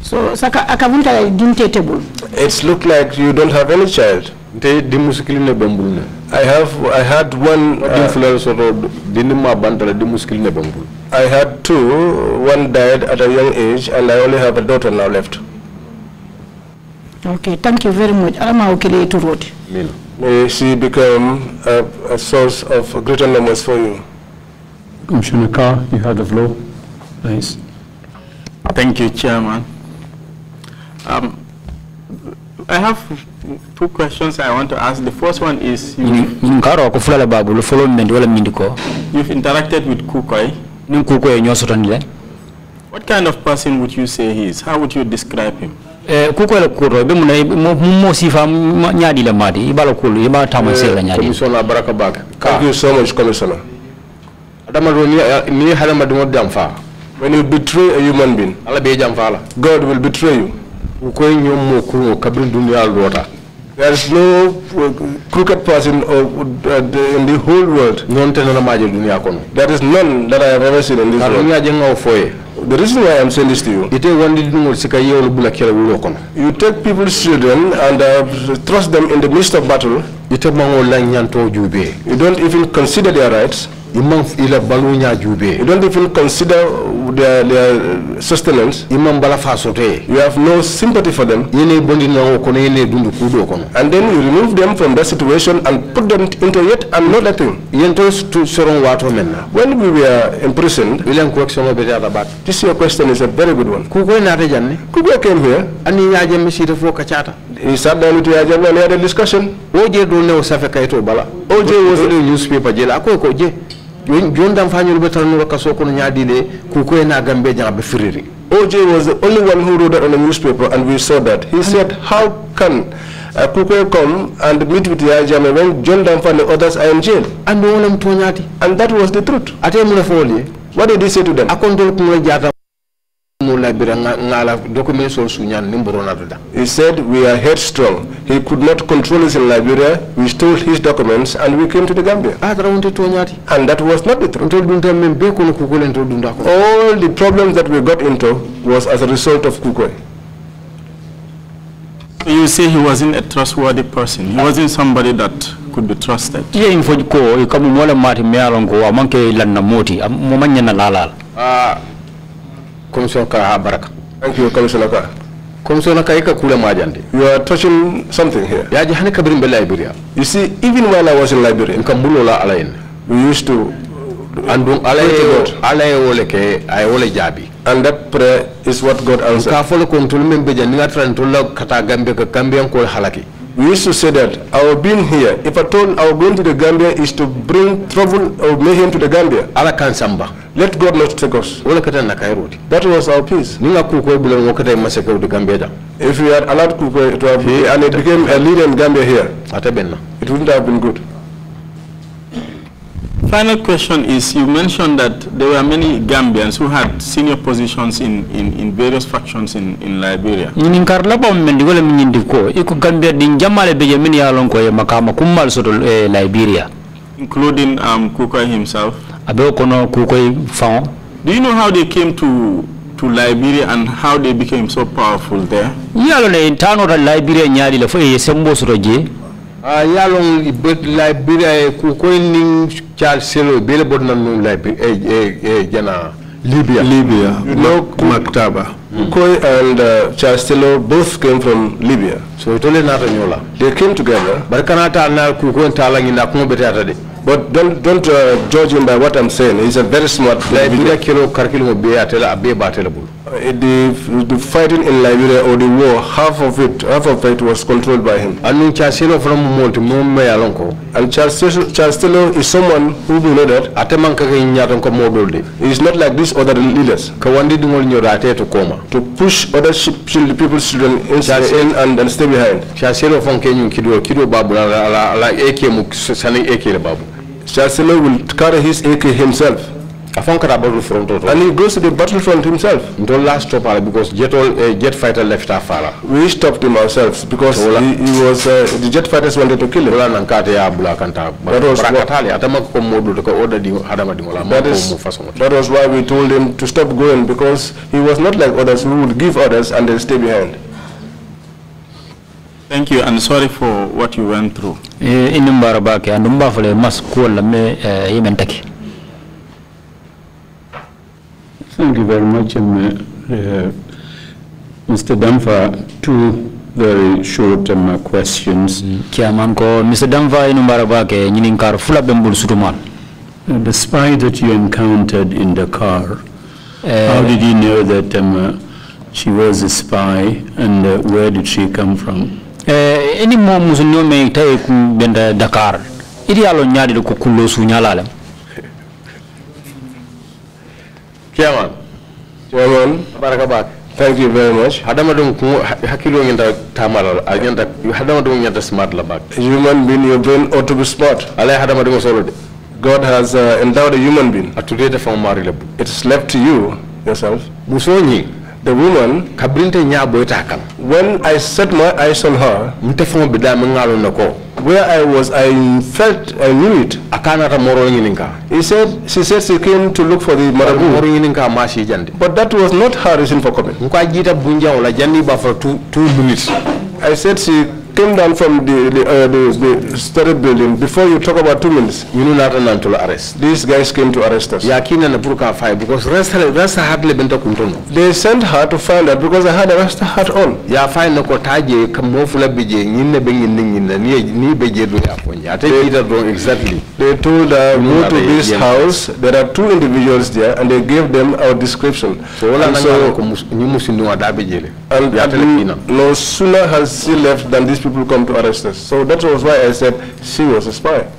So it's looked like you don't have any child. I have I had one uh, I had two, one died at a young age and I only have a daughter now left. Okay, thank you very much. Alama ukile to road. May she become a, a source of greater numbers for you. Commissioner Carr, you had the floor. Nice. Thank you, Chairman. Um, I have two questions I want to ask. The first one is you've, you've interacted with Kukoi. What kind of person would you say he is? How would you describe him? Eh, kukoyla kurro ɓe muna mummo sifa ñaaɗi le baraka bak thank you so much commissionna ni eh, fa when you betray a human being ala be jam fa la god will betray you ko ñom mo kurmo kabrin duniya lota there is no uh, crooked person uh, in the whole world. There is none that I have ever seen in this world. The reason why I'm saying this to you, you take people's children and uh, thrust them in the midst of battle. You don't even consider their rights. You don't even consider their, their uh, sustenance imam bala fasote you have no sympathy for them yene bondi nango kono yene dundu kudo kono and then you remove them from that situation and put them into yet another thing yento to soron wato when we were imprisoned wilen ko sono be data this your question is a very good one kugo nata janne kugo came here ani yaje mi sita fo kachata he sat down to yaje and had a discussion oje do ne o bala oje was in the newspaper jela ko ko Nagambe Firiri. OJ was the only one who wrote that on the newspaper, and we saw that. He said, How can uh, Kukwe come and meet with the Yajame when John Danfa and others are in jail? And And that was the truth. What did he say to them? He said, we are headstrong. He could not control us in Liberia. We stole his documents and we came to the Gambia. Ah, and that was not the truth. All the problems that we got into was as a result of Kukwe. You say he wasn't a trustworthy person. He wasn't somebody that could be trusted. mati commission baraka thank you commissioner ka commissioner ka kula majandi you are touching something here ya hani kabrin liberia you see even while i was in liberia in Kambula Alain, we used to and that prayer is what god answered ka folo kon tul halaki we used to say that our being here, if at all our going to the Gambia is to bring trouble or mayhem to the Gambia, let God not take us. That was our peace. If we had allowed Kukwe to have, and it became a leader in Gambia here, it wouldn't have been good final question is, you mentioned that there were many Gambians who had senior positions in, in, in various factions in, in Liberia. iku Gambia makama eh, Liberia. Including um, himself. Do you know how they came to to Liberia and how they became so powerful there? Liberia eh, Ah yalo Liberia eh, Charles Selo bele bod nan nun lai e e e jana Libya. Libya. You know Maktaba. Hmm. Koi and uh, Charles Selo both came from Libya. So it only not They came together. But kanata na kuko ntalangi na kumbe tatade. But don't don't uh, judge him by what I'm saying. He's a very smart guy. Bila kilo karkilo be atela be batela bulu the, the fighting in Liberia or the war, half of it, half of it was controlled by him. And Charles Taylor from Monte, And Charles, Charles Taylor is someone who do know that. Atemanka inyatonko modolde. It is not like these other leaders. Kawandi dingol nyorate to koma. To push other people's children in, in and, and stay behind. Charles Taylor from Kenya kido kido babu la la la AK mu sani AK babu. Charles Taylor will carry his AK himself. And he goes to the battlefront himself. Don't last stop because jet all, uh, jet fighter left Afara. We stopped him ourselves because he, he, was uh, the jet fighters wanted to kill him. That, is, that was why we told him to stop going because he was not like others who would give orders and then stay behind. Thank you and sorry for what you went through. Eh, Thank you very much, uh, Mr. Danfa. Two very short um, uh, questions. Chairman, mm, ko Mr. Danfa inumbara bake nyini nkar fula bembul sutumal. Uh, the spy that you encountered in the car, uh, how did you know that um, uh, she was a spy and uh, where did she come from? Any more musu nome itai benda Dakar. Idi alo nyadi ko Chairman. Chairman. Barakabak. Thank you very much. Hadama dum ku hakilo ngenda tamara agenda hadama dum ngenda smart la bak. Human being your brain ought to be smart. Ala hadama dum solid. God has uh, endowed a human being. Atude da fa mari It is left to you yourself. Busonyi the woman kabrinte nyabo itakam when i set my eyes on her ntefon bida mangalo nako where i was i felt i knew it akana ta moro ngininka he said she said she came to look for the marabu moro ngininka ma shi jandi but that was not her reason for coming ko ajita bunja wala jandi ba for 2 2 minutes i said she came down from the the, uh, the, the study building before you talk about two minutes. You know not until to arrest. These guys came to arrest us. Yakina na puruka fire because rest rest hardly bento kumtono. They sent her to find out because I had a rest hat on. Ya find no kotaje kamofula bije nyine bengini nyine ni ni beje do ya ponja. Ate Peter do exactly. They told her go to this house. There are two individuals there and they gave them our description. So wala nanga ko nyumusi And no sooner has she left than this people come to arrest us. So that was why I said she was a spy.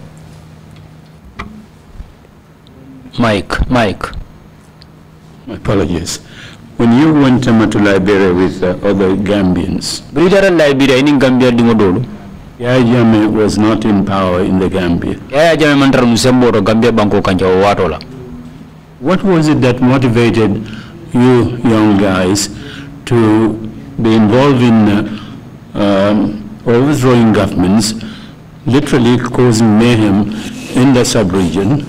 Mike, Mike. Apologies. When you went um, to Liberia with uh, other Gambians, in Liberia. Gambia, Yaya Jame was not in power in the Gambia. Yaya Jame mantara musemboro Gambia banko kancha watola. What was it that motivated you young guys to be involved in uh, um, overthrowing governments, literally causing mayhem in the sub-region,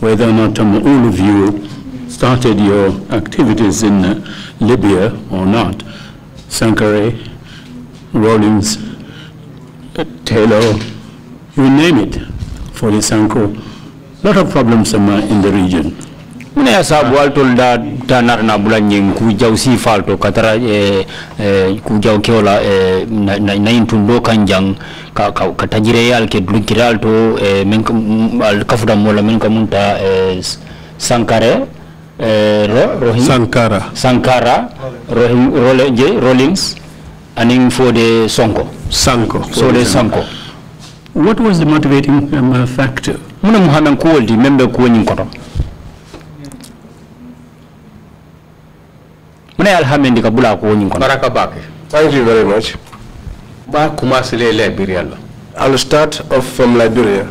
whether or not um, all of you started your activities in uh, Libya or not. Sankare, Rawlings, uh, Taylor, you name it, for Sanko. A lot of problems um, in the region. mune ya sabu ah. altol da ta narna bula nyen ku jaw si falto katara e eh, e eh, ku jaw keola e na na intun do kanjang ka ka katajire yal ke dul to e men mm, al kafuda mola men ka munta e sankare e ro sankara sankara rohim role je rollings aning fode sonko sanko fode sanko what was the motivating um, factor muna muhamen ko woldi membe ko wonin mune alhamdi ka bula ko baraka bake thank you very much ba commencer les liberia la i'll start off from liberia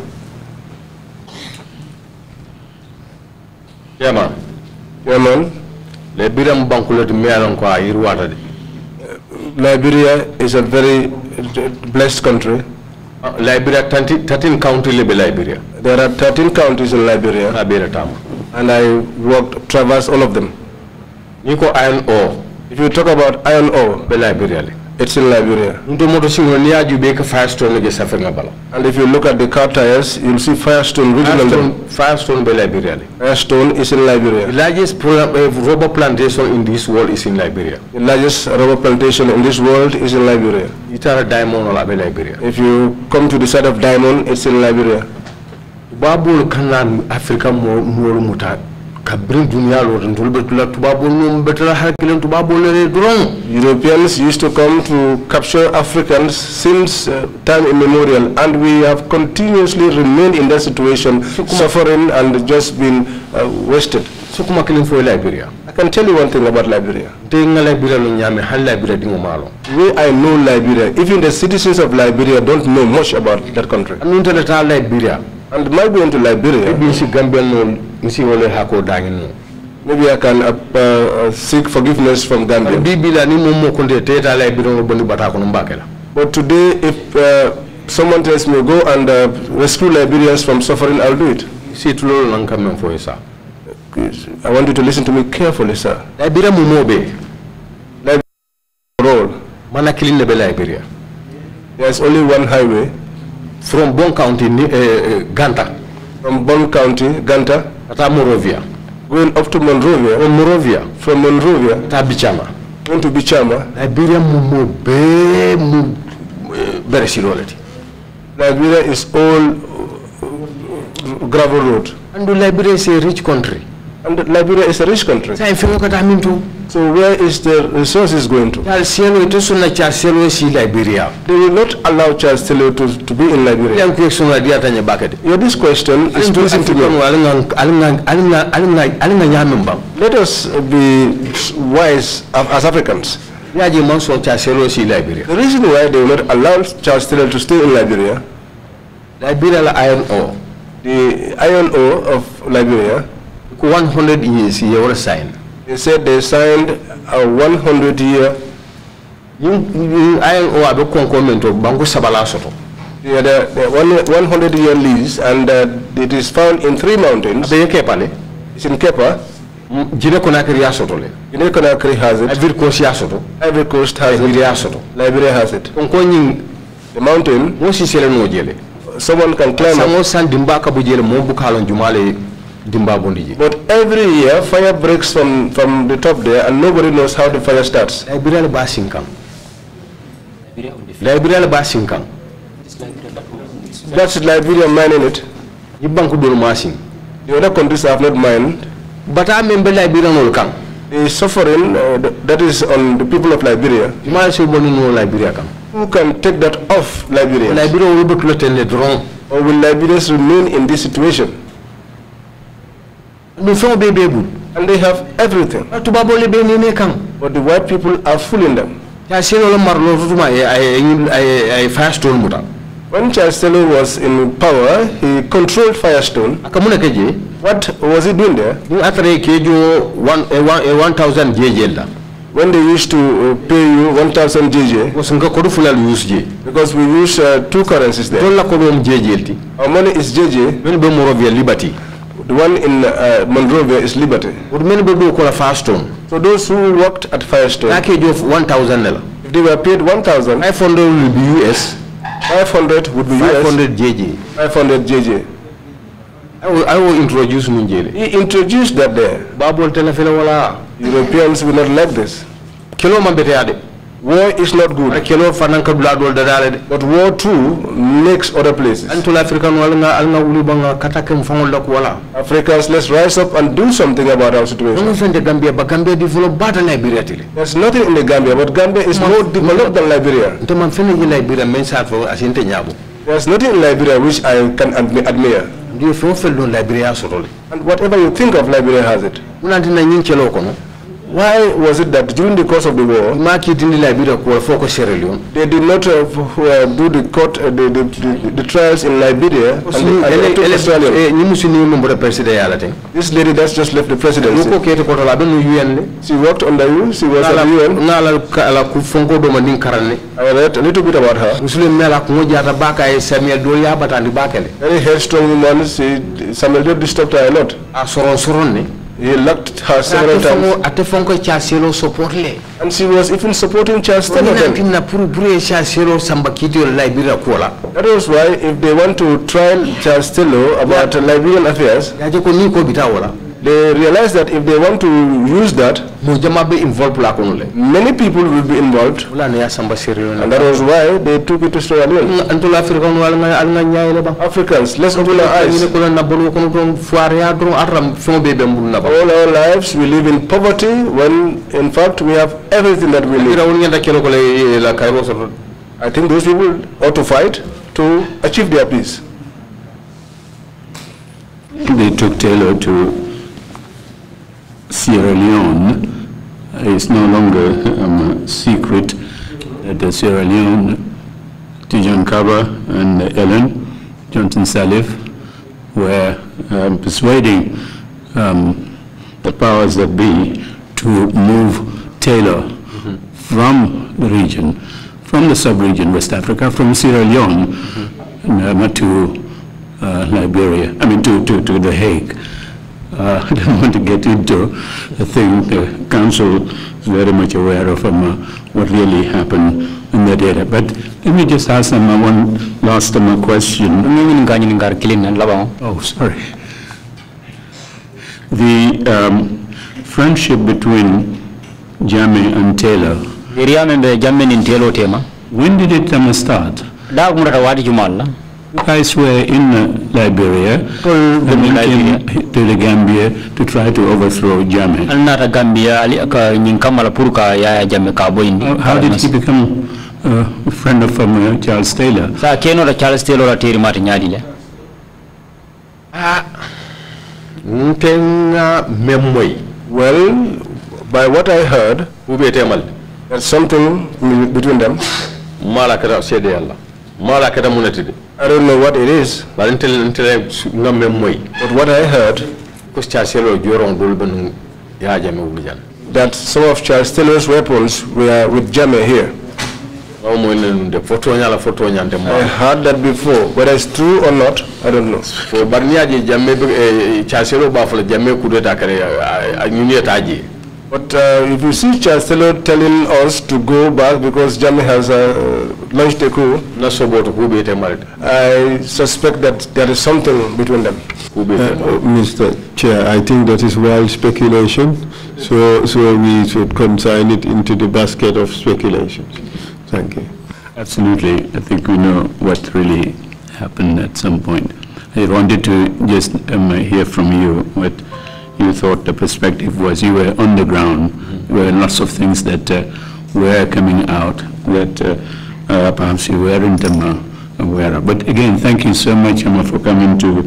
yama yaman liberia mo bankulo to mi alon ko ayir wata de liberia is a very blessed country ah, Liberia, 13, counties county Liberia. There are 13 counties in Liberia. Liberia, And I walked, traversed all of them. Niko iron ore. If you talk about iron ore, be Liberia. It's in Liberia. And if you look at the car tires, you'll see Firestone regional. Firestone, Firestone be Liberia. Firestone is in Liberia. The largest rubber eh, plantation in this world is in Liberia. The largest rubber plantation in this world is in Liberia. Itara diamond or Liberia. If you come to the side of diamond, it's in Liberia. Babul kanan Africa more more mutat kabrin europeans used to come to capture africans since uh, time immemorial and we have continuously remained in that situation suffering and just been uh, wasted so kuma kilin fo liberia i can tell you one thing about liberia te liberia lo nyame hal liberia dingo malo we i know liberia even the citizens of liberia don't know much about that country anunta ta liberia and my going to Liberia, maybe she Gambian no, missing only hako dying no. Maybe I can uh, uh, seek forgiveness from Gambia. Bibi la ni mumu kunde teta la ibiro bondi batako numbakela. But today, if uh, someone tells me go and uh, rescue Liberians from suffering, I'll do it. See, it will not come for you, sir. I want you to listen to me carefully, sir. Liberia mumobe. Liberia role. Mana kilin lebe Liberia. There's only one highway from Bon County, uh, Ganta. From Bon County, Ganta. Kata Morovia. Going up to Monrovia. From Morovia. From Monrovia. Kata Bichama. Going to Bichama. Liberia mumo be mu beresiloleti. Liberia is all eh, gravel road. And Liberia is a rich country. And Liberia is a rich country. So where is the resources going to? They will not allow Charles Taylor to, to be in Liberia. Yeah, this question is too simple. Let us be wise as Africans. The reason why they will not allow Charles Taylor to stay in Liberia, Liberia iron ore, the iron ore of Liberia, 100 years ye wara sign they said they signed a 100 year ayin wa be concomitant banku sabala soto yeah, the, the 100 year lease and uh, it is found in three mountains. Abe Kepa It's in Kepa. Guinea mm, Conakry ya soto le. Guinea Conakry has it. Ivory Coast has it. Ivory Coast has it. Liberia soto. Liberia has it. The mountain. Mo si sele no jele. Someone can climb Samo up. Samo san jumale but every year, fire breaks from, from the top there, and nobody knows how the fire starts. Liberia Basinkang. Liberal Basinkang. That's Liberian mine in it. Yibanku Durmasin. The other countries have not mined. But I remember Liberian Olkang. The suffering uh, that is on the people of Liberia. You might say, no Liberia. Who can take that off Liberia? Liberia will be wrong. Or will Liberians remain in this situation? no fɛnw b'e bolo. and they have everything. tubabɔli bɛ ni ne kan. but the white people are fooling them. ya se lolo marlo tutuma ye firestone muta. when Charles Taylor was in power he controlled firestone. a ka what was he doing there. ni a one eh, one eh, one thousand jj when they used to uh, pay you 1,000 JJ, because we use uh, two currencies there. Our money is JJ. When we more liberty. The one in uh, Monrovia is Liberty. people call a Firestone. So those who worked at Firestone. Package of 1,000 If they were paid 1,000. 500 will be US. 500 would be 500 US. 500 JJ. 500 JJ. I will, I will introduce Munjele. He introduced that there. Babol Telefele Wala. Europeans will not like this. Kilo Mambete Adep. War is not good. But war too makes other places. Antul African walanga Africans, let's rise up and do something about our situation. Gambia Gambia better Liberia There's nothing in the Gambia, but Gambia is more developed than Liberia. Nto manfene in Liberia mensa afo asinte tenyabo. There's nothing in Liberia which I can admire. Ndiyo fofelo Liberia sorole. And whatever you think of Liberia has it. kono. Why was it that during the course of the war, they did not uh, uh, do the court, uh, the, the, the, the, trials in Liberia eh, This lady that's just left the presidency. She worked under you, she was at the UN. I read a little bit about her. Very headstrong woman, she, Samuel disturbed her a lot. Ah, he locked her several times. And she was even supporting Charles Stenoden. That is why if they want to trial Charles Tello about Liberian affairs, they realize that if they want to use that, many people will be involved. And that was why they took it to Sierra Leone. Africans, let's open our eyes. All our lives we live in poverty when in fact we have everything that we need. I think those people ought to fight to achieve their peace. They took Taylor to Sierra Leone is no longer um, a secret uh, that Sierra Leone, Tijan Kaba and Ellen Johnson Salif were um, persuading um, the powers that be to move Taylor mm -hmm. from the region, from the sub-region West Africa, from Sierra Leone mm -hmm. um, to uh, Liberia, I mean to, to, to The Hague uh, <laughs> I don't want to get into. I think the council is very much aware of um, uh, what really happened in that era. But let me just ask them uh, one last um, uh, question. Oh, sorry. The um, friendship between Jamie and Taylor. When did it um, start? guys were in Liberia and came to the Gambia to try to overthrow Jammeh. Alnata How did he become a friend of um, uh, Charles Taylor? Sa keno da Charles Taylor atiri mati nyadi le. Ah, ntenga memory. Well, by what I heard, ube temal. There's something between them. Malakata said Allah. I don't know what it is. But what I heard that some of Charles Taylor's weapons were with Jame here. I heard that before. Whether it's true or not, I don't know. So, Barnia Jame eh, Charles Taylor Buffalo Jame Kudeta Kare, eh, eh, Union Taji. But uh, if you see Chancellor telling us to go back because Jami has uh, launched a coup, not so about who be married. I suspect that there is something between them. Who be uh, uh Mr. Chair, I think that is wild speculation. So, so we should consign it into the basket of speculation. Thank you. Absolutely, I think we know what really happened at some point. I wanted to just um, hear from you what you thought the perspective was you were on the ground. There were lots of things that uh, were coming out that uh, uh, perhaps you weren't aware of. But again, thank you so much, Emma, for coming to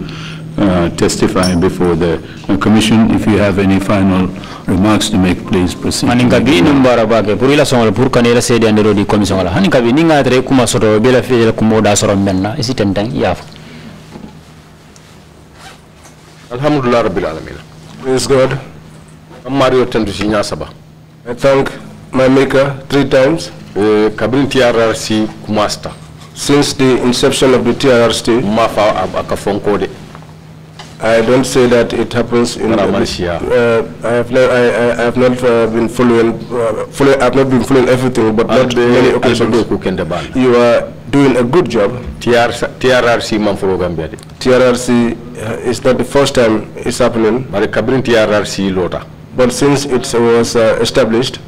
uh, testify before the uh, Commission. If you have any final remarks to make, please proceed. Hani kabi numbara bage purila songola purka nela sedi andero di commission la. hani kabi ninga atre kuma soro bela fela kumoda soro menna isi tentang yaf. Alhamdulillah Rabbil Alamin. Praise God. I'm Mario Tendushi Nyasaba. I thank my maker three times, uh, eh, Kabin TRRC Kumasta. Since the inception of the TRRC, Mafa Akafonkode. I don't say that it happens in Malaysia. Uh, I have not. I, I have not uh, been following. Uh, follow, I have not been following everything, but not many occasions. You are doing a good job. TRRC Manfuro Gambia. TRRC uh, is not the first time it's happening. But TRRC Lota. But since it was uh, established,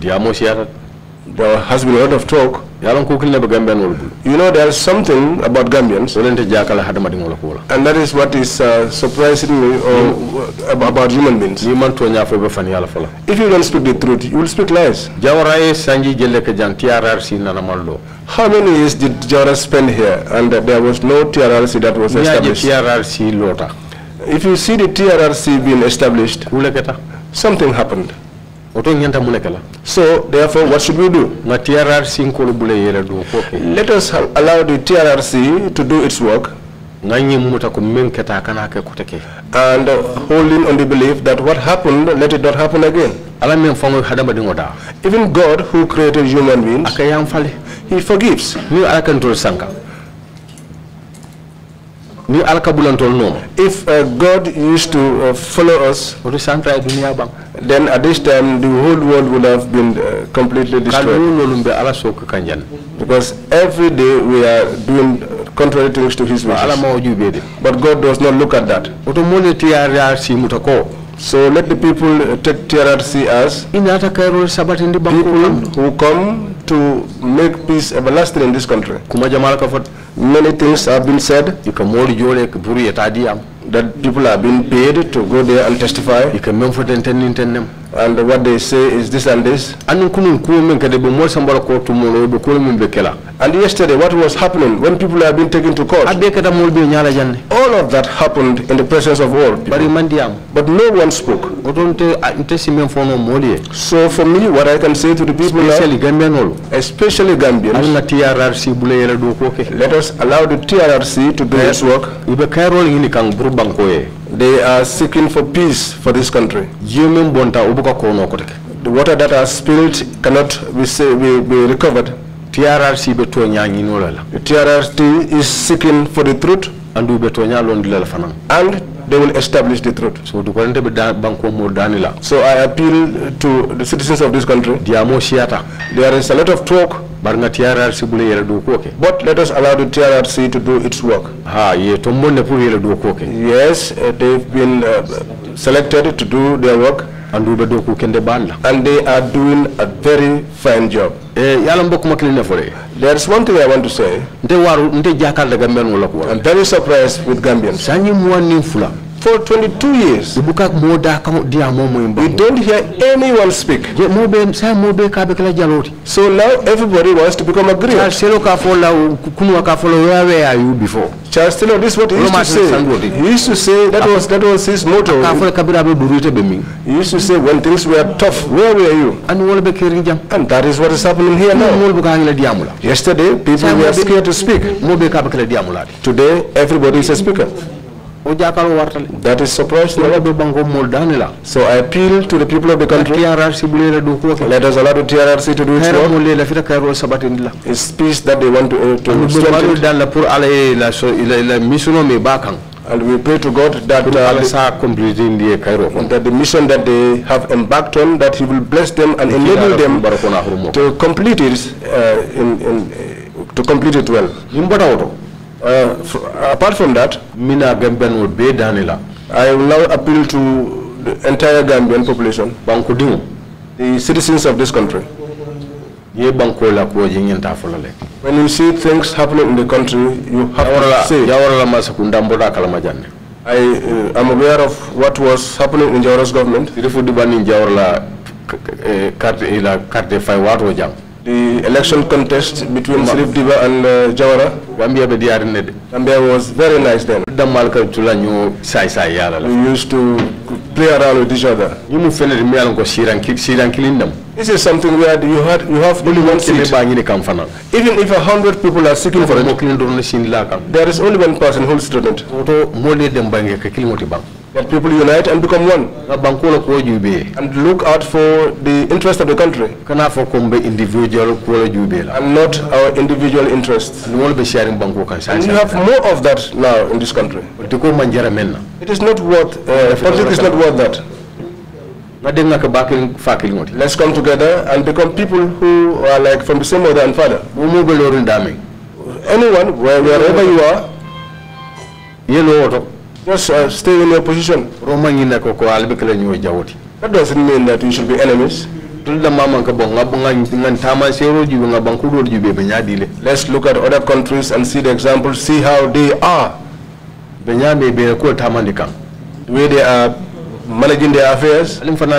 there has been a lot of talk. You know, there's something about Gambians, and that is what is uh, surprising me uh, about human beings. If you don't speak the truth, you will speak lies. How many years did Jawara spend here, and uh, there was no TRRC that was established? If you see the TRRC being established, something happened. So, therefore, what should we do? Let us allow the TRRC to do its work and uh, holding on the belief that what happened, let it not happen again. Even God, who created human beings, he forgives. If uh, God used to uh, follow us, then at this time the whole world would have been uh, completely destroyed. Because every day we are doing contrary things to His wishes. But God does not look at that. So let the people uh, take TRRC as people who come to make peace everlasting in this country. Many things have been said that people have been paid to go there and testify and what they say is this and this. And yesterday, what was happening when people have been taken to court? All of that happened in the presence of all people. But no one spoke. So for me, what I can say to the people especially now, Gambian especially Gambians, let us allow the TRRC to do eh, its work. They are seeking for peace for this country. The water that has spilled cannot be, say, be, be recovered. TRRC The TRRC is seeking for the truth and we beto nyalondilala And they will establish the truth. So I appeal to the citizens of this country. There is a lot of talk. But let us allow the TRRC to do its work. Yes, eh, they've been uh, selected to do their work anduɓe dow ko kende banla and they are doing a very fine job eh, there is one thing i want to say They were, gambian i'm very surprised with gambian for 22 years. We You don't hear anyone speak. So now everybody wants to become a griot. Charles Taylor where were you before? this is what he used to say. He used to say that was that was his motto. He used to say when things were tough where were you? And be And that is what is happening here now. Yesterday people were scared to speak. Today everybody is a speaker. That is surprising. So I appeal to the people of the country. Let us allow the TRRC to do its work. It's peace that they want to, uh, to And we pray to God that, uh, the, that the mission that they have embarked on, that He will bless them and enable them to complete it, uh, in, in, uh, to complete it well. Uh, apart from that, Mina Gambian will be Danila. I will now appeal to the entire Gambian population, Bankudingo, the citizens of this country. When you see things happening in the country, you have to say. I uh, am aware of what was happening in Jawara's government the election contest between Sirif Diba and uh, Jawara. Gambia was very nice then. We used to play around with each other. You move fenere mi alan ko siran ki siran them. This is something weird. you had you have only one seat. Even if a hundred people are seeking for it, there is only one person who is student. Oto that people unite and become one. And look out for the interest of the country. And not our individual interests. And you have more of that now in this country. It is not worth, uh, politics is not worth that. Let's come together and become people who are like from the same mother and father. Anyone, wherever you are, just uh, stay in your position. Roman ina koko albekele nyo jawoti. That doesn't mean that you should be enemies. mama ka tama sero nga Let's look at other countries and see the example, see how they are. Benya be ko tama they are managing their affairs. Let's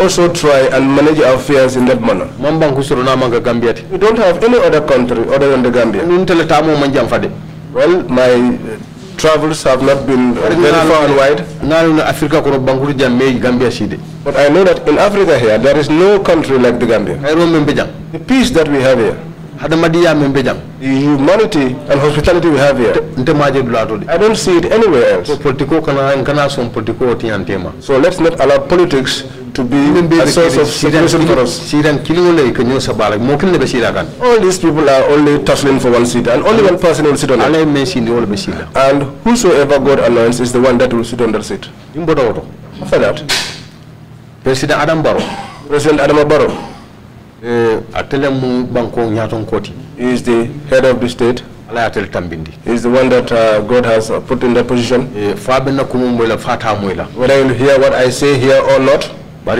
also try and manage our affairs in that manner. We don't have any other country other than the Gambia. Well, my travels have not been very far and wide. But I know that in Africa here, there is no country like the Gambia. The peace that we have here. The humanity and hospitality we have here. I don't see it anywhere else. So let's not allow politics to be a source of separation for us. All these people are only tussling for one seat, and only one person will sit on it. Oh, and whosoever God anoints is the one that will sit on that seat. After that, President Adam Barrow. President Adam Barrow. Eh, atelemu banko nyaton koti is the head of the state ala atel tambindi is the one that uh, god has uh, put in that position eh, fa kumumbola fata moyla whether you hear what i say here or not but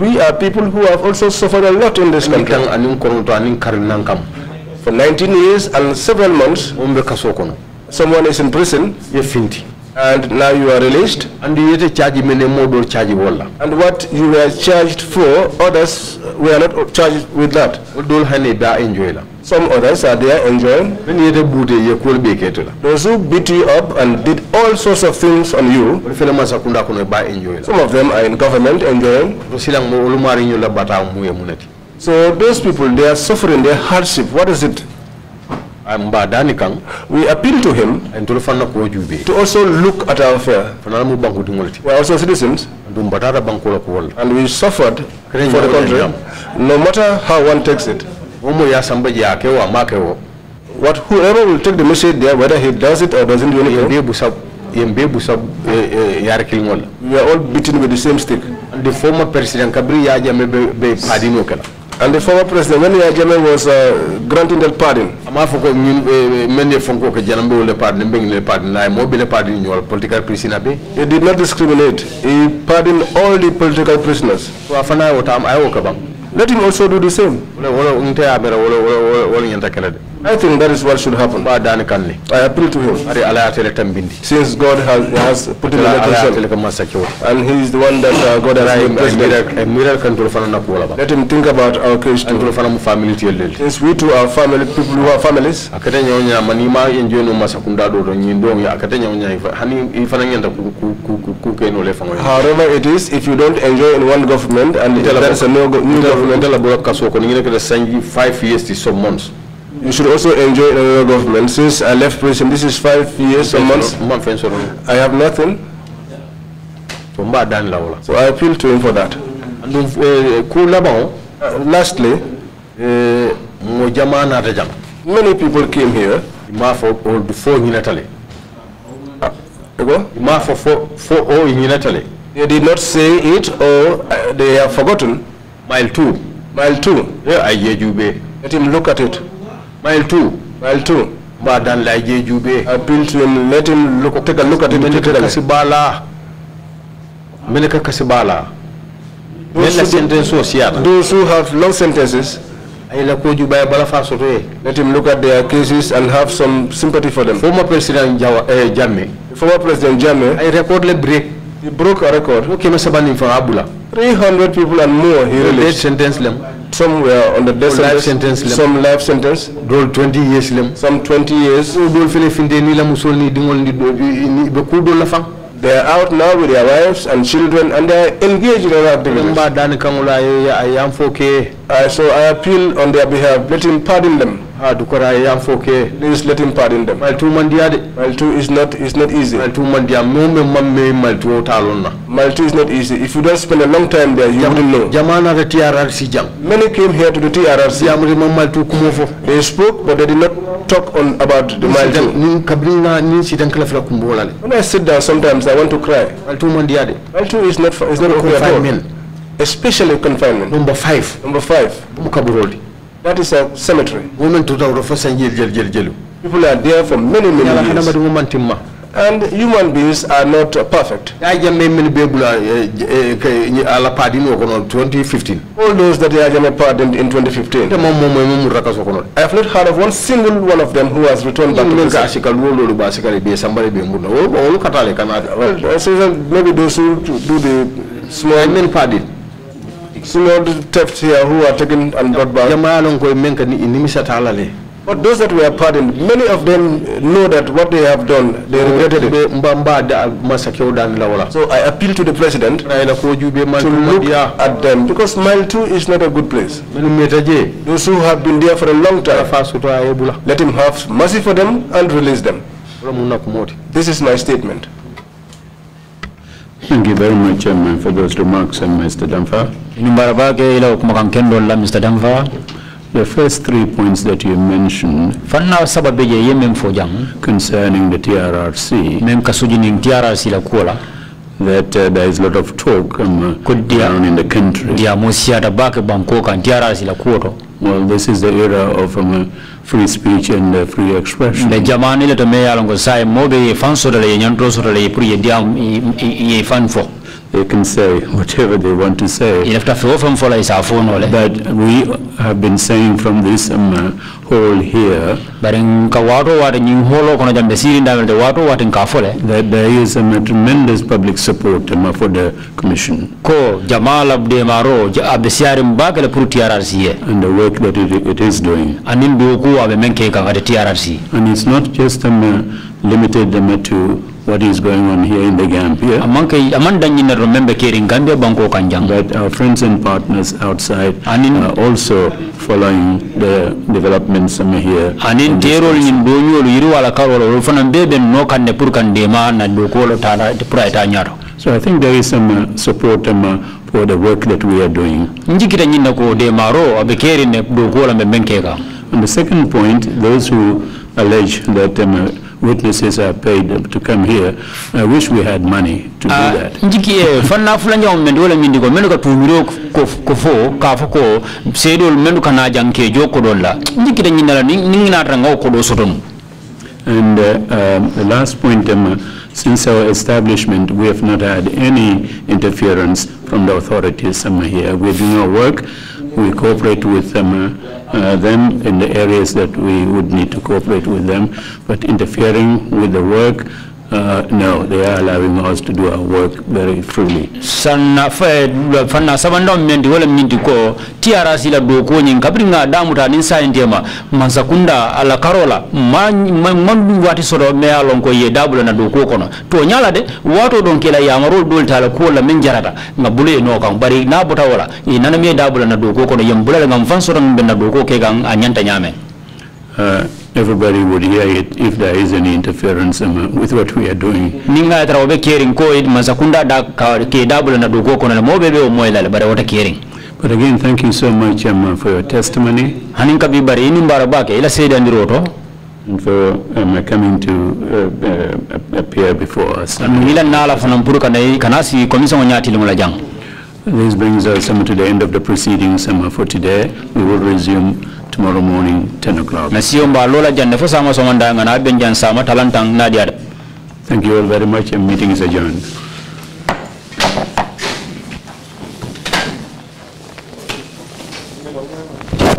we are people who have also suffered a lot in this country. For 19 years and several months, someone is in prison. And now you are released. And you get charge me modo charge wala. And what you were charged for, others were not charged with that. Odol hani da enjoyla. Some others are there enjoying. When you bude you could be ketula. Those who beat you up and did all sorts of things on you. kuno ba enjoyla. Some of them are in government enjoying. mo bata So those people, they are suffering, their hardship. What is it? We appeal to him to also look at our affair. We are also citizens and we suffered for the country no matter how one takes it. What whoever will take the message there, whether he does it or doesn't do anything, eh, eh, we are all beaten with the same stick. And the former president Kabri Yaja may be Padino and the former president, when the German was uh, granting that pardon, amafoko eh, eh, many fonko ke janambe ole pardon, mbeng le pardon, na mobile pardon in your political prisoner He did not discriminate. He pardoned all the political prisoners. So afana wotam ayo kabam. Let him also do the same. I think that is what should happen. I appeal to him. Since God has, has put him in a position, and he is the one that uh, God has made president. Let him think about our case too. Since we too are family, people who are families, however it is, if you don't enjoy in one government and there is a new government, five years to some months. You should also enjoy another government. Since I left prison, this is five years or months. I have nothing. So I appeal to him for that. Eh, uh, lastly, uh, many people came here. Uh, they did not say it or uh, they have forgotten. Mile two. Mile two. Eh, Let him look at it. Mile 2. Mile 2. Badan Laje Jube. Appeal to him, let him look, take a look at it critically. Kasibala. Melika Kasibala. Those, who, those who have long sentences, let him look at their cases and have some sympathy for them. Former President eh, Jammeh. Former President Jammeh. I record le break. He broke a record. Okay, Mr. Banin for Abula. 300 people and more he released. sentence them some were on the death life sentence lem. some life sentence dol 20 years lem some 20 years dol fele finde ni la musol ni dingol ni dol la they are out now with their wives and children and they are engaged in other activities. Uh, so I appeal on their behalf, let him pardon them ha ah, dukora yam foke please let him pardon them mal tu man diade mal tu is not is not easy mal tu man diam no me mam me mal tu talonna mal tu is not easy if you don't spend a long time there you wouldn't know jamana the trrc jam many came here to the trrc yamri mam mal tu kumo they spoke but they did not talk on about the mal tu ni kabringa ni sidan kala fala le. when i sit down sometimes i want to cry mal tu man diade mal tu is not is not okay at all especially confinement number 5 number 5 mukaburodi that is a cemetery. Women People are there for many, many years. And human beings are not perfect. All those that Ajame pardoned in 2015. I have not heard of one single one of them who has returned back to prison. Well, maybe those who do the small men pardon the thefts here who are taken and brought back. But those that were pardoned, many of them know that what they have done, they regretted it. So I appeal to the president to look at them because Mile 2 is not a good place. Those who have been there for a long time, let him have mercy for them and release them. This is my statement. Thank you very much, Chairman, uh, for those remarks, and Mr. Danfa. Mr. Danfa. The first three points that you mentioned concerning the TRRC, that uh, there is a lot of talk um, down in the country. Well, this is the era of um, free speech and uh, free expression. Le jamani le mobe yediam they can say whatever they want to say. But we have been saying from this um, uh, hall here that there is um, a tremendous public support um, for the commission and the work that it, it is doing. And it's not just um, limited um, to what is going on here in the Gambia. But our friends and partners outside are also following the developments here. So I think there is some uh, support um, uh, for the work that we are doing. On And the second point, those who allege that um, uh, witnesses are paid to come here. I wish we had money to do ah, that. Njiki fulanja umendo mindi ko kofo kafuko Njiki ningi na And uh, um, the last point, um, since our establishment, we have not had any interference from the authorities um, here. We're doing our work we cooperate with them, uh, uh, them in the areas that we would need to cooperate with them, but interfering with the work Uh, no, they are allowing us to do our work very freely. fe fanna sabanda mendi wale mendi ko tiara sila do ko nyin kabri nga damu ta nin sai ndema mansakunda ala karola man wati soro me alon ko ye dabula na do ko kono to nyala de wato don kila ya maro dol ta la ko la min jarata nga bule no kan bari na buta wala e nana me dabula na do ko kono yam bula nga fan soro mbe na do ko ke kan anyanta nyame uh, everybody would hear it if there is any interference um, with what we are doing. Ninga tara obe caring ko mazakunda masakunda da ke dabula na dugo kono na mobe be omoelale bara wata caring. But again, thank you so much um, for your testimony. Haninka bibari ini mbarabake ila seda ndiroto. And for um, coming to uh, uh, appear before us. Ila nala fana mpuruka kanasi komisa ngonyati lumula this brings us um, to the end of the proceedings um, for today. We will resume tomorrow morning, 10 o'clock. Thank you all very much. The meeting is adjourned.